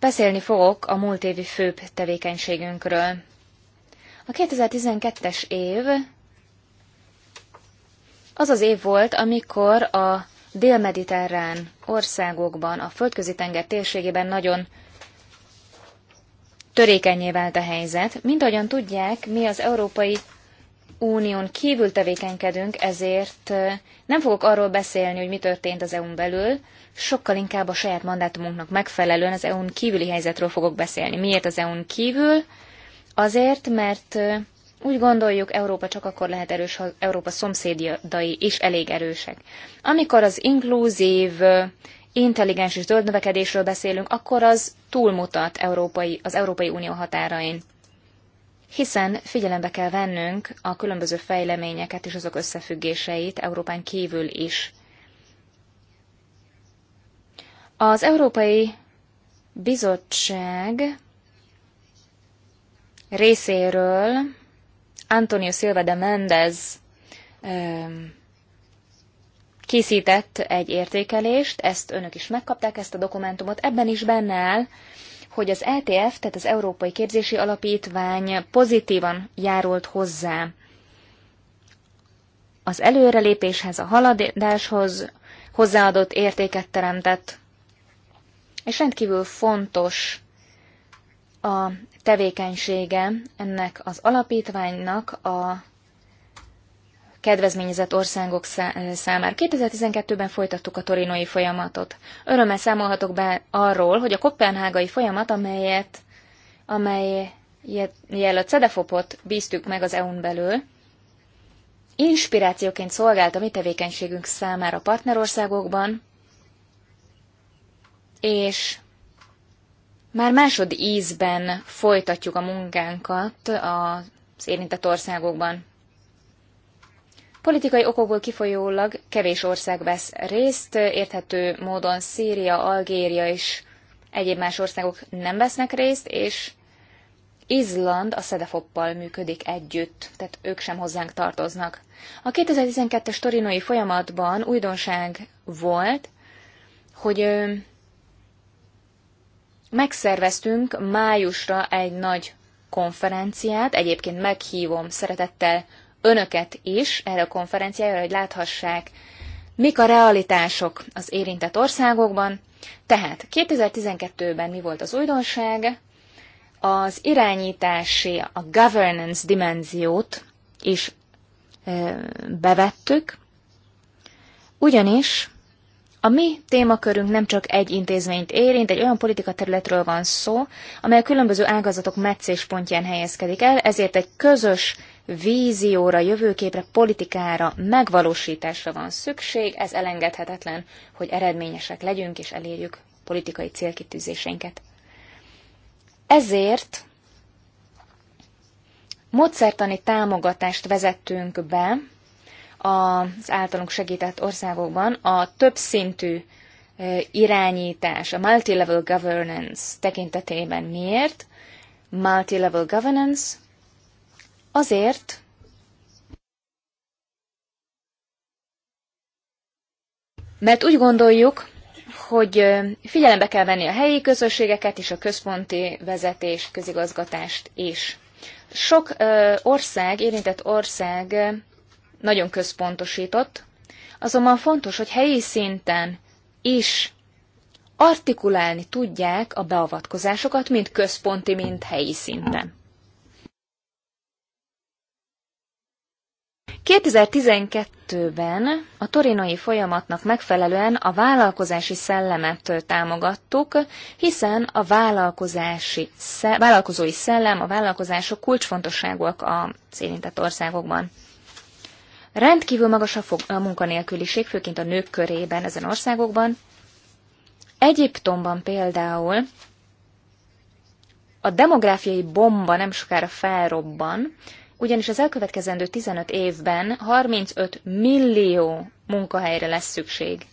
beszélni fogok a múlt évi főbb tevékenységünkről. A 2012-es év az az év volt, amikor a dél-mediterrán országokban, a földközi tenger térségében nagyon törékenyé vált a helyzet. Mint ahogyan tudják, mi az Európai Unión kívül tevékenykedünk, ezért nem fogok arról beszélni, hogy mi történt az EU-n belül, sokkal inkább a saját mandátumunknak megfelelően az EU-n kívüli helyzetről fogok beszélni. Miért az EU-n kívül? Azért, mert úgy gondoljuk, Európa csak akkor lehet erős, ha Európa szomszédjai is elég erősek. Amikor az inkluzív intelligens és zöld növekedésről beszélünk, akkor az túlmutat európai, az Európai Unió határain. Hiszen figyelembe kell vennünk a különböző fejleményeket és azok összefüggéseit Európán kívül is. Az Európai Bizottság részéről Antonio Silva de Mendez készített egy értékelést, ezt önök is megkapták, ezt a dokumentumot. Ebben is benne áll, hogy az ETF, tehát az Európai Képzési Alapítvány pozitívan járult hozzá az előrelépéshez, a haladáshoz, hozzáadott értéket teremtett, és rendkívül fontos a tevékenysége ennek az alapítványnak a kedvezményezett országok számára. 2012-ben folytattuk a torinói folyamatot. Örömmel számolhatok be arról, hogy a kopenhágai folyamat, amelyet, amelyet a CEDEFOP-ot bíztük meg az EU-n belül, inspirációként szolgált a mi tevékenységünk számára a partnerországokban, és már másod ízben folytatjuk a munkánkat az érintett országokban. Politikai okokból kifolyólag kevés ország vesz részt, érthető módon Szíria, Algéria és egyéb más országok nem vesznek részt, és Izland a szedefoppal működik együtt, tehát ők sem hozzánk tartoznak. A 2012-es torinói folyamatban újdonság volt, hogy megszerveztünk májusra egy nagy konferenciát, egyébként meghívom szeretettel önöket is erre a konferenciára, hogy láthassák, mik a realitások az érintett országokban. Tehát 2012-ben mi volt az újdonság? Az irányítási, a governance dimenziót is bevettük, ugyanis a mi témakörünk nem csak egy intézményt érint, egy olyan politikaterületről van szó, amely a különböző ágazatok meccéspontján helyezkedik el, ezért egy közös vízióra, jövőképre, politikára, megvalósításra van szükség, ez elengedhetetlen, hogy eredményesek legyünk és elérjük politikai célkitűzéseinket. Ezért módszertani támogatást vezettünk be az általunk segített országokban a többszintű irányítás, a multi-level governance tekintetében miért? Multi-level governance Azért, mert úgy gondoljuk, hogy figyelembe kell venni a helyi közösségeket és a központi vezetés, közigazgatást is. Sok ország, érintett ország nagyon központosított, azonban fontos, hogy helyi szinten is artikulálni tudják a beavatkozásokat, mind központi, mind helyi szinten. 2012-ben a torinoi folyamatnak megfelelően a vállalkozási szellemet támogattuk, hiszen a vállalkozási, vállalkozói szellem, a vállalkozások kulcsfontosságúak a érintett országokban. Rendkívül magas a, fog, a munkanélküliség, főként a nők körében ezen országokban. Egyiptomban például a demográfiai bomba nem sokára felrobban, ugyanis az elkövetkezendő 15 évben 35 millió munkahelyre lesz szükség.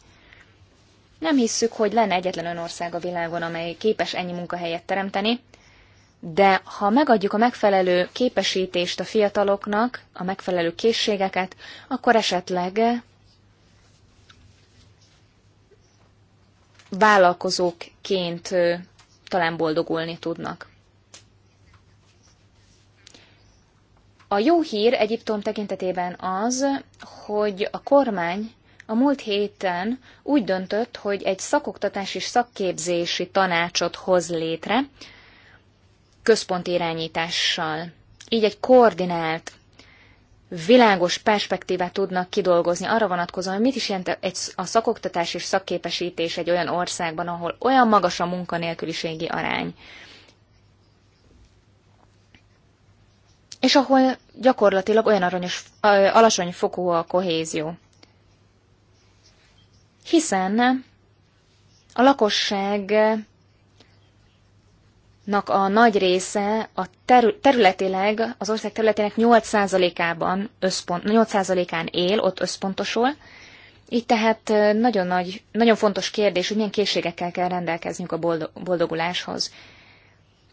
Nem hisszük, hogy lenne egyetlen ország a világon, amely képes ennyi munkahelyet teremteni, de ha megadjuk a megfelelő képesítést a fiataloknak, a megfelelő készségeket, akkor esetleg vállalkozóként talán boldogulni tudnak. A jó hír Egyiptom tekintetében az, hogy a kormány a múlt héten úgy döntött, hogy egy szakoktatás és szakképzési tanácsot hoz létre, központi irányítással. Így egy koordinált, világos perspektívát tudnak kidolgozni arra vonatkozóan, hogy mit is jelent egy, a szakoktatás és szakképesítés egy olyan országban, ahol olyan magas a munkanélküliségi arány, és ahol gyakorlatilag olyan aranyos, alacsony fokú a kohézió. Hiszen a lakosságnak a nagy része a terü- területileg, az ország területének 8%-ában összpont, 8%-án él, ott összpontosul, így tehát nagyon, nagy, nagyon fontos kérdés, hogy milyen készségekkel kell rendelkeznünk a boldoguláshoz.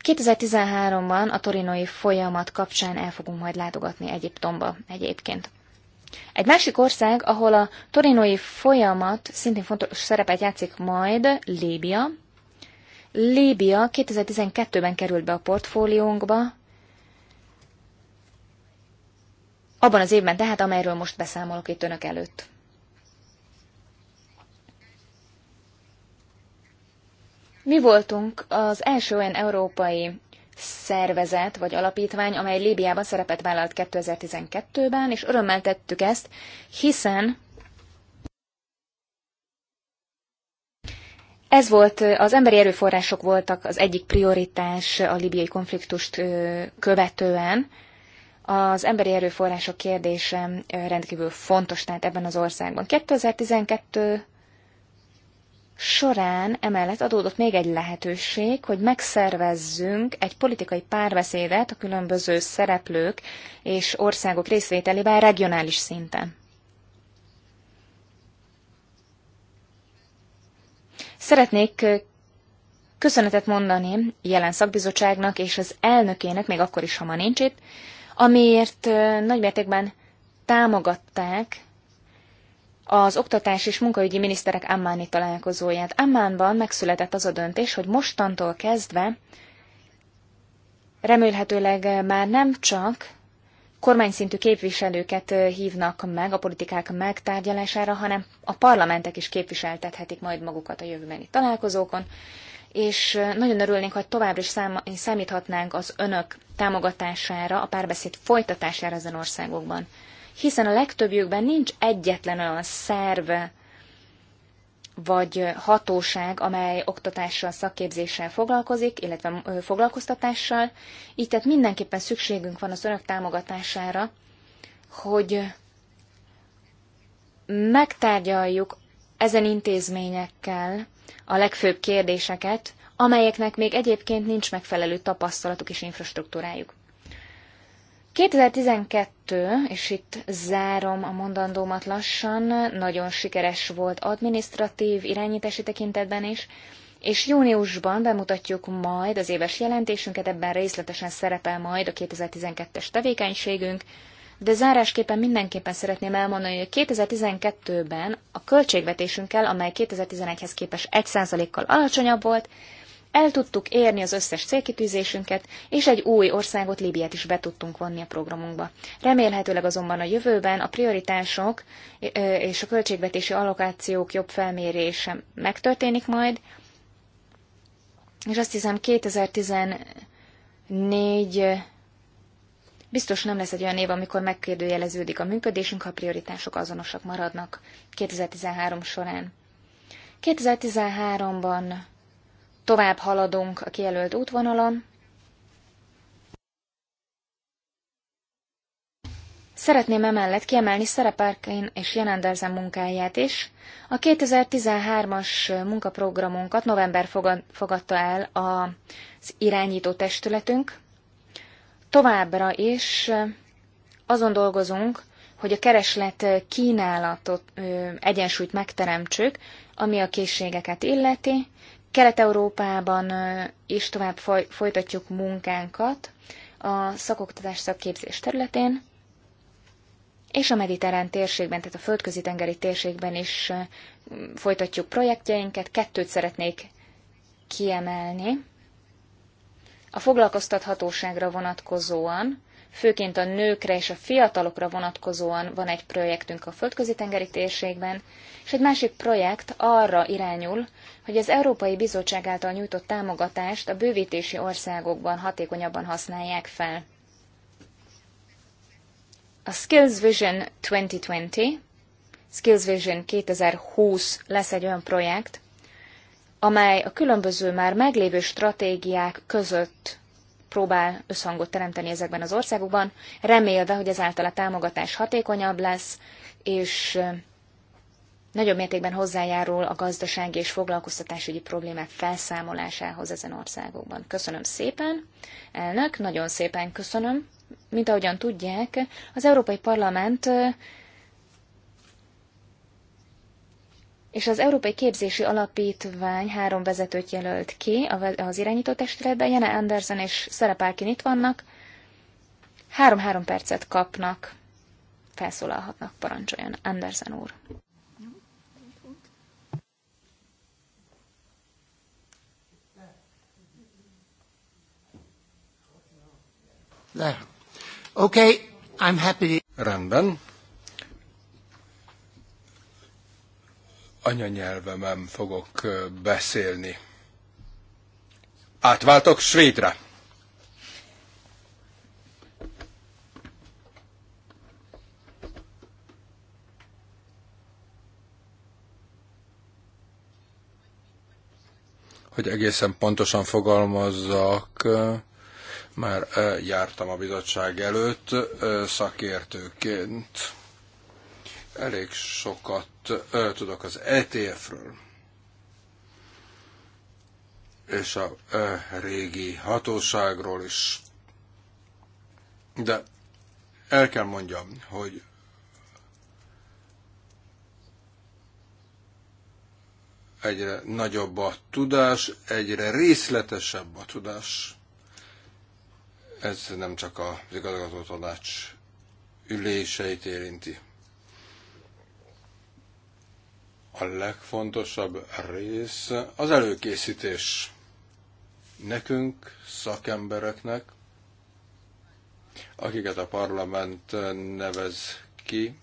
2013-ban a torinoi folyamat kapcsán el fogunk majd látogatni Egyiptomba egyébként. Egy másik ország, ahol a torinoi folyamat szintén fontos szerepet játszik majd, Líbia. Líbia 2012-ben került be a portfóliónkba, abban az évben tehát, amelyről most beszámolok itt önök előtt. Mi voltunk az első olyan európai szervezet vagy alapítvány, amely Líbiában szerepet vállalt 2012-ben, és örömmel tettük ezt, hiszen ez volt, az emberi erőforrások voltak az egyik prioritás a libiai konfliktust követően. Az emberi erőforrások kérdése rendkívül fontos, tehát ebben az országban. 2012 során emellett adódott még egy lehetőség, hogy megszervezzünk egy politikai párbeszédet a különböző szereplők és országok részvételével regionális szinten. Szeretnék köszönetet mondani jelen szakbizottságnak és az elnökének, még akkor is, ha ma nincs itt, amiért nagymértékben támogatták az oktatás és munkaügyi miniszterek Ammáni találkozóját. Ammánban megszületett az a döntés, hogy mostantól kezdve remélhetőleg már nem csak kormányszintű képviselőket hívnak meg a politikák megtárgyalására, hanem a parlamentek is képviseltethetik majd magukat a jövőbeni találkozókon, és nagyon örülnénk, hogy továbbra is számíthatnánk az önök támogatására, a párbeszéd folytatására ezen országokban hiszen a legtöbbjükben nincs egyetlen olyan szerv vagy hatóság, amely oktatással, szakképzéssel foglalkozik, illetve foglalkoztatással. Így tehát mindenképpen szükségünk van az önök támogatására, hogy megtárgyaljuk ezen intézményekkel a legfőbb kérdéseket, amelyeknek még egyébként nincs megfelelő tapasztalatuk és infrastruktúrájuk. 2012, és itt zárom a mondandómat lassan, nagyon sikeres volt administratív irányítási tekintetben is, és júniusban bemutatjuk majd az éves jelentésünket, ebben részletesen szerepel majd a 2012-es tevékenységünk, de zárásképpen mindenképpen szeretném elmondani, hogy 2012-ben a költségvetésünkkel, amely 2011-hez képest 1%-kal alacsonyabb volt, el tudtuk érni az összes célkitűzésünket, és egy új országot, Líbiát is be tudtunk vonni a programunkba. Remélhetőleg azonban a jövőben a prioritások és a költségvetési allokációk jobb felmérése megtörténik majd, és azt hiszem 2014 biztos nem lesz egy olyan év, amikor megkérdőjeleződik a működésünk, ha a prioritások azonosak maradnak 2013 során. 2013-ban tovább haladunk a kijelölt útvonalon. Szeretném emellett kiemelni Szerepárkain és Jan Andersen munkáját is. A 2013-as munkaprogramunkat november fogadta el az irányító testületünk. Továbbra is azon dolgozunk, hogy a kereslet kínálatot, egyensúlyt megteremtsük, ami a készségeket illeti, Kelet-Európában is tovább folytatjuk munkánkat a szakoktatás szakképzés területén, és a mediterrán térségben, tehát a földközi tengeri térségben is folytatjuk projektjeinket. Kettőt szeretnék kiemelni. A foglalkoztathatóságra vonatkozóan főként a nőkre és a fiatalokra vonatkozóan van egy projektünk a földközi tengeri térségben, és egy másik projekt arra irányul, hogy az Európai Bizottság által nyújtott támogatást a bővítési országokban hatékonyabban használják fel. A Skills Vision 2020, Skills Vision 2020 lesz egy olyan projekt, amely a különböző már meglévő stratégiák között próbál összhangot teremteni ezekben az országokban, remélve, hogy ezáltal a támogatás hatékonyabb lesz, és nagyobb mértékben hozzájárul a gazdasági és foglalkoztatásügyi problémák felszámolásához ezen országokban. Köszönöm szépen, elnök, nagyon szépen köszönöm. Mint ahogyan tudják, az Európai Parlament és az Európai Képzési Alapítvány három vezetőt jelölt ki az irányító testületben, Jene Andersen és Szere Pálkin itt vannak, három-három percet kapnak, felszólalhatnak, parancsoljon Andersen úr. There. Okay, I'm happy. Rendben, anyanyelvemen fogok beszélni. Átváltok svédre. Hogy egészen pontosan fogalmazzak, már jártam a bizottság előtt szakértőként. Elég sokat tudok az ETF-ről és a régi hatóságról is. De el kell mondjam, hogy egyre nagyobb a tudás, egyre részletesebb a tudás. Ez nem csak az igazgató tanács üléseit érinti. A legfontosabb rész az előkészítés. Nekünk, szakembereknek, akiket a parlament nevez ki,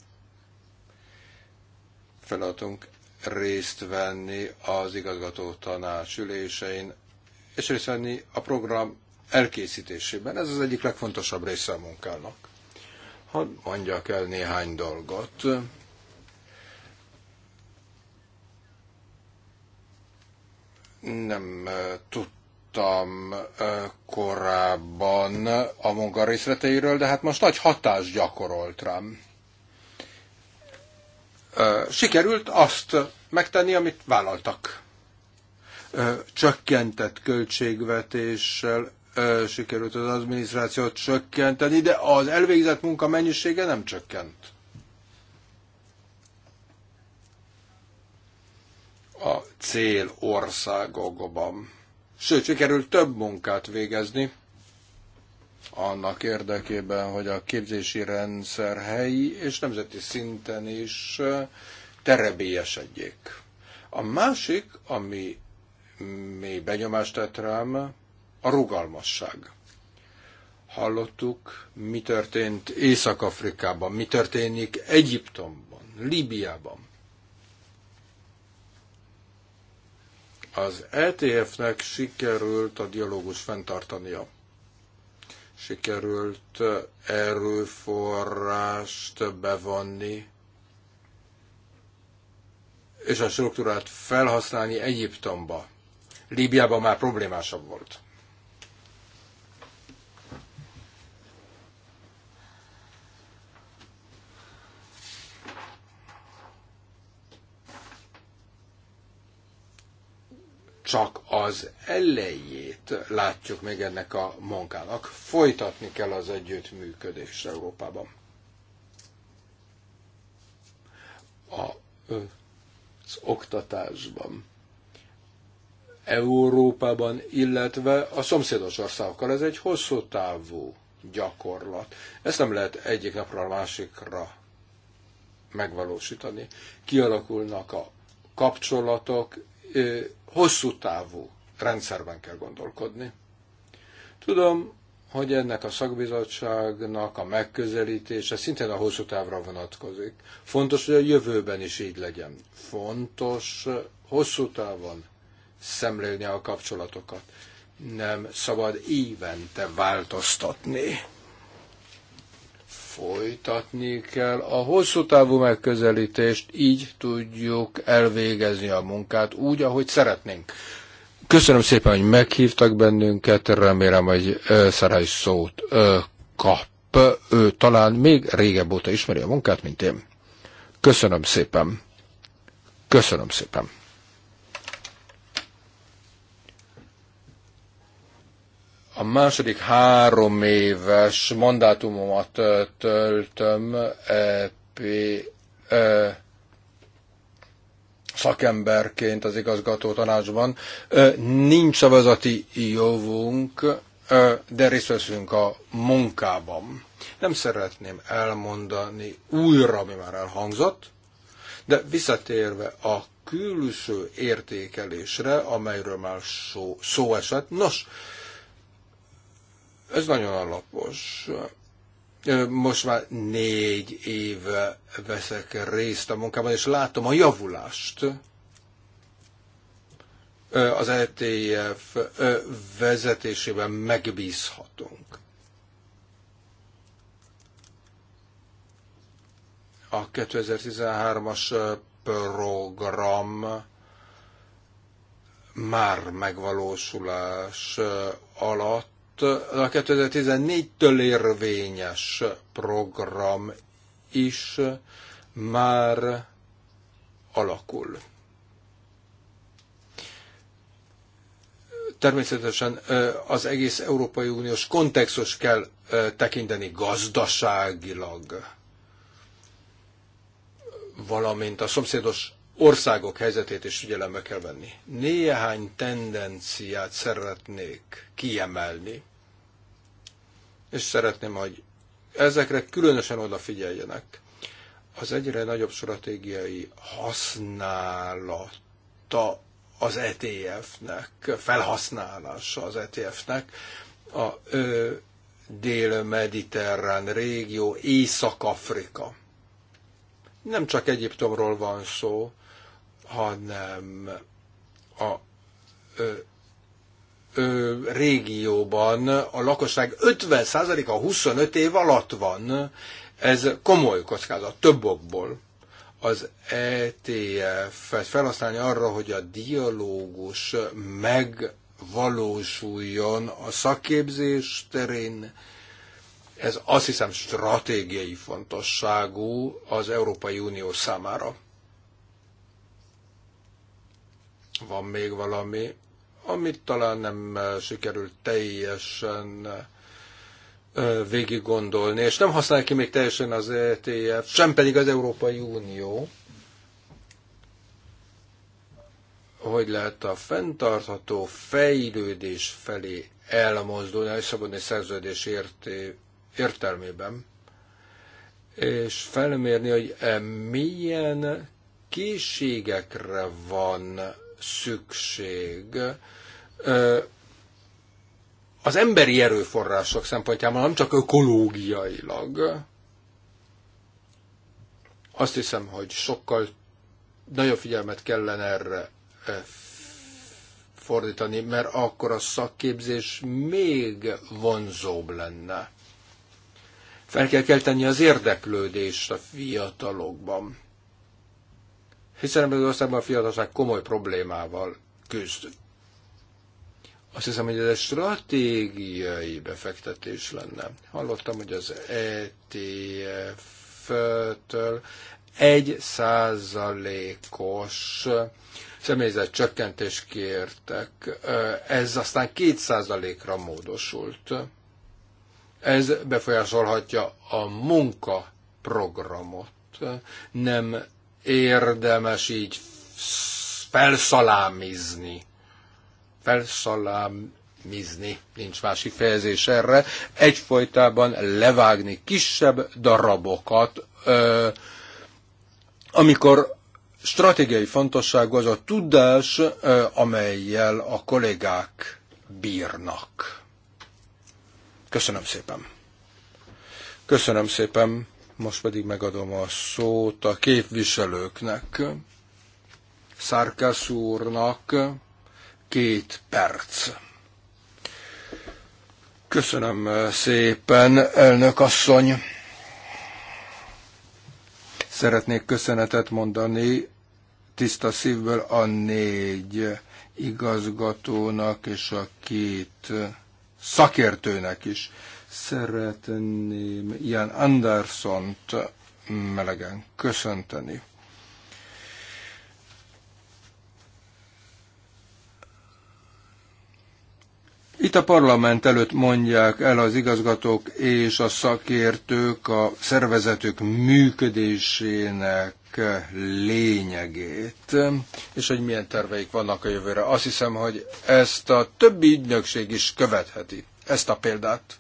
feladatunk részt venni az igazgató tanács ülésein, és részt venni a program elkészítésében. Ez az egyik legfontosabb része a munkának. Hadd mondjak el néhány dolgot nem tudtam korábban a munka részleteiről, de hát most nagy hatást gyakorolt rám. Sikerült azt megtenni, amit vállaltak. Csökkentett költségvetéssel sikerült az adminisztrációt csökkenteni, de az elvégzett munka mennyisége nem csökkent. a cél országokban. Sőt, sikerült több munkát végezni annak érdekében, hogy a képzési rendszer helyi és nemzeti szinten is terebélyesedjék. A másik, ami mély benyomást tett rám, a rugalmasság. Hallottuk, mi történt Észak-Afrikában, mi történik Egyiptomban, Líbiában. Az ETF-nek sikerült a dialógus fenntartania. Sikerült erőforrást bevonni, és a struktúrát felhasználni Egyiptomba. Líbiában már problémásabb volt. csak az elejét látjuk még ennek a munkának. Folytatni kell az együttműködést Európában. A, az oktatásban. Európában, illetve a szomszédos országokkal. Ez egy hosszú távú gyakorlat. Ezt nem lehet egyik napra a másikra megvalósítani. Kialakulnak a kapcsolatok, hosszú távú rendszerben kell gondolkodni. Tudom, hogy ennek a szakbizottságnak a megközelítése szintén a hosszú távra vonatkozik. Fontos, hogy a jövőben is így legyen. Fontos hosszú távon szemlélni a kapcsolatokat. Nem szabad évente változtatni folytatni kell. A hosszú távú megközelítést így tudjuk elvégezni a munkát úgy, ahogy szeretnénk. Köszönöm szépen, hogy meghívtak bennünket, remélem, hogy Szarály szót kap. Ő talán még régebb óta ismeri a munkát, mint én. Köszönöm szépen. Köszönöm szépen. A második három éves mandátumomat töltöm EP e, szakemberként az igazgató tanácsban. Nincs szavazati jogunk, de részt veszünk a munkában. Nem szeretném elmondani újra, ami már elhangzott, de visszatérve a külső értékelésre, amelyről már szó, szó esett, nos, ez nagyon alapos. Most már négy éve veszek részt a munkában, és látom a javulást. Az ETF vezetésében megbízhatunk. A 2013-as program már megvalósulás alatt Eh, a 2014-től érvényes program is eh, már alakul. Természetesen eh, az egész Európai Uniós kontextus kell tekinteni gazdaságilag, valamint a szomszédos országok helyzetét is figyelembe kell venni. Néhány tendenciát szeretnék kiemelni és szeretném, hogy ezekre különösen odafigyeljenek. Az egyre nagyobb stratégiai használata az ETF-nek, felhasználása az ETF-nek a dél-mediterrán régió, Észak-Afrika. Nem csak Egyiptomról van szó, hanem a ö, ö, régióban a lakosság 50%-a 25 év alatt van. Ez komoly kockázat, több okból. Az ETF-et felhasználni arra, hogy a dialógus megvalósuljon a szakképzés terén, ez azt hiszem stratégiai fontosságú az Európai Unió számára. Van még valami, amit talán nem eh, sikerült teljesen eh, végig gondolni, és nem használja ki még teljesen az ETF, sem pedig az Európai Unió, hogy lehet a fenntartható fejlődés felé elmozdulni a Lisszaboni szerződés érté, értelmében, és felmérni, hogy eh, milyen készségekre van szükség az emberi erőforrások szempontjából, nem csak ökológiailag. Azt hiszem, hogy sokkal nagyobb figyelmet kellene erre fordítani, mert akkor a szakképzés még vonzóbb lenne. Fel kell kelteni az érdeklődést a fiatalokban hiszen ebben az országban a fiatalság komoly problémával küzd. Azt hiszem, hogy ez egy stratégiai befektetés lenne. Hallottam, hogy az ETF-től egy százalékos személyzet csökkentést kértek. Ez aztán két százalékra módosult. Ez befolyásolhatja a munkaprogramot. Nem érdemes így felszalámizni. Felszalámizni, nincs más kifejezés erre. Egyfolytában levágni kisebb darabokat, amikor stratégiai fontosságú az a tudás, amelyel a kollégák bírnak. Köszönöm szépen. Köszönöm szépen. Most pedig megadom a szót a képviselőknek. Szárkász úrnak két perc. Köszönöm szépen, elnök asszony. Szeretnék köszönetet mondani tiszta szívből a négy igazgatónak és a két szakértőnek is, Szeretném Ian Andersont melegen köszönteni. Itt a parlament előtt mondják el az igazgatók és a szakértők a szervezetük működésének lényegét, és hogy milyen terveik vannak a jövőre. Azt hiszem, hogy ezt a többi ügynökség is követheti, ezt a példát.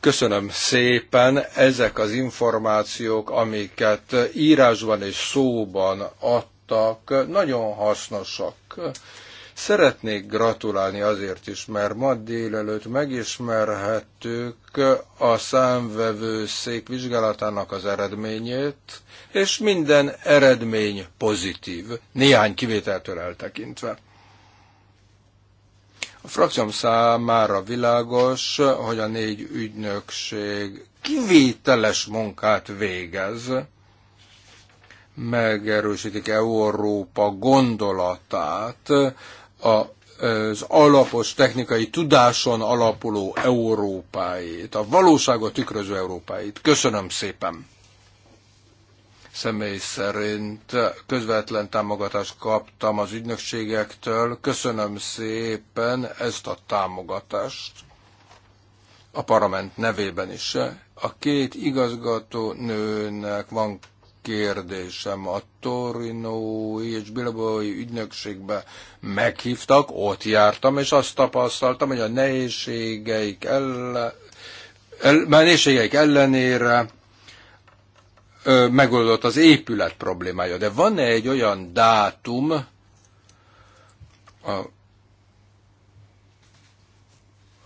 Köszönöm szépen ezek az információk, amiket írásban és szóban adtak, nagyon hasznosak. Szeretnék gratulálni azért is, mert ma délelőtt megismerhettük a számvevőszék vizsgálatának az eredményét, és minden eredmény pozitív, néhány kivételtől eltekintve. A frakcióm számára világos, hogy a négy ügynökség kivételes munkát végez, megerősítik Európa gondolatát, a az alapos technikai tudáson alapuló Európáit, a valóságot tükröző Európáit. Köszönöm szépen! Személy szerint közvetlen támogatást kaptam az ügynökségektől. Köszönöm szépen ezt a támogatást a parlament nevében is. A két igazgató nőnek van kérdésem. A Torinói és Bilbaói ügynökségbe meghívtak, ott jártam, és azt tapasztaltam, hogy a nehézségeik, ellen, el, nehézségeik ellenére megoldott az épület problémája, de van-e egy olyan dátum, a,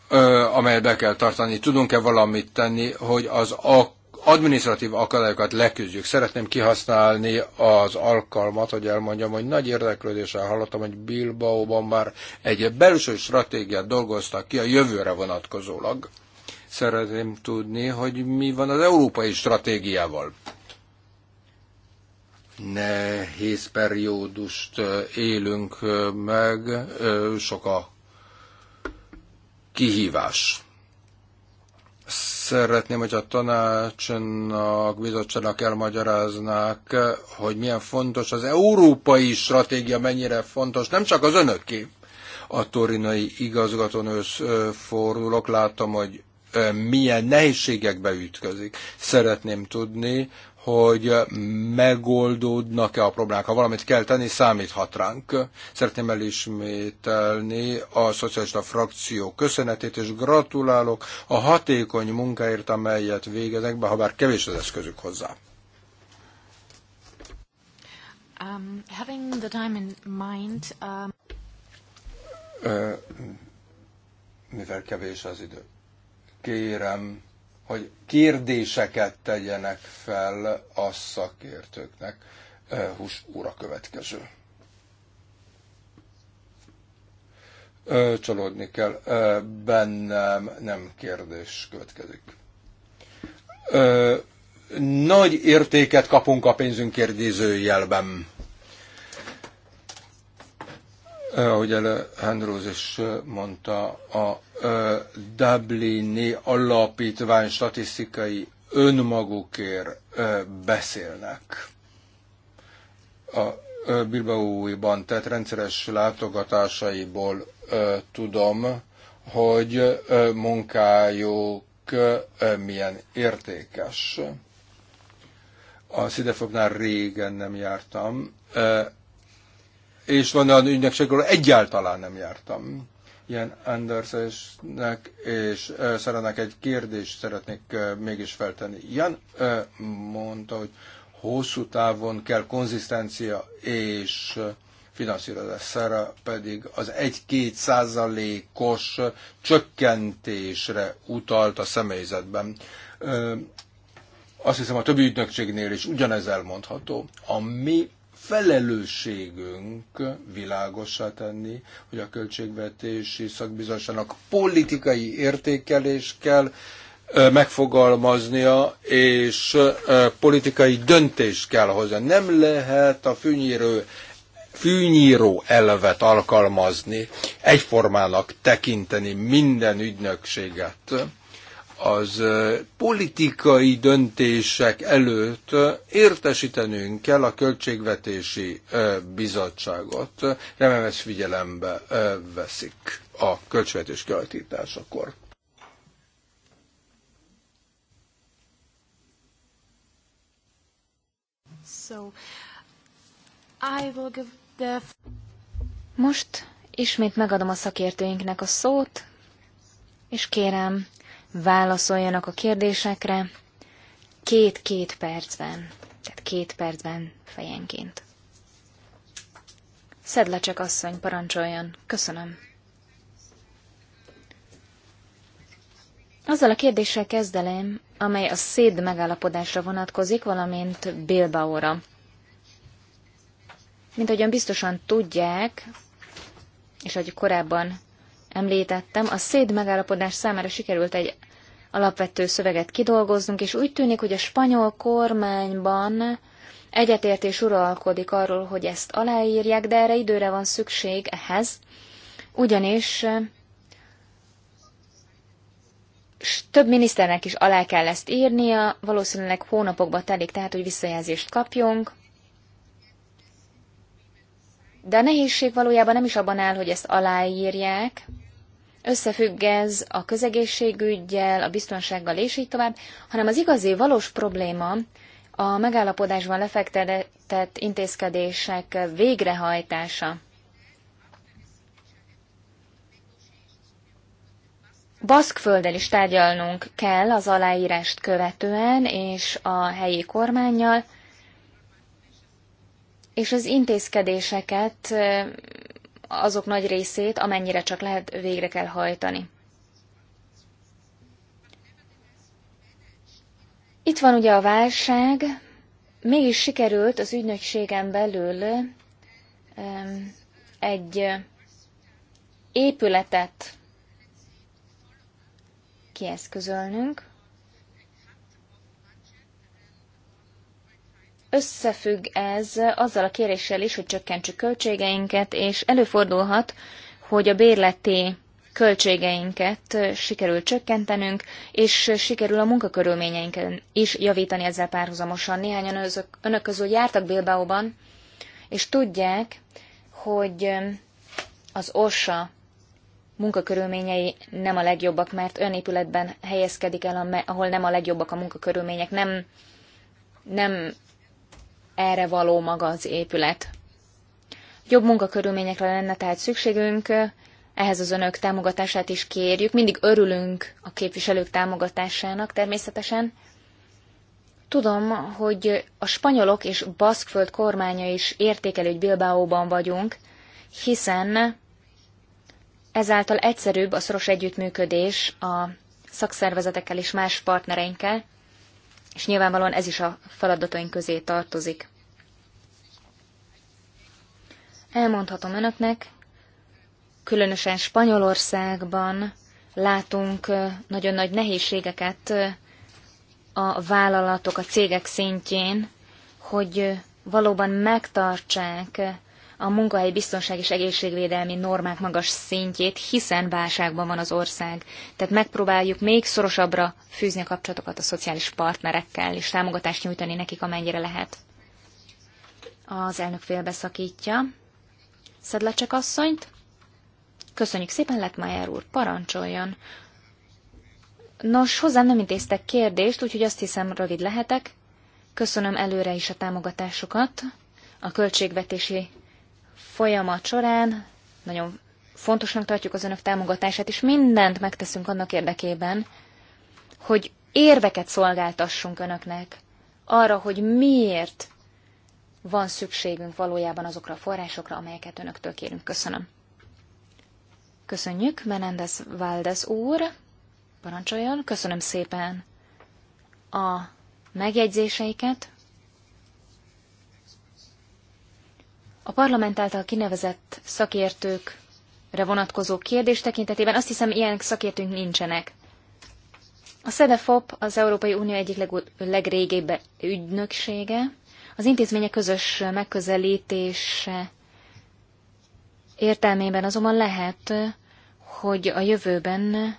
ö, amelyet be kell tartani? Tudunk-e valamit tenni, hogy az ak- administratív akadályokat leküzdjük? Szeretném kihasználni az alkalmat, hogy elmondjam, hogy nagy érdeklődéssel hallottam, hogy Bilbaóban már egy belső stratégiát dolgoztak ki a jövőre vonatkozólag szeretném tudni, hogy mi van az európai stratégiával nehéz periódust élünk meg, sok a kihívás. Szeretném, hogy a tanácsnak, bizottságnak elmagyaráznák, hogy milyen fontos az európai stratégia, mennyire fontos, nem csak az önöké. A torinai igazgatón fordulok, látom, hogy milyen nehézségekbe ütközik. Szeretném tudni, hogy eh, megoldódnak-e a problémák. Ha valamit kell tenni, számíthat ránk. Szeretném elismételni a szocialista frakció köszönetét, és gratulálok a hatékony munkáért, amelyet végeznek be, ha bár kevés az eszközük hozzá. Um, having the time in mind, um... Uh, mivel kevés az idő, kérem, hogy kérdéseket tegyenek fel a szakértőknek. Hús óra következő. Csalódni kell. Bennem nem kérdés következik. Nagy értéket kapunk a pénzünk jelben. Eh, ahogy Hendróz eh, is eh, mondta, a Dublini alapítvány statisztikai önmagukért beszélnek. A Bilbaóiban tett rendszeres látogatásaiból tudom, hogy munkájuk milyen értékes. A Szidefognál régen nem jártam, és van olyan ügynökség, ahol egyáltalán nem jártam. Ilyen Andersesnek és Szerenek egy kérdést szeretnék mégis feltenni. Ilyen mondta, hogy hosszú távon kell konzisztencia és finanszírozás szára pedig az 1-2 százalékos csökkentésre utalt a személyzetben. Azt hiszem a többi ügynökségnél is ugyanez elmondható. A mi felelősségünk világosá tenni, hogy a költségvetési szakbizottságnak politikai értékelés kell megfogalmaznia, és politikai döntést kell hozni. Nem lehet a fűnyírő fűnyíró elvet alkalmazni, egyformának tekinteni minden ügynökséget az politikai döntések előtt értesítenünk kell a Költségvetési Bizottságot. Remélem ezt figyelembe veszik a költségvetés kialakításakor. So, I will give the... Most ismét megadom a szakértőinknek a szót, és kérem, válaszoljanak a kérdésekre két-két percben, tehát két percben fejenként. csak, asszony, parancsoljon. Köszönöm. Azzal a kérdéssel kezdelem, amely a széd megállapodásra vonatkozik, valamint Bilbaóra. Mint ahogyan biztosan tudják, és ahogy korábban említettem, a széd megállapodás számára sikerült egy alapvető szöveget kidolgoznunk, és úgy tűnik, hogy a spanyol kormányban egyetértés uralkodik arról, hogy ezt aláírják, de erre időre van szükség ehhez, ugyanis több miniszternek is alá kell ezt írnia, valószínűleg hónapokba telik, tehát hogy visszajelzést kapjunk. De a nehézség valójában nem is abban áll, hogy ezt aláírják, összefügg ez a közegészségügyel, a biztonsággal és így tovább, hanem az igazi, valós probléma a megállapodásban lefektetett intézkedések végrehajtása. Baszkfölddel is tárgyalnunk kell az aláírást követően és a helyi kormányjal, és az intézkedéseket azok nagy részét, amennyire csak lehet, végre kell hajtani. Itt van ugye a válság, mégis sikerült az ügynökségen belül egy épületet kieszközölnünk, összefügg ez azzal a kéréssel is, hogy csökkentsük költségeinket, és előfordulhat, hogy a bérleti költségeinket sikerül csökkentenünk, és sikerül a munkakörülményeinken is javítani ezzel párhuzamosan. Néhányan özök, önök közül jártak Bilbaóban, és tudják, hogy az OSA munkakörülményei nem a legjobbak, mert olyan épületben helyezkedik el, ahol nem a legjobbak a munkakörülmények, nem, nem erre való maga az épület. Jobb munkakörülményekre lenne tehát szükségünk, ehhez az önök támogatását is kérjük. Mindig örülünk a képviselők támogatásának természetesen. Tudom, hogy a spanyolok és baszkföld kormánya is értékelő, hogy Bilbaóban vagyunk, hiszen ezáltal egyszerűbb a szoros együttműködés a szakszervezetekkel és más partnereinkkel, és nyilvánvalóan ez is a feladataink közé tartozik. Elmondhatom önöknek, különösen Spanyolországban látunk nagyon nagy nehézségeket a vállalatok, a cégek szintjén, hogy valóban megtartsák a munkahelyi biztonság és egészségvédelmi normák magas szintjét, hiszen válságban van az ország. Tehát megpróbáljuk még szorosabbra fűzni a kapcsolatokat a szociális partnerekkel, és támogatást nyújtani nekik, amennyire lehet. Az elnök félbeszakítja. Szedlecsek asszonyt. Köszönjük szépen, Letmájer úr, parancsoljon. Nos, hozzám nem intéztek kérdést, úgyhogy azt hiszem, rövid lehetek. Köszönöm előre is a támogatásokat a költségvetési folyamat során nagyon fontosnak tartjuk az önök támogatását, és mindent megteszünk annak érdekében, hogy érveket szolgáltassunk önöknek arra, hogy miért van szükségünk valójában azokra a forrásokra, amelyeket önöktől kérünk. Köszönöm. Köszönjük, Menendez Valdez úr. Parancsoljon, köszönöm szépen a megjegyzéseiket. A parlament által kinevezett szakértőkre vonatkozó kérdés tekintetében azt hiszem, ilyen szakértőnk nincsenek. A Cedefop az Európai Unió egyik leg- legrégibb ügynöksége. Az intézmények közös megközelítése értelmében azonban lehet, hogy a jövőben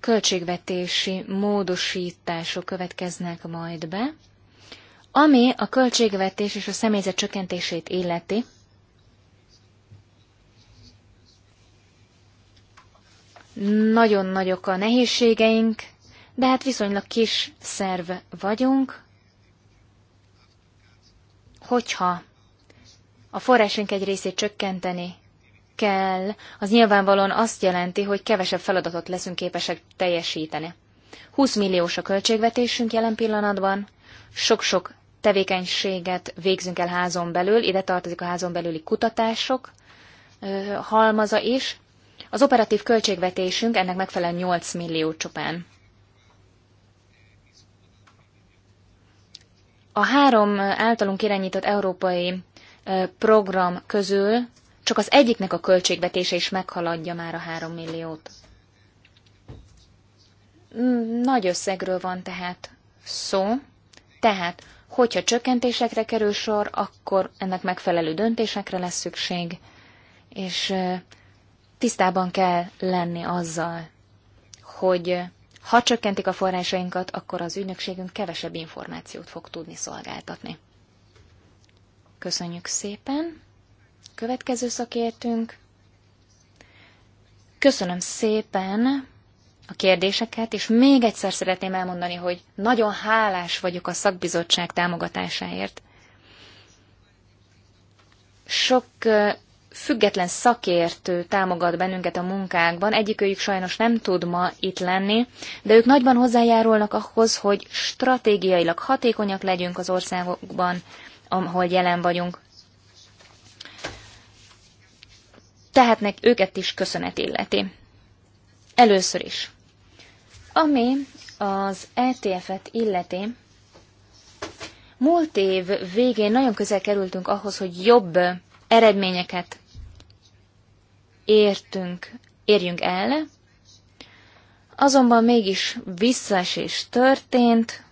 költségvetési módosítások következnek majd be, ami a költségvetés és a személyzet csökkentését illeti, nagyon nagyok a nehézségeink, de hát viszonylag kis szerv vagyunk. Hogyha a forrásunk egy részét csökkenteni kell, az nyilvánvalóan azt jelenti, hogy kevesebb feladatot leszünk képesek teljesíteni. 20 milliós a költségvetésünk jelen pillanatban, sok-sok tevékenységet végzünk el házon belül, ide tartozik a házon belüli kutatások halmaza is. Az operatív költségvetésünk ennek megfelelően 8 millió csupán. A három általunk irányított európai program közül csak az egyiknek a költségvetése is meghaladja már a három milliót. Nagy összegről van tehát szó. Tehát Hogyha csökkentésekre kerül sor, akkor ennek megfelelő döntésekre lesz szükség, és tisztában kell lenni azzal, hogy ha csökkentik a forrásainkat, akkor az ügynökségünk kevesebb információt fog tudni szolgáltatni. Köszönjük szépen! Következő szakértünk. Köszönöm szépen a kérdéseket, és még egyszer szeretném elmondani, hogy nagyon hálás vagyok a szakbizottság támogatásáért. Sok független szakértő támogat bennünket a munkákban, egyikőjük sajnos nem tud ma itt lenni, de ők nagyban hozzájárulnak ahhoz, hogy stratégiailag hatékonyak legyünk az országokban, ahol jelen vagyunk. Tehát őket is köszönet illeti. Először is. Ami az ETF-et illeti, múlt év végén nagyon közel kerültünk ahhoz, hogy jobb eredményeket értünk, érjünk el, azonban mégis visszaesés történt,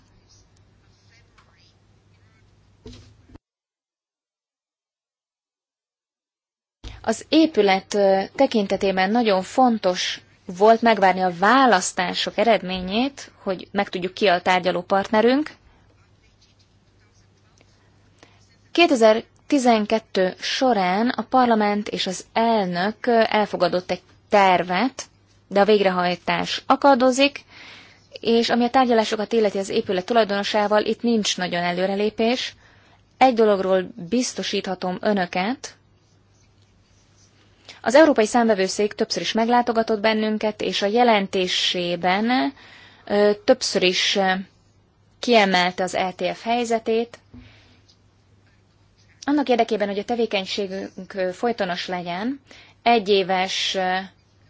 Az épület tekintetében nagyon fontos volt megvárni a választások eredményét, hogy megtudjuk ki a tárgyaló partnerünk. 2012 során a parlament és az elnök elfogadott egy tervet, de a végrehajtás akadozik, és ami a tárgyalásokat illeti az épület tulajdonosával, itt nincs nagyon előrelépés. Egy dologról biztosíthatom önöket, az Európai Számvevőszék többször is meglátogatott bennünket, és a jelentésében többször is kiemelte az ETF helyzetét. Annak érdekében, hogy a tevékenységünk folytonos legyen, egyéves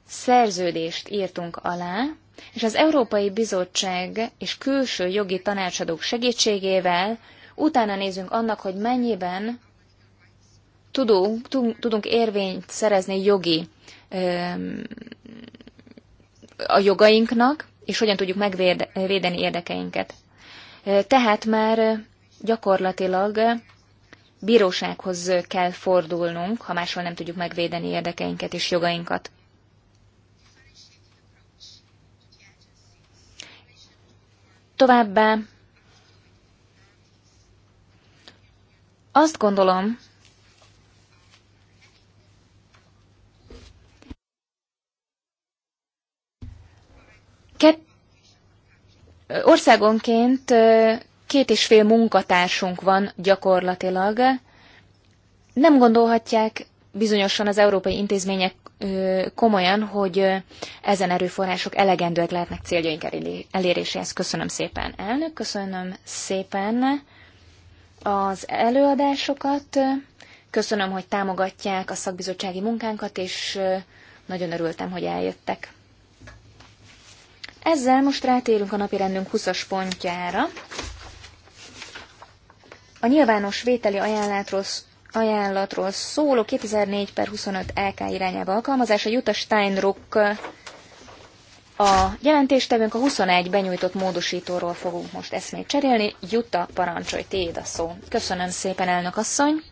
szerződést írtunk alá, és az Európai Bizottság és külső jogi tanácsadók segítségével utána nézünk annak, hogy mennyiben tudunk, tudunk érvényt szerezni jogi a jogainknak, és hogyan tudjuk megvédeni érdekeinket. Tehát már gyakorlatilag bírósághoz kell fordulnunk, ha máshol nem tudjuk megvédeni érdekeinket és jogainkat. Továbbá azt gondolom, Kett, országonként két és fél munkatársunk van gyakorlatilag. Nem gondolhatják bizonyosan az európai intézmények komolyan, hogy ezen erőforrások elegendőek lehetnek céljaink eléréséhez. Köszönöm szépen, elnök, köszönöm szépen az előadásokat, köszönöm, hogy támogatják a szakbizottsági munkánkat, és nagyon örültem, hogy eljöttek. Ezzel most rátérünk a napirendünk 20-as pontjára. A nyilvános vételi ajánlatról, ajánlatról szóló 2004 per 25 LK irányába alkalmazása Jutta Steinruck a jelentéstevőnk a 21 benyújtott módosítóról fogunk most eszmét cserélni. Jutta, parancsolj, téd a szó. Köszönöm szépen, elnök asszony.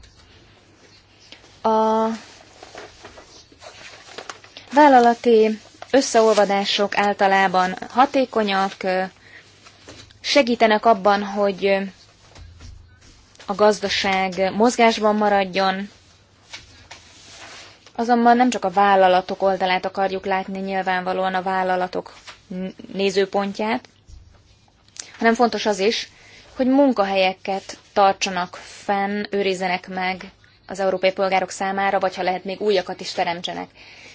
A vállalati összeolvadások általában hatékonyak, segítenek abban, hogy a gazdaság mozgásban maradjon, Azonban nem csak a vállalatok oldalát akarjuk látni nyilvánvalóan a vállalatok nézőpontját, hanem fontos az is, hogy munkahelyeket tartsanak fenn, őrizzenek meg az európai polgárok számára, vagy ha lehet, még újakat is teremtsenek.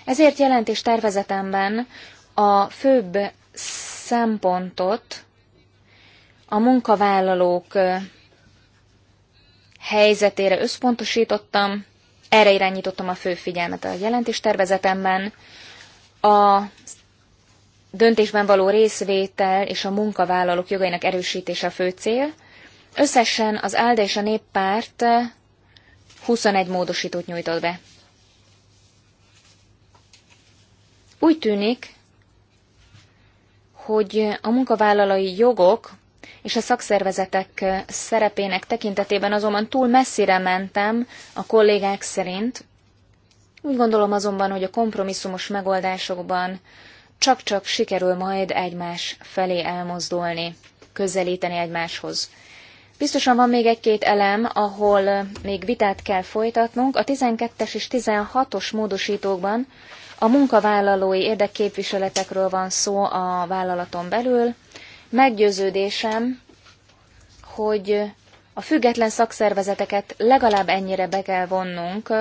Ezért jelentés tervezetemben a főbb szempontot a munkavállalók helyzetére összpontosítottam, erre irányítottam a fő figyelmet a jelentés tervezetemben. A döntésben való részvétel és a munkavállalók jogainak erősítése a fő cél. Összesen az ALDE és a Néppárt 21 módosítót nyújtott be. Úgy tűnik, hogy a munkavállalói jogok és a szakszervezetek szerepének tekintetében azonban túl messzire mentem a kollégák szerint. Úgy gondolom azonban, hogy a kompromisszumos megoldásokban csak-csak sikerül majd egymás felé elmozdulni, közelíteni egymáshoz. Biztosan van még egy-két elem, ahol még vitát kell folytatnunk. A 12-es és 16-os módosítókban a munkavállalói érdekképviseletekről van szó a vállalaton belül. Meggyőződésem, hogy a független szakszervezeteket legalább ennyire be kell vonnunk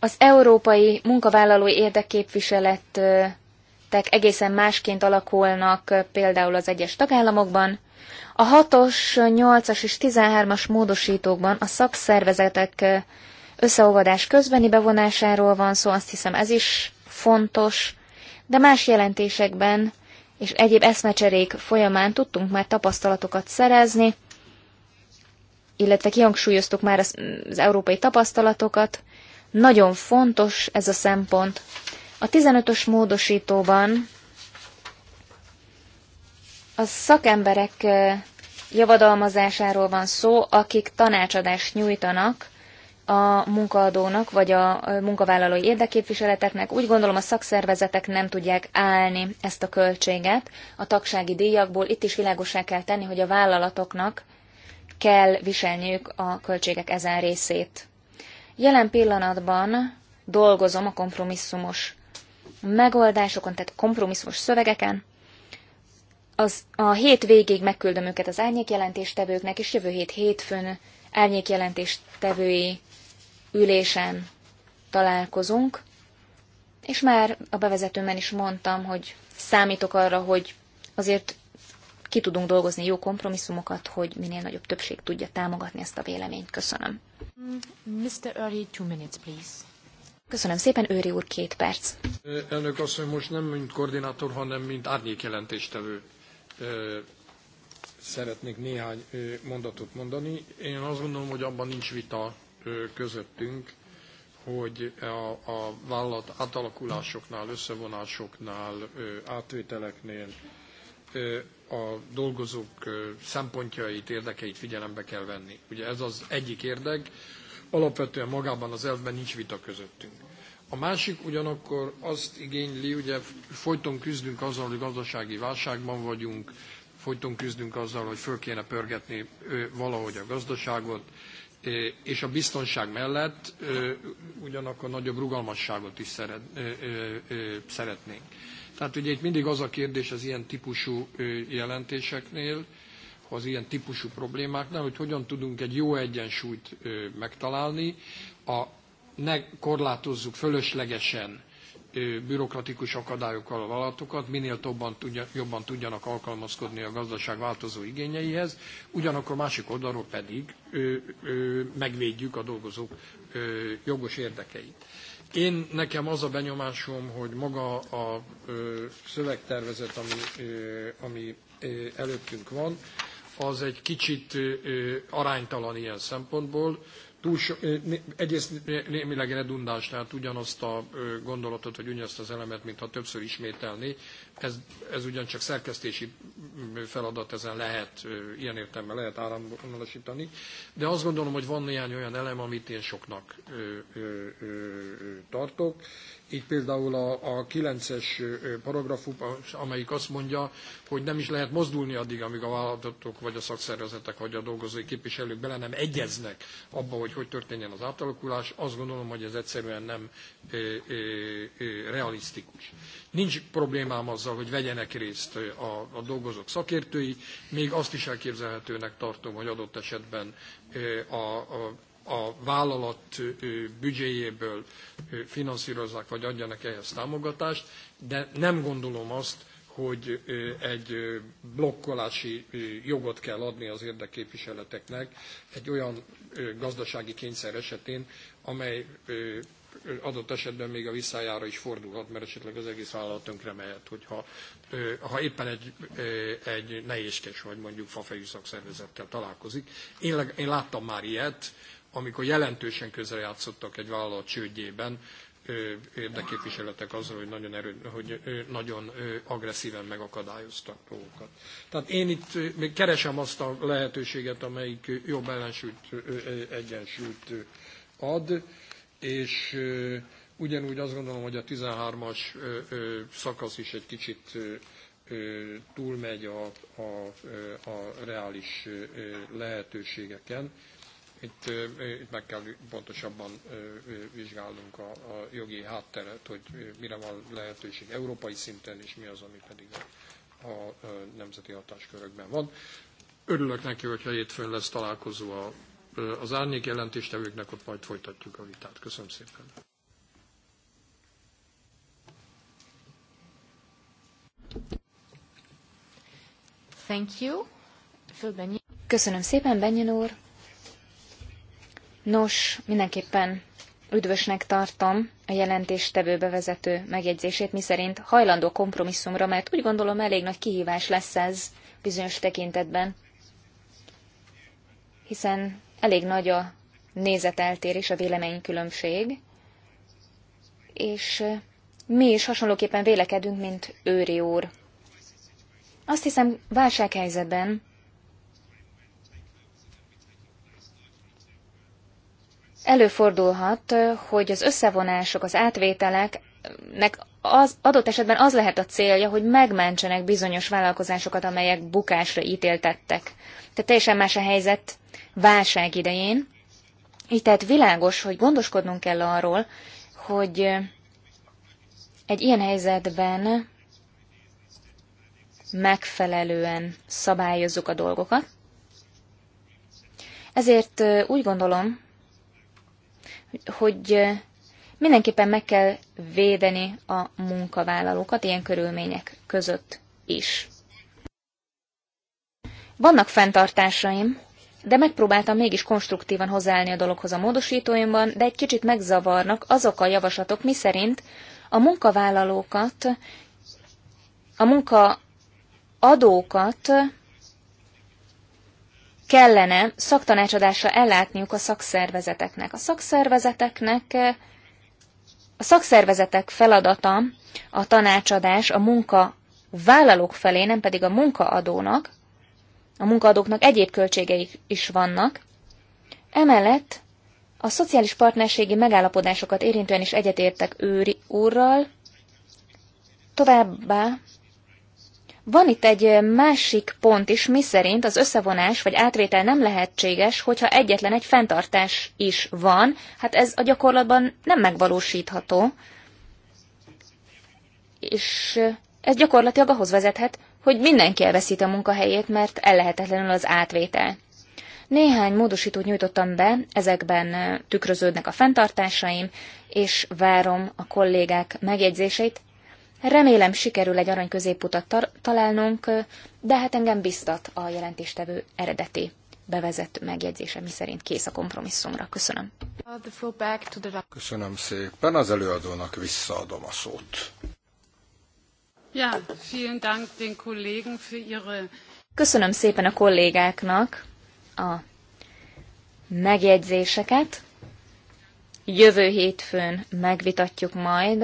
az európai munkavállalói érdekképviseletek egészen másként alakulnak például az egyes tagállamokban. A 6-os, 8-as és 13-as módosítókban a szakszervezetek összeolvadás közbeni bevonásáról van szó, azt hiszem ez is fontos, de más jelentésekben és egyéb eszmecserék folyamán tudtunk már tapasztalatokat szerezni, illetve kihangsúlyoztuk már az, az európai tapasztalatokat. Nagyon fontos ez a szempont. A 15-ös módosítóban a szakemberek eh, javadalmazásáról van szó, akik tanácsadást nyújtanak a munkaadónak vagy a munkavállalói érdekképviseleteknek. Úgy gondolom a szakszervezetek nem tudják állni ezt a költséget a tagsági díjakból. Itt is világosá kell tenni, hogy a vállalatoknak kell viselniük a költségek ezen részét. Jelen pillanatban dolgozom a kompromisszumos megoldásokon, tehát kompromisszumos szövegeken. Az, a hét végig megküldöm őket az árnyékjelentéstevőknek, és jövő hét hétfőn árnyékjelentéstevői ülésen találkozunk, és már a bevezetőmben is mondtam, hogy számítok arra, hogy azért ki tudunk dolgozni jó kompromisszumokat, hogy minél nagyobb többség tudja támogatni ezt a véleményt. Köszönöm. Mr. Uri, two minutes, please. Köszönöm szépen, Őri úr, két perc. Elnök asszony, most nem mint koordinátor, hanem mint árnyékjelentéstevő szeretnék néhány mondatot mondani. Én azt gondolom, hogy abban nincs vita, közöttünk, hogy a, a vállalat átalakulásoknál, összevonásoknál, átvételeknél a dolgozók szempontjait, érdekeit figyelembe kell venni. Ugye ez az egyik érdek, alapvetően magában az elvben nincs vita közöttünk. A másik ugyanakkor azt igényli, ugye folyton küzdünk azzal, hogy gazdasági válságban vagyunk, folyton küzdünk azzal, hogy föl kéne pörgetni valahogy a gazdaságot, és a biztonság mellett ugyanakkor nagyobb rugalmasságot is szeretnénk. Tehát ugye itt mindig az a kérdés az ilyen típusú jelentéseknél, az ilyen típusú problémáknál, hogy hogyan tudunk egy jó egyensúlyt megtalálni, a, ne korlátozzuk fölöslegesen bürokratikus akadályokkal a vállalatokat, minél tobban tudja, jobban tudjanak alkalmazkodni a gazdaság változó igényeihez, ugyanakkor másik oldalról pedig ö, ö, megvédjük a dolgozók ö, jogos érdekeit. Én nekem az a benyomásom, hogy maga a ö, szövegtervezet, ami, ö, ami ö, előttünk van, az egy kicsit ö, aránytalan ilyen szempontból, túl so, egyrészt némileg redundáns, tehát ugyanazt a gondolatot, vagy ugyanazt az elemet, mintha többször ismételni, ez, ez ugyancsak szerkesztési feladat, ezen lehet, ilyen értelme lehet áramvonalasítani, de azt gondolom, hogy van néhány olyan elem, amit én soknak tartok. Így például a, a 9-es paragrafus, amelyik azt mondja, hogy nem is lehet mozdulni addig, amíg a vállalatok, vagy a szakszervezetek, vagy a dolgozói képviselők bele nem egyeznek abba, hogy hogy történjen az átalakulás, azt gondolom, hogy ez egyszerűen nem ö, ö, ö, realisztikus. Nincs problémám azzal, hogy vegyenek részt a, a dolgozók szakértői, még azt is elképzelhetőnek tartom, hogy adott esetben a, a a vállalat büdzséjéből finanszírozzák, vagy adjanak ehhez támogatást, de nem gondolom azt, hogy egy blokkolási jogot kell adni az érdekképviseleteknek egy olyan gazdasági kényszer esetén, amely adott esetben még a visszájára is fordulhat, mert esetleg az egész vállalat tönkre mehet, hogyha ha éppen egy, egy nehézkes vagy mondjuk fafejű szakszervezettel találkozik. Én, én láttam már ilyet, amikor jelentősen közrejátszottak egy vállalat csődjében, érdeképviseletek azzal, hogy nagyon, erő, hogy nagyon agresszíven megakadályoztak dolgokat. Tehát én itt még keresem azt a lehetőséget, amelyik jobb ellensúlyt, egyensúlyt ad és ugyanúgy azt gondolom, hogy a 13-as szakasz is egy kicsit túlmegy a, a, a reális lehetőségeken. Itt, itt meg kell pontosabban vizsgálnunk a, a jogi hátteret, hogy mire van lehetőség európai szinten, és mi az, ami pedig a, a nemzeti hatáskörökben van. Örülök neki, hogyha hétfőn lesz találkozó a az árnyék jelentéstevőknek ott majd folytatjuk a vitát. Köszönöm szépen. Thank you. Köszönöm szépen, Benyen úr. Nos, mindenképpen üdvösnek tartom a jelentéstevő bevezető megjegyzését, miszerint hajlandó kompromisszumra, mert úgy gondolom elég nagy kihívás lesz ez bizonyos tekintetben. Hiszen elég nagy a nézeteltérés, a véleménykülönbség, és mi is hasonlóképpen vélekedünk, mint Őri úr. Azt hiszem, válsághelyzetben előfordulhat, hogy az összevonások, az átvételeknek az adott esetben az lehet a célja, hogy megmentsenek bizonyos vállalkozásokat, amelyek bukásra ítéltettek. Tehát teljesen más a helyzet válság idején. Így tehát világos, hogy gondoskodnunk kell arról, hogy egy ilyen helyzetben megfelelően szabályozzuk a dolgokat. Ezért úgy gondolom, hogy mindenképpen meg kell védeni a munkavállalókat ilyen körülmények között is. Vannak fenntartásaim de megpróbáltam mégis konstruktívan hozzáállni a dologhoz a módosítóimban, de egy kicsit megzavarnak azok a javaslatok, miszerint a munkavállalókat, a munkaadókat kellene szaktanácsadásra ellátniuk a szakszervezeteknek. A szakszervezeteknek a szakszervezetek feladata a tanácsadás a munkavállalók felé, nem pedig a munkaadónak, a munkaadóknak egyéb költségeik is vannak. Emellett a szociális partnerségi megállapodásokat érintően is egyetértek őri úrral. Továbbá van itt egy másik pont is, miszerint az összevonás vagy átvétel nem lehetséges, hogyha egyetlen egy fenntartás is van. Hát ez a gyakorlatban nem megvalósítható. És ez gyakorlatilag ahhoz vezethet, hogy mindenki elveszít a munkahelyét, mert ellehetetlenül az átvétel. Néhány módosítót nyújtottam be, ezekben tükröződnek a fenntartásaim, és várom a kollégák megjegyzéseit. Remélem sikerül egy arany középutat találnunk, de hát engem biztat a jelentéstevő eredeti bevezető megjegyzése, mi szerint kész a kompromisszumra. Köszönöm. Köszönöm szépen, az előadónak visszaadom a szót. Köszönöm szépen a kollégáknak a megjegyzéseket. Jövő hétfőn megvitatjuk majd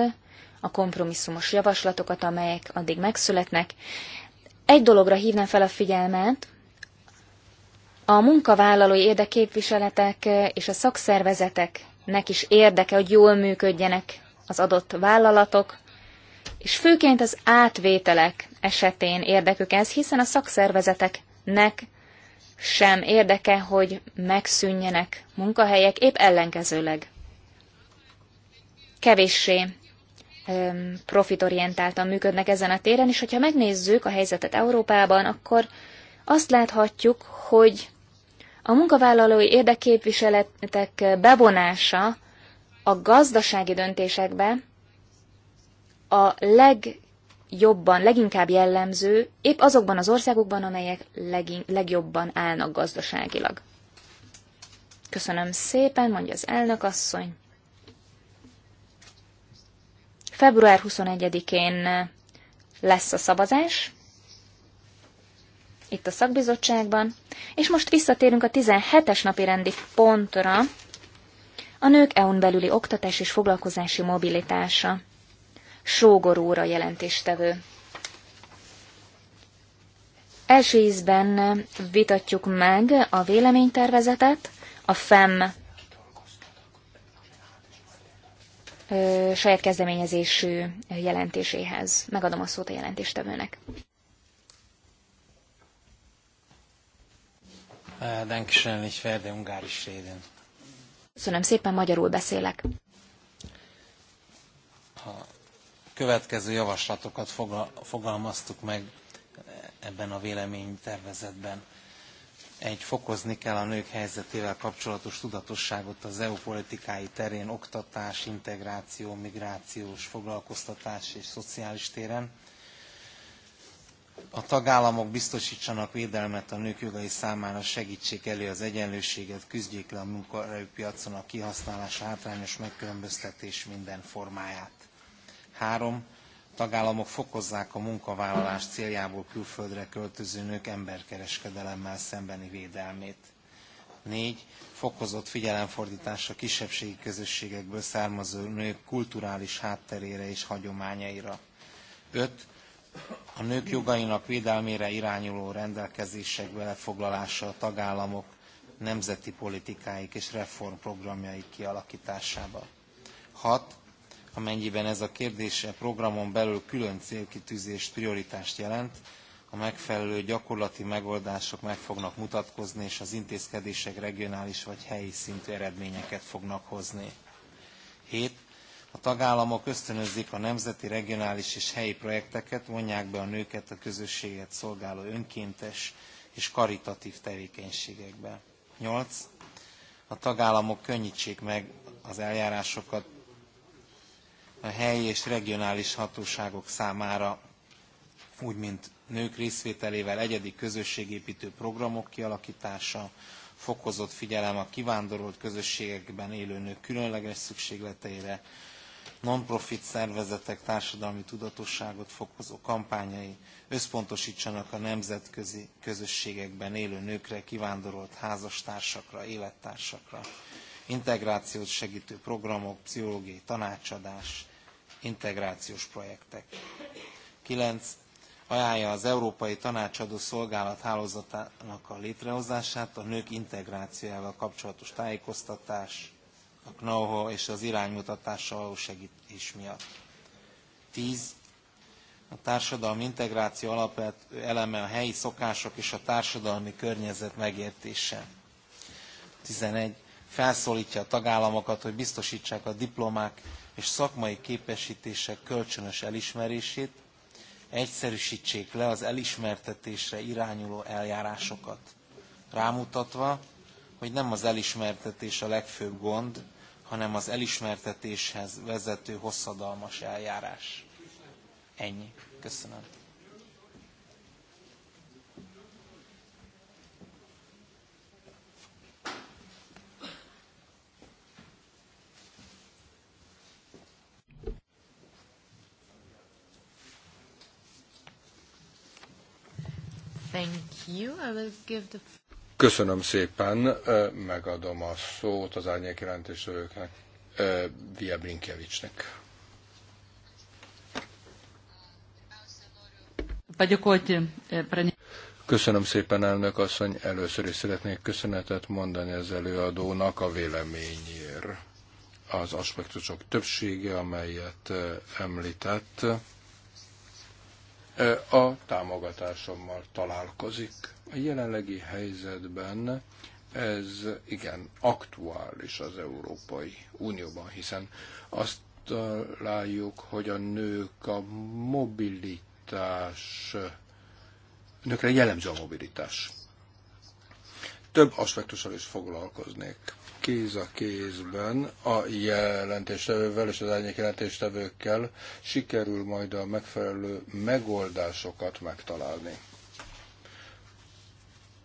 a kompromisszumos javaslatokat, amelyek addig megszületnek. Egy dologra hívnám fel a figyelmet, a munkavállalói érdeképviseletek és a szakszervezeteknek is érdeke, hogy jól működjenek az adott vállalatok, és főként az átvételek esetén érdekük ez, hiszen a szakszervezeteknek sem érdeke, hogy megszűnjenek munkahelyek, épp ellenkezőleg. Kevéssé profitorientáltan működnek ezen a téren, és hogyha megnézzük a helyzetet Európában, akkor azt láthatjuk, hogy a munkavállalói érdekképviseletek bevonása a gazdasági döntésekbe a legjobban, leginkább jellemző épp azokban az országokban, amelyek legin, legjobban állnak gazdaságilag. Köszönöm szépen, mondja az elnök asszony. Február 21-én lesz a szavazás itt a szakbizottságban, és most visszatérünk a 17-es napi rendi pontra, a nők EU-n belüli oktatás és foglalkozási mobilitása. Sógoróra jelentéstevő. Első ízben vitatjuk meg a véleménytervezetet, a FEM saját kezdeményezésű jelentéséhez. Megadom a szót a jelentéstevőnek. Köszönöm szépen, magyarul beszélek. következő javaslatokat fogalmaztuk meg eh, ebben a véleménytervezetben. Egy fokozni kell a nők helyzetével kapcsolatos tudatosságot az EU politikái terén, oktatás, integráció, migrációs, foglalkoztatás és szociális téren. A tagállamok biztosítsanak védelmet a nők jogai számára, segítsék elő az egyenlőséget, küzdjék le a munkaerőpiacon a kihasználás hátrányos megkülönböztetés minden formáját. Három, tagállamok fokozzák a munkavállalás céljából külföldre költöző nők emberkereskedelemmel szembeni védelmét. négy Fokozott a kisebbségi közösségekből származó nők kulturális hátterére és hagyományaira. öt A nők jogainak védelmére irányuló rendelkezések belefoglalása a tagállamok nemzeti politikáik és reformprogramjaik kialakításába. hat amennyiben ez a kérdés a programon belül külön célkitűzést, prioritást jelent, a megfelelő gyakorlati megoldások meg fognak mutatkozni, és az intézkedések regionális vagy helyi szintű eredményeket fognak hozni. 7. A tagállamok ösztönözik a nemzeti, regionális és helyi projekteket, vonják be a nőket a közösséget szolgáló önkéntes és karitatív tevékenységekbe. 8. A tagállamok könnyítsék meg az eljárásokat a helyi és regionális hatóságok számára, úgy mint nők részvételével egyedi közösségépítő programok kialakítása, fokozott figyelem a kivándorolt közösségekben élő nők különleges szükségleteire, non-profit szervezetek társadalmi tudatosságot fokozó kampányai összpontosítsanak a nemzetközi közösségekben élő nőkre, kivándorolt házastársakra, élettársakra. Integrációt segítő programok, pszichológiai tanácsadás, integrációs projektek. 9. Ajánlja az Európai Tanácsadó Szolgálat hálózatának a létrehozását, a nők integrációjával kapcsolatos tájékoztatás, a know és az iránymutatással való segítés miatt. 10. A társadalmi integráció alapvető eleme a helyi szokások és a társadalmi környezet megértése. 11. Felszólítja a tagállamokat, hogy biztosítsák a diplomák és szakmai képesítések kölcsönös elismerését, egyszerűsítsék le az elismertetésre irányuló eljárásokat, rámutatva, hogy nem az elismertetés a legfőbb gond, hanem az elismertetéshez vezető hosszadalmas eljárás. Ennyi. Köszönöm. Thank you. I will give the... Köszönöm szépen, megadom a szót az árnyék jelentésőknek, Via Brinkevicsnek. Köszönöm szépen, elnök asszony. Először is szeretnék köszönetet mondani az előadónak a véleményért. Az aspektusok többsége, amelyet említett, E, a támogatásommal találkozik. A jelenlegi helyzetben ez igen aktuális az Európai Unióban, hiszen azt találjuk, hogy a nők a mobilitás, nőkre jellemző a mobilitás. Több aspektussal is foglalkoznék kéz a kézben a jelentéstevővel és az árnyék jelentéstevőkkel sikerül majd a megfelelő megoldásokat megtalálni.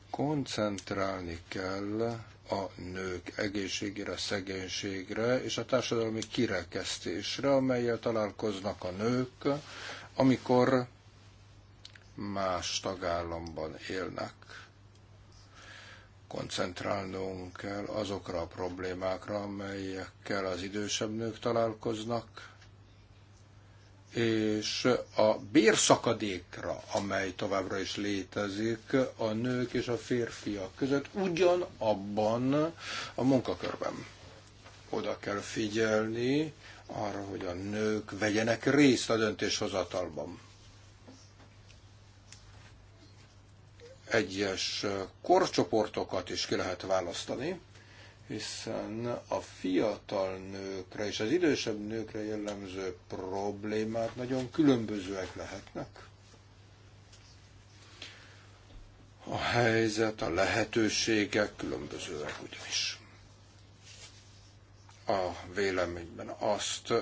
Koncentrálni kell a nők egészségére, szegénységre és a társadalmi kirekesztésre, amelyel találkoznak a nők, amikor más tagállamban élnek koncentrálnunk kell azokra a problémákra, amelyekkel az idősebb nők találkoznak, és a bérszakadékra, amely továbbra is létezik a nők és a férfiak között ugyanabban a munkakörben. Oda kell figyelni arra, hogy a nők vegyenek részt a döntéshozatalban egyes korcsoportokat is ki lehet választani, hiszen a fiatal nőkre és az idősebb nőkre jellemző problémák nagyon különbözőek lehetnek. A helyzet, a lehetőségek különbözőek ugyanis. A véleményben azt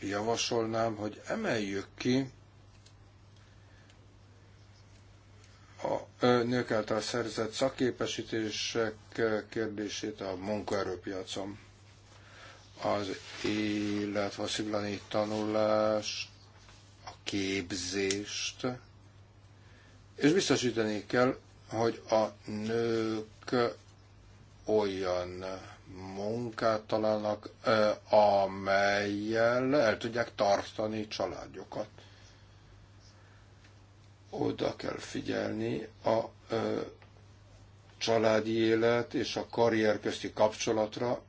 javasolnám, hogy emeljük ki a nők által szerzett szakképesítések kérdését a munkaerőpiacon. Az a sziglani tanulás a képzést, és biztosítani kell, hogy a nők olyan munkát találnak, amelyel el tudják tartani családjukat. Oda kell figyelni a családi élet és a karrier közti kapcsolatra,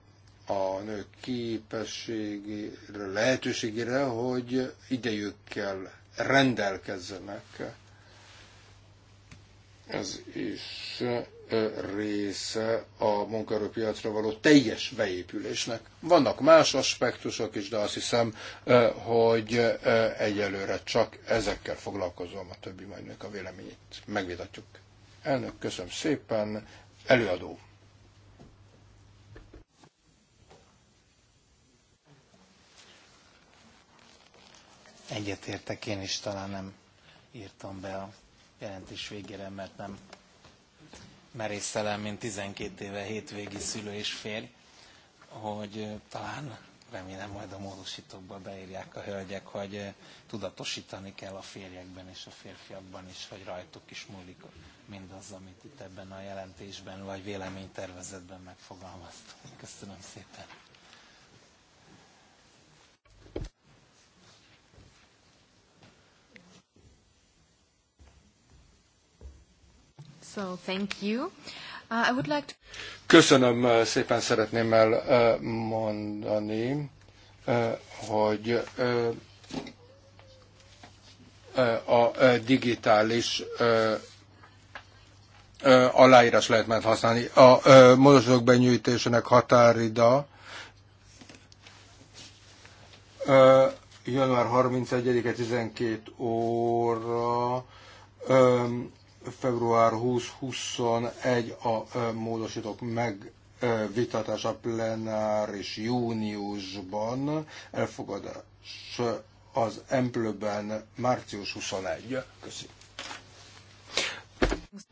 a nők képességére, lehetőségére, hogy idejükkel rendelkezzenek. Ez is része a munkaerőpiacra való teljes beépülésnek. Vannak más aspektusok is, de azt hiszem, hogy egyelőre csak ezekkel foglalkozom, a többi majd a véleményét megvitatjuk. Elnök, köszönöm szépen, előadó. Egyetértek én is, talán nem írtam be a jelentés végére, mert nem merészelem, mint 12 éve hétvégi szülő és férj, hogy eh, talán remélem majd a módosítókba beírják a hölgyek, hogy eh, tudatosítani kell a férjekben és a férfiakban is, hogy rajtuk is múlik mindaz, amit itt ebben a jelentésben vagy véleménytervezetben megfogalmaztunk. Köszönöm szépen! So, thank you. Uh, I would like to... Köszönöm uh, szépen, szeretném elmondani, uh, uh, hogy a digitális aláírás lehet használni. A módosítók benyújtésének határida január 31-e 12 óra um, február 20-21 a módosítók megvitatása plenáris júniusban, elfogadás az Emplőben március 21. Köszönöm.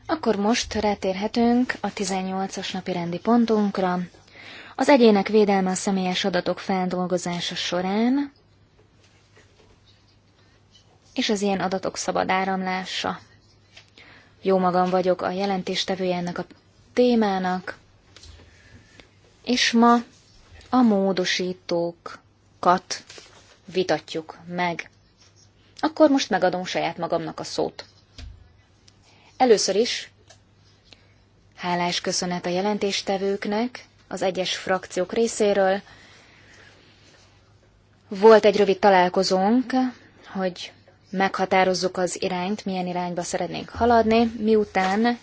Akkor most rátérhetünk a 18-as napi rendi pontunkra. Az egyének védelme a személyes adatok feldolgozása során, és az ilyen adatok szabad áramlása jó magam vagyok a jelentéstevője ennek a témának, és ma a módosítókat vitatjuk meg. Akkor most megadom saját magamnak a szót. Először is hálás köszönet a jelentéstevőknek az egyes frakciók részéről. Volt egy rövid találkozónk, hogy meghatározzuk az irányt, milyen irányba szeretnénk haladni, miután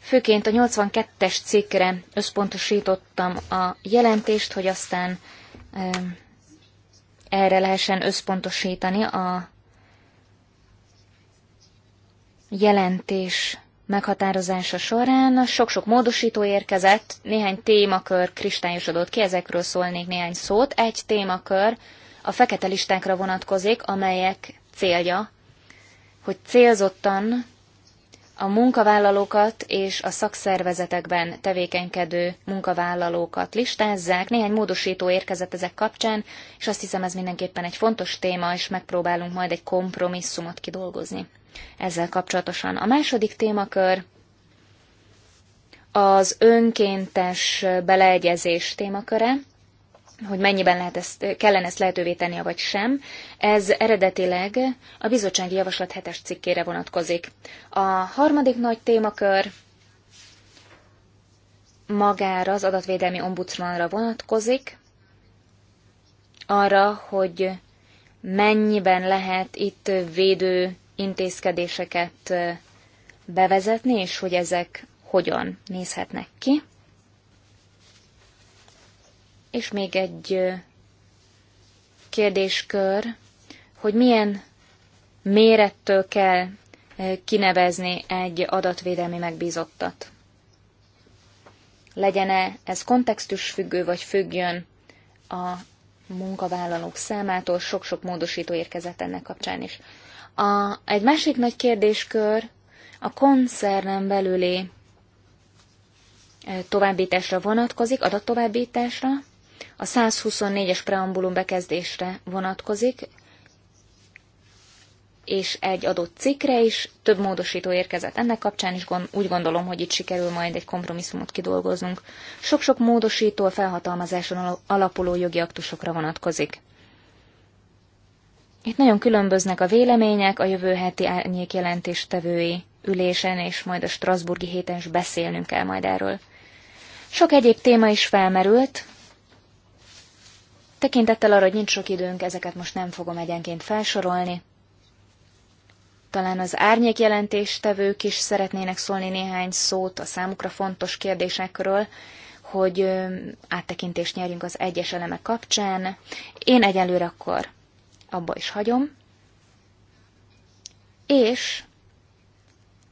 főként a 82-es cikkre összpontosítottam a jelentést, hogy aztán erre lehessen összpontosítani a jelentés meghatározása során. Sok-sok módosító érkezett, néhány témakör kristályosodott ki, ezekről szólnék néhány szót. Egy témakör a fekete listákra vonatkozik, amelyek célja, hogy célzottan a munkavállalókat és a szakszervezetekben tevékenykedő munkavállalókat listázzák. Néhány módosító érkezett ezek kapcsán, és azt hiszem ez mindenképpen egy fontos téma, és megpróbálunk majd egy kompromisszumot kidolgozni ezzel kapcsolatosan. A második témakör az önkéntes beleegyezés témaköre hogy mennyiben lehet ezt, kellene ezt lehetővé tenni, vagy sem, ez eredetileg a bizottsági javaslat hetes cikkére vonatkozik. A harmadik nagy témakör magára az adatvédelmi ombudsmanra vonatkozik, arra, hogy mennyiben lehet itt védő intézkedéseket bevezetni, és hogy ezek hogyan nézhetnek ki. És még egy kérdéskör, hogy milyen mérettől kell kinevezni egy adatvédelmi megbízottat. Legyen-e ez kontextus függő vagy függjön a munkavállalók számától, sok-sok módosító érkezett ennek kapcsán is. A, egy másik nagy kérdéskör a koncernen belüli továbbításra vonatkozik, adattovábbításra, a 124-es preambulum bekezdésre vonatkozik, és egy adott cikkre is több módosító érkezett ennek kapcsán, is gond, úgy gondolom, hogy itt sikerül majd egy kompromisszumot kidolgoznunk. Sok-sok módosító a felhatalmazáson alapuló jogi aktusokra vonatkozik. Itt nagyon különböznek a vélemények, a jövő heti árnyék jelentéstevői ülésen, és majd a Strasburgi héten is beszélnünk kell majd erről. Sok egyéb téma is felmerült, Tekintettel arra, hogy nincs sok időnk, ezeket most nem fogom egyenként felsorolni. Talán az árnyék jelentéstevők is szeretnének szólni néhány szót a számukra fontos kérdésekről, hogy áttekintést nyerjünk az egyes elemek kapcsán. Én egyelőre akkor abba is hagyom, és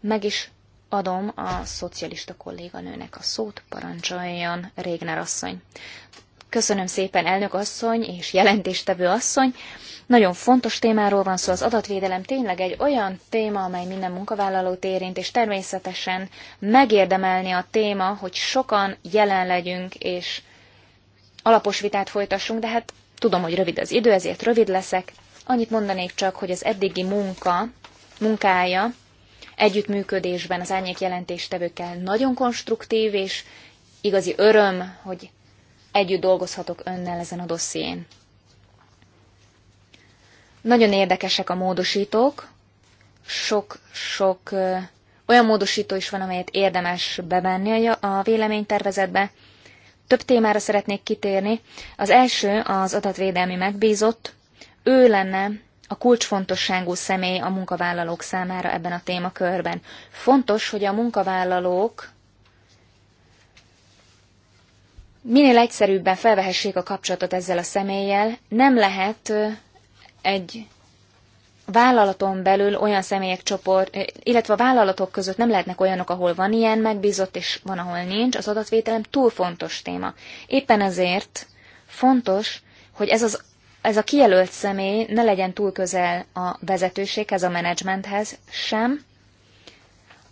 meg is adom a szocialista kolléganőnek a szót, parancsoljon Régner asszony. Köszönöm szépen, elnök asszony és jelentéstevő asszony. Nagyon fontos témáról van szó, az adatvédelem tényleg egy olyan téma, amely minden munkavállalót érint, és természetesen megérdemelni a téma, hogy sokan jelen legyünk, és alapos vitát folytassunk, de hát tudom, hogy rövid az idő, ezért rövid leszek. Annyit mondanék csak, hogy az eddigi munka, munkája együttműködésben az árnyék jelentéstevőkkel nagyon konstruktív, és igazi öröm, hogy együtt dolgozhatok önnel ezen a dosszién. Nagyon érdekesek a módosítók. Sok-sok olyan módosító is van, amelyet érdemes bevenni a véleménytervezetbe. Több témára szeretnék kitérni. Az első az adatvédelmi megbízott. Ő lenne a kulcsfontosságú személy a munkavállalók számára ebben a témakörben. Fontos, hogy a munkavállalók minél egyszerűbben felvehessék a kapcsolatot ezzel a személlyel. Nem lehet egy vállalaton belül olyan személyek csoport, illetve a vállalatok között nem lehetnek olyanok, ahol van ilyen megbízott, és van, ahol nincs. Az adatvételem túl fontos téma. Éppen ezért fontos, hogy ez az ez a kijelölt személy ne legyen túl közel a vezetőséghez, a menedzsmenthez sem,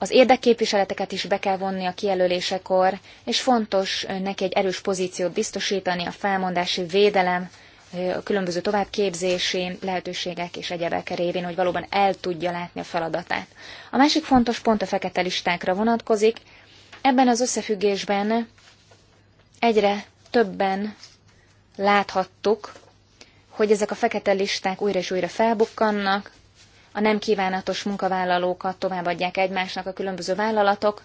az érdekképviseleteket is be kell vonni a kijelölésekor, és fontos neki egy erős pozíciót biztosítani, a felmondási védelem, a különböző továbbképzési lehetőségek és egyebek révén, hogy valóban el tudja látni a feladatát. A másik fontos pont a fekete listákra vonatkozik. Ebben az összefüggésben egyre többen láthattuk, hogy ezek a fekete listák újra és újra felbukkannak, a nem kívánatos munkavállalókat továbbadják egymásnak a különböző vállalatok.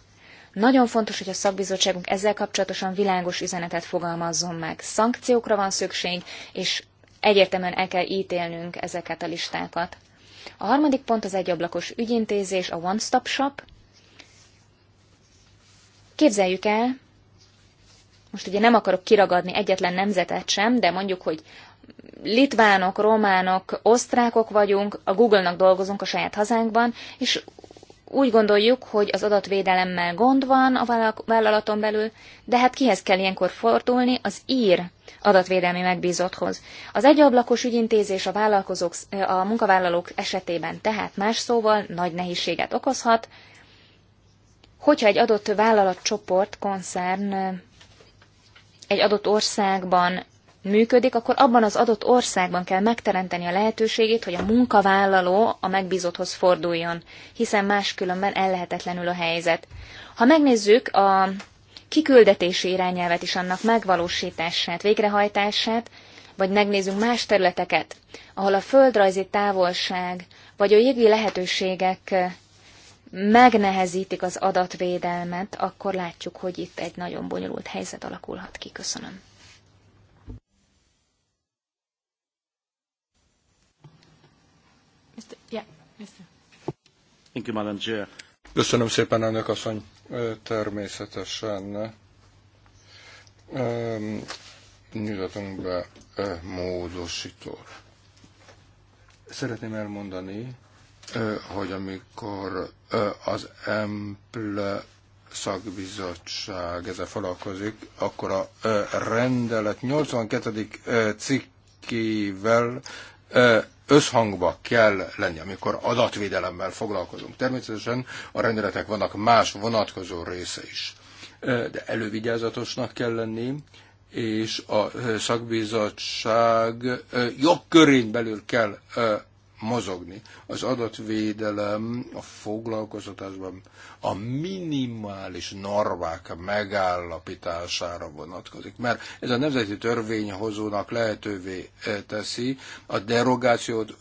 Nagyon fontos, hogy a szakbizottságunk ezzel kapcsolatosan világos üzenetet fogalmazzon meg. Szankciókra van szükség, és egyértelműen el kell ítélnünk ezeket a listákat. A harmadik pont az egyablakos ügyintézés, a One Stop Shop. Képzeljük el, most ugye nem akarok kiragadni egyetlen nemzetet sem, de mondjuk, hogy litvánok, románok, osztrákok vagyunk, a Google-nak dolgozunk a saját hazánkban, és úgy gondoljuk, hogy az adatvédelemmel gond van a vállalaton belül, de hát kihez kell ilyenkor fordulni? Az ír adatvédelmi megbízotthoz. Az egyablakos ügyintézés a, vállalkozók, a munkavállalók esetében tehát más szóval nagy nehézséget okozhat, hogyha egy adott vállalatcsoport, koncern egy adott országban működik, akkor abban az adott országban kell megteremteni a lehetőségét, hogy a munkavállaló a megbízotthoz forduljon, hiszen máskülönben ellehetetlenül a helyzet. Ha megnézzük a kiküldetési irányelvet is annak megvalósítását, végrehajtását, vagy megnézzünk más területeket, ahol a földrajzi távolság vagy a jégi lehetőségek megnehezítik az adatvédelmet, akkor látjuk, hogy itt egy nagyon bonyolult helyzet alakulhat ki. Köszönöm. Köszönöm szépen, elnök asszony. Természetesen nyugatunk be módosítót. Szeretném elmondani, hogy amikor az Emple szakbizottság ezzel foglalkozik, akkor a rendelet 82. cikkével összhangba kell lenni, amikor adatvédelemmel foglalkozunk. Természetesen a rendeletek vannak más vonatkozó része is. De elővigyázatosnak kell lenni, és a szakbizottság jogkörén belül kell mozogni. Az adatvédelem a foglalkoztatásban a minimális normák megállapítására vonatkozik, mert ez a nemzeti törvényhozónak lehetővé teszi a derogációt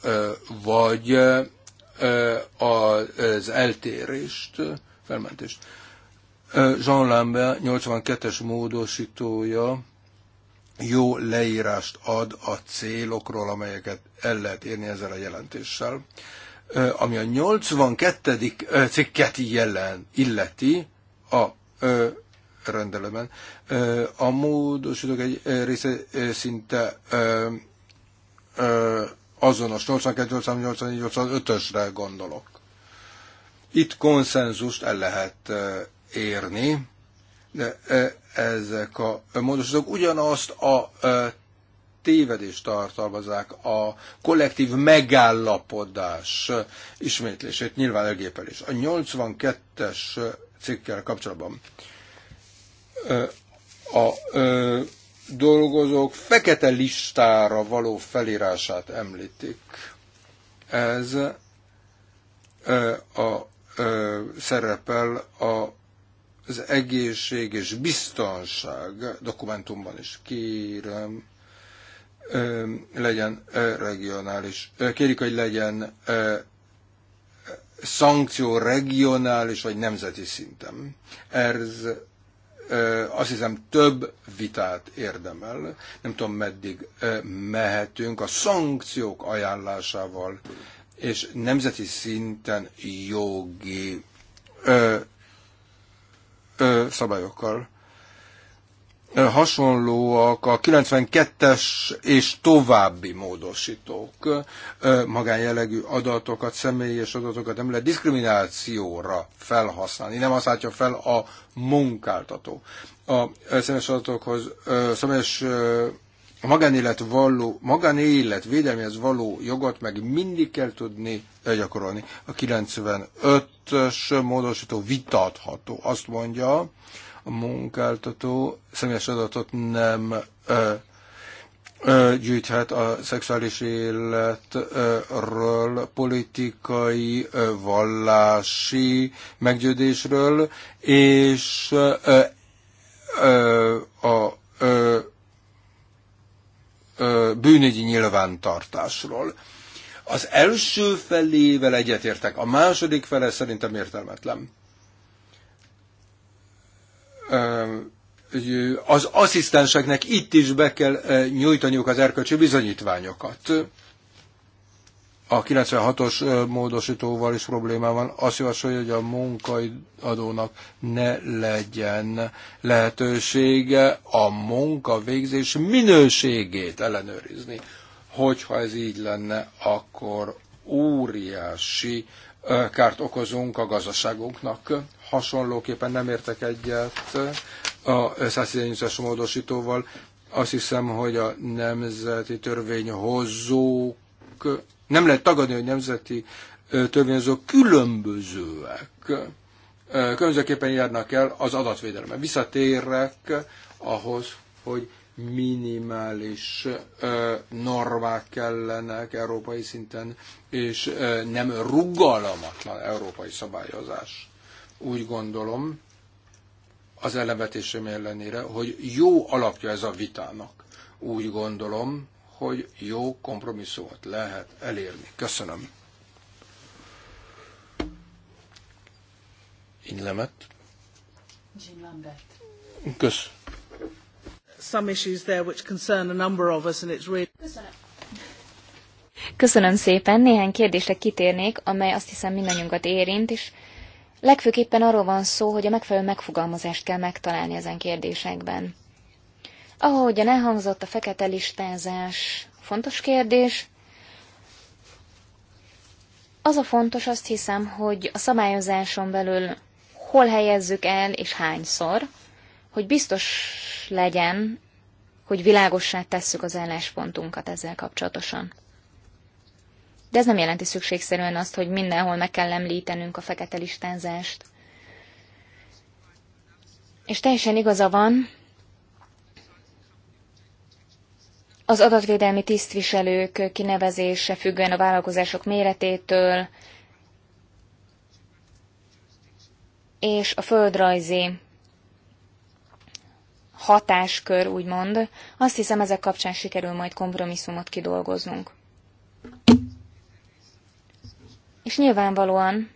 vagy az eltérést, felmentést. Jean Lambert 82-es módosítója jó leírást ad a célokról, amelyeket el lehet érni ezzel a jelentéssel. Ami a 82. cikket jelen illeti a rendelemben, a módosítók egy része szinte azonos 82-84-85-ösre gondolok. Itt konszenzust el lehet érni, de ezek a módosítók ugyanazt a tévedést tartalmazzák, a kollektív megállapodás ismétlését, nyilván elgépelés. A 82-es cikkkel kapcsolatban a dolgozók fekete listára való felírását említik. Ez a szerepel a az egészség és biztonság dokumentumban is kérem, legyen regionális. Kérjük, hogy legyen szankció regionális vagy nemzeti szinten. Ez azt hiszem több vitát érdemel. Nem tudom, meddig mehetünk a szankciók ajánlásával és nemzeti szinten jogi ö, szabályokkal. Hasonlóak a 92-es és további módosítók. Magánjellegű adatokat, személyes adatokat nem lehet diszkriminációra felhasználni, nem használja fel a munkáltató. A személyes adatokhoz, személyes a magánélet, való, magánélet védelmihez való jogot meg mindig kell tudni gyakorolni. A 95-ös módosító vitatható. Azt mondja, a munkáltató személyes adatot nem ö, ö, gyűjthet a szexuális életről, politikai, ö, vallási meggyődésről, és ö, ö, a ö, ö, bűnügyi nyilvántartásról. Az első felével egyetértek, a második fele szerintem értelmetlen. Az asszisztenseknek itt is be kell nyújtaniuk az erkölcsi bizonyítványokat. A 96-os módosítóval is problémá van. Azt javasolja, hogy a munkaadónak ne legyen lehetősége a munka végzés minőségét ellenőrizni Hogyha ez így lenne, akkor óriási kárt okozunk a gazdaságunknak. Hasonlóképpen nem értek egyet a 118-as módosítóval. Azt hiszem, hogy a nemzeti törvényhozók, nem lehet tagadni, hogy nemzeti törvényhozók különbözőek. Különbözőképpen járnak el az adatvédelemben. Visszatérek ahhoz, hogy minimális normák kellenek európai szinten, és nem rugalmatlan európai szabályozás. Úgy gondolom, az elevetésem ellenére, hogy jó alapja ez a vitának. Úgy gondolom, hogy jó kompromisszumot lehet elérni. Köszönöm. Inlemet. Jean Lambert. Kösz some issues there which concern a number of us, and it's really... Köszönöm. szépen. Néhány kérdésre kitérnék, amely azt hiszem mindannyiunkat érint, és legfőképpen arról van szó, hogy a megfelelő megfogalmazást kell megtalálni ezen kérdésekben. a elhangzott a fekete listázás, fontos kérdés. Az a fontos, azt hiszem, hogy a szabályozáson belül hol helyezzük el és hányszor, hogy biztos legyen, hogy világossá tesszük az álláspontunkat ezzel kapcsolatosan. De ez nem jelenti szükségszerűen azt, hogy mindenhol meg kell említenünk a fekete listázást. És teljesen igaza van, az adatvédelmi tisztviselők kinevezése függően a vállalkozások méretétől és a földrajzi hatáskör, úgymond, azt hiszem ezek kapcsán sikerül majd kompromisszumot kidolgoznunk. És nyilvánvalóan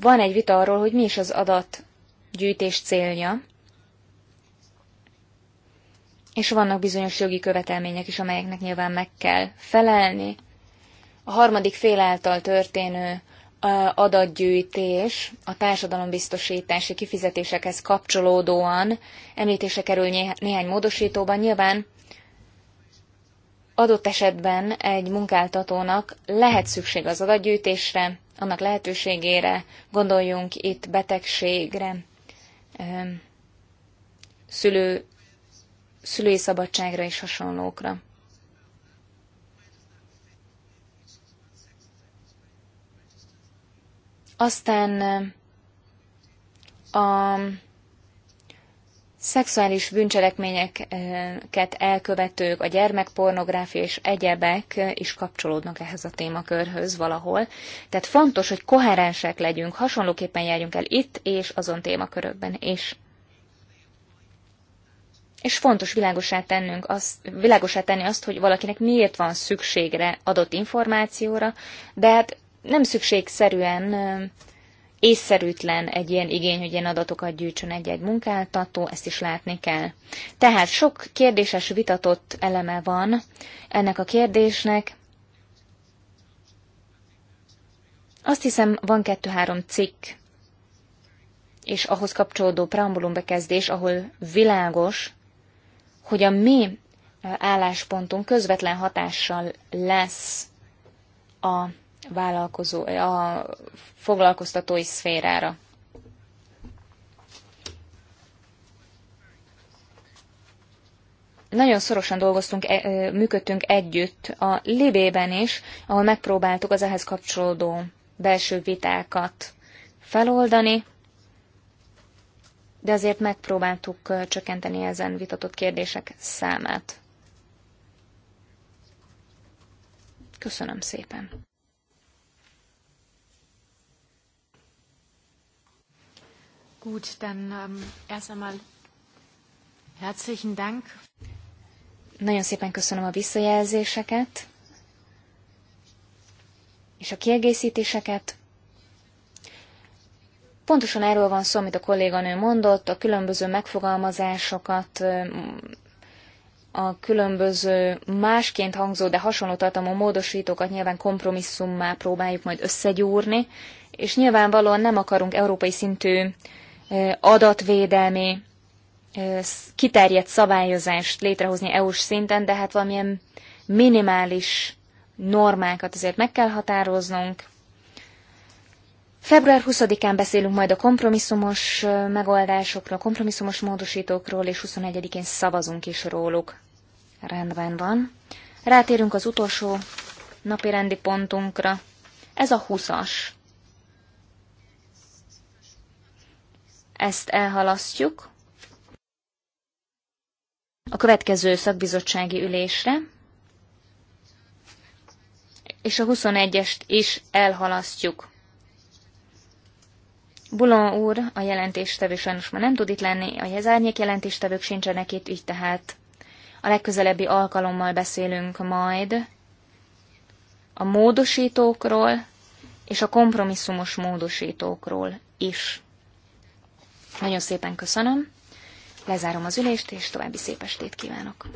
van egy vita arról, hogy mi is az adatgyűjtés célja, és vannak bizonyos jogi követelmények is, amelyeknek nyilván meg kell felelni. A harmadik fél által történő adatgyűjtés a társadalombiztosítási kifizetésekhez kapcsolódóan említése kerül néhány módosítóban. Nyilván adott esetben egy munkáltatónak lehet szükség az adatgyűjtésre, annak lehetőségére, gondoljunk itt betegségre, szülő, szülői szabadságra és hasonlókra. Aztán a szexuális bűncselekményeket elkövetők, a gyermekpornográfia és egyebek is kapcsolódnak ehhez a témakörhöz valahol. Tehát fontos, hogy koherensek legyünk, hasonlóképpen járjunk el itt és azon témakörökben is. És fontos világosá, tennünk azt, világosá tenni azt, hogy valakinek miért van szükségre adott információra, de hát nem szükségszerűen észszerűtlen egy ilyen igény, hogy ilyen adatokat gyűjtsön egy-egy munkáltató, ezt is látni kell. Tehát sok kérdéses vitatott eleme van ennek a kérdésnek. Azt hiszem, van kettő-három cikk, és ahhoz kapcsolódó preambulum bekezdés, ahol világos, hogy a mi álláspontunk közvetlen hatással lesz a vállalkozó, a foglalkoztatói szférára. Nagyon szorosan dolgoztunk, e, működtünk együtt a Libében is, ahol megpróbáltuk az ehhez kapcsolódó belső vitákat feloldani, de azért megpróbáltuk csökkenteni ezen vitatott kérdések számát. Köszönöm szépen! Gut, dann ähm, erst einmal herzlichen Dank. Nagyon szépen köszönöm a visszajelzéseket és a kiegészítéseket. Pontosan erről van szó, amit a kolléganő mondott, a különböző megfogalmazásokat, a különböző másként hangzó, de hasonló tartalmú módosítókat nyilván kompromisszummá próbáljuk majd összegyúrni, és nyilvánvalóan nem akarunk európai szintű adatvédelmi kiterjedt szabályozást létrehozni EU-s szinten, de hát valamilyen minimális normákat azért meg kell határoznunk. Február 20-án beszélünk majd a kompromisszumos megoldásokról, a kompromisszumos módosítókról, és 21-én szavazunk is róluk. Rendben van. Rátérünk az utolsó napi rendi pontunkra. Ez a 20-as. ezt elhalasztjuk a következő szakbizottsági ülésre, és a 21-est is elhalasztjuk. Bulon úr, a jelentéstevő sajnos már nem tud itt lenni, a jezárnyék jelentéstevők sincsenek itt, így tehát a legközelebbi alkalommal beszélünk majd a módosítókról és a kompromisszumos módosítókról is. Nagyon szépen köszönöm. Lezárom az ülést, és további szép estét kívánok.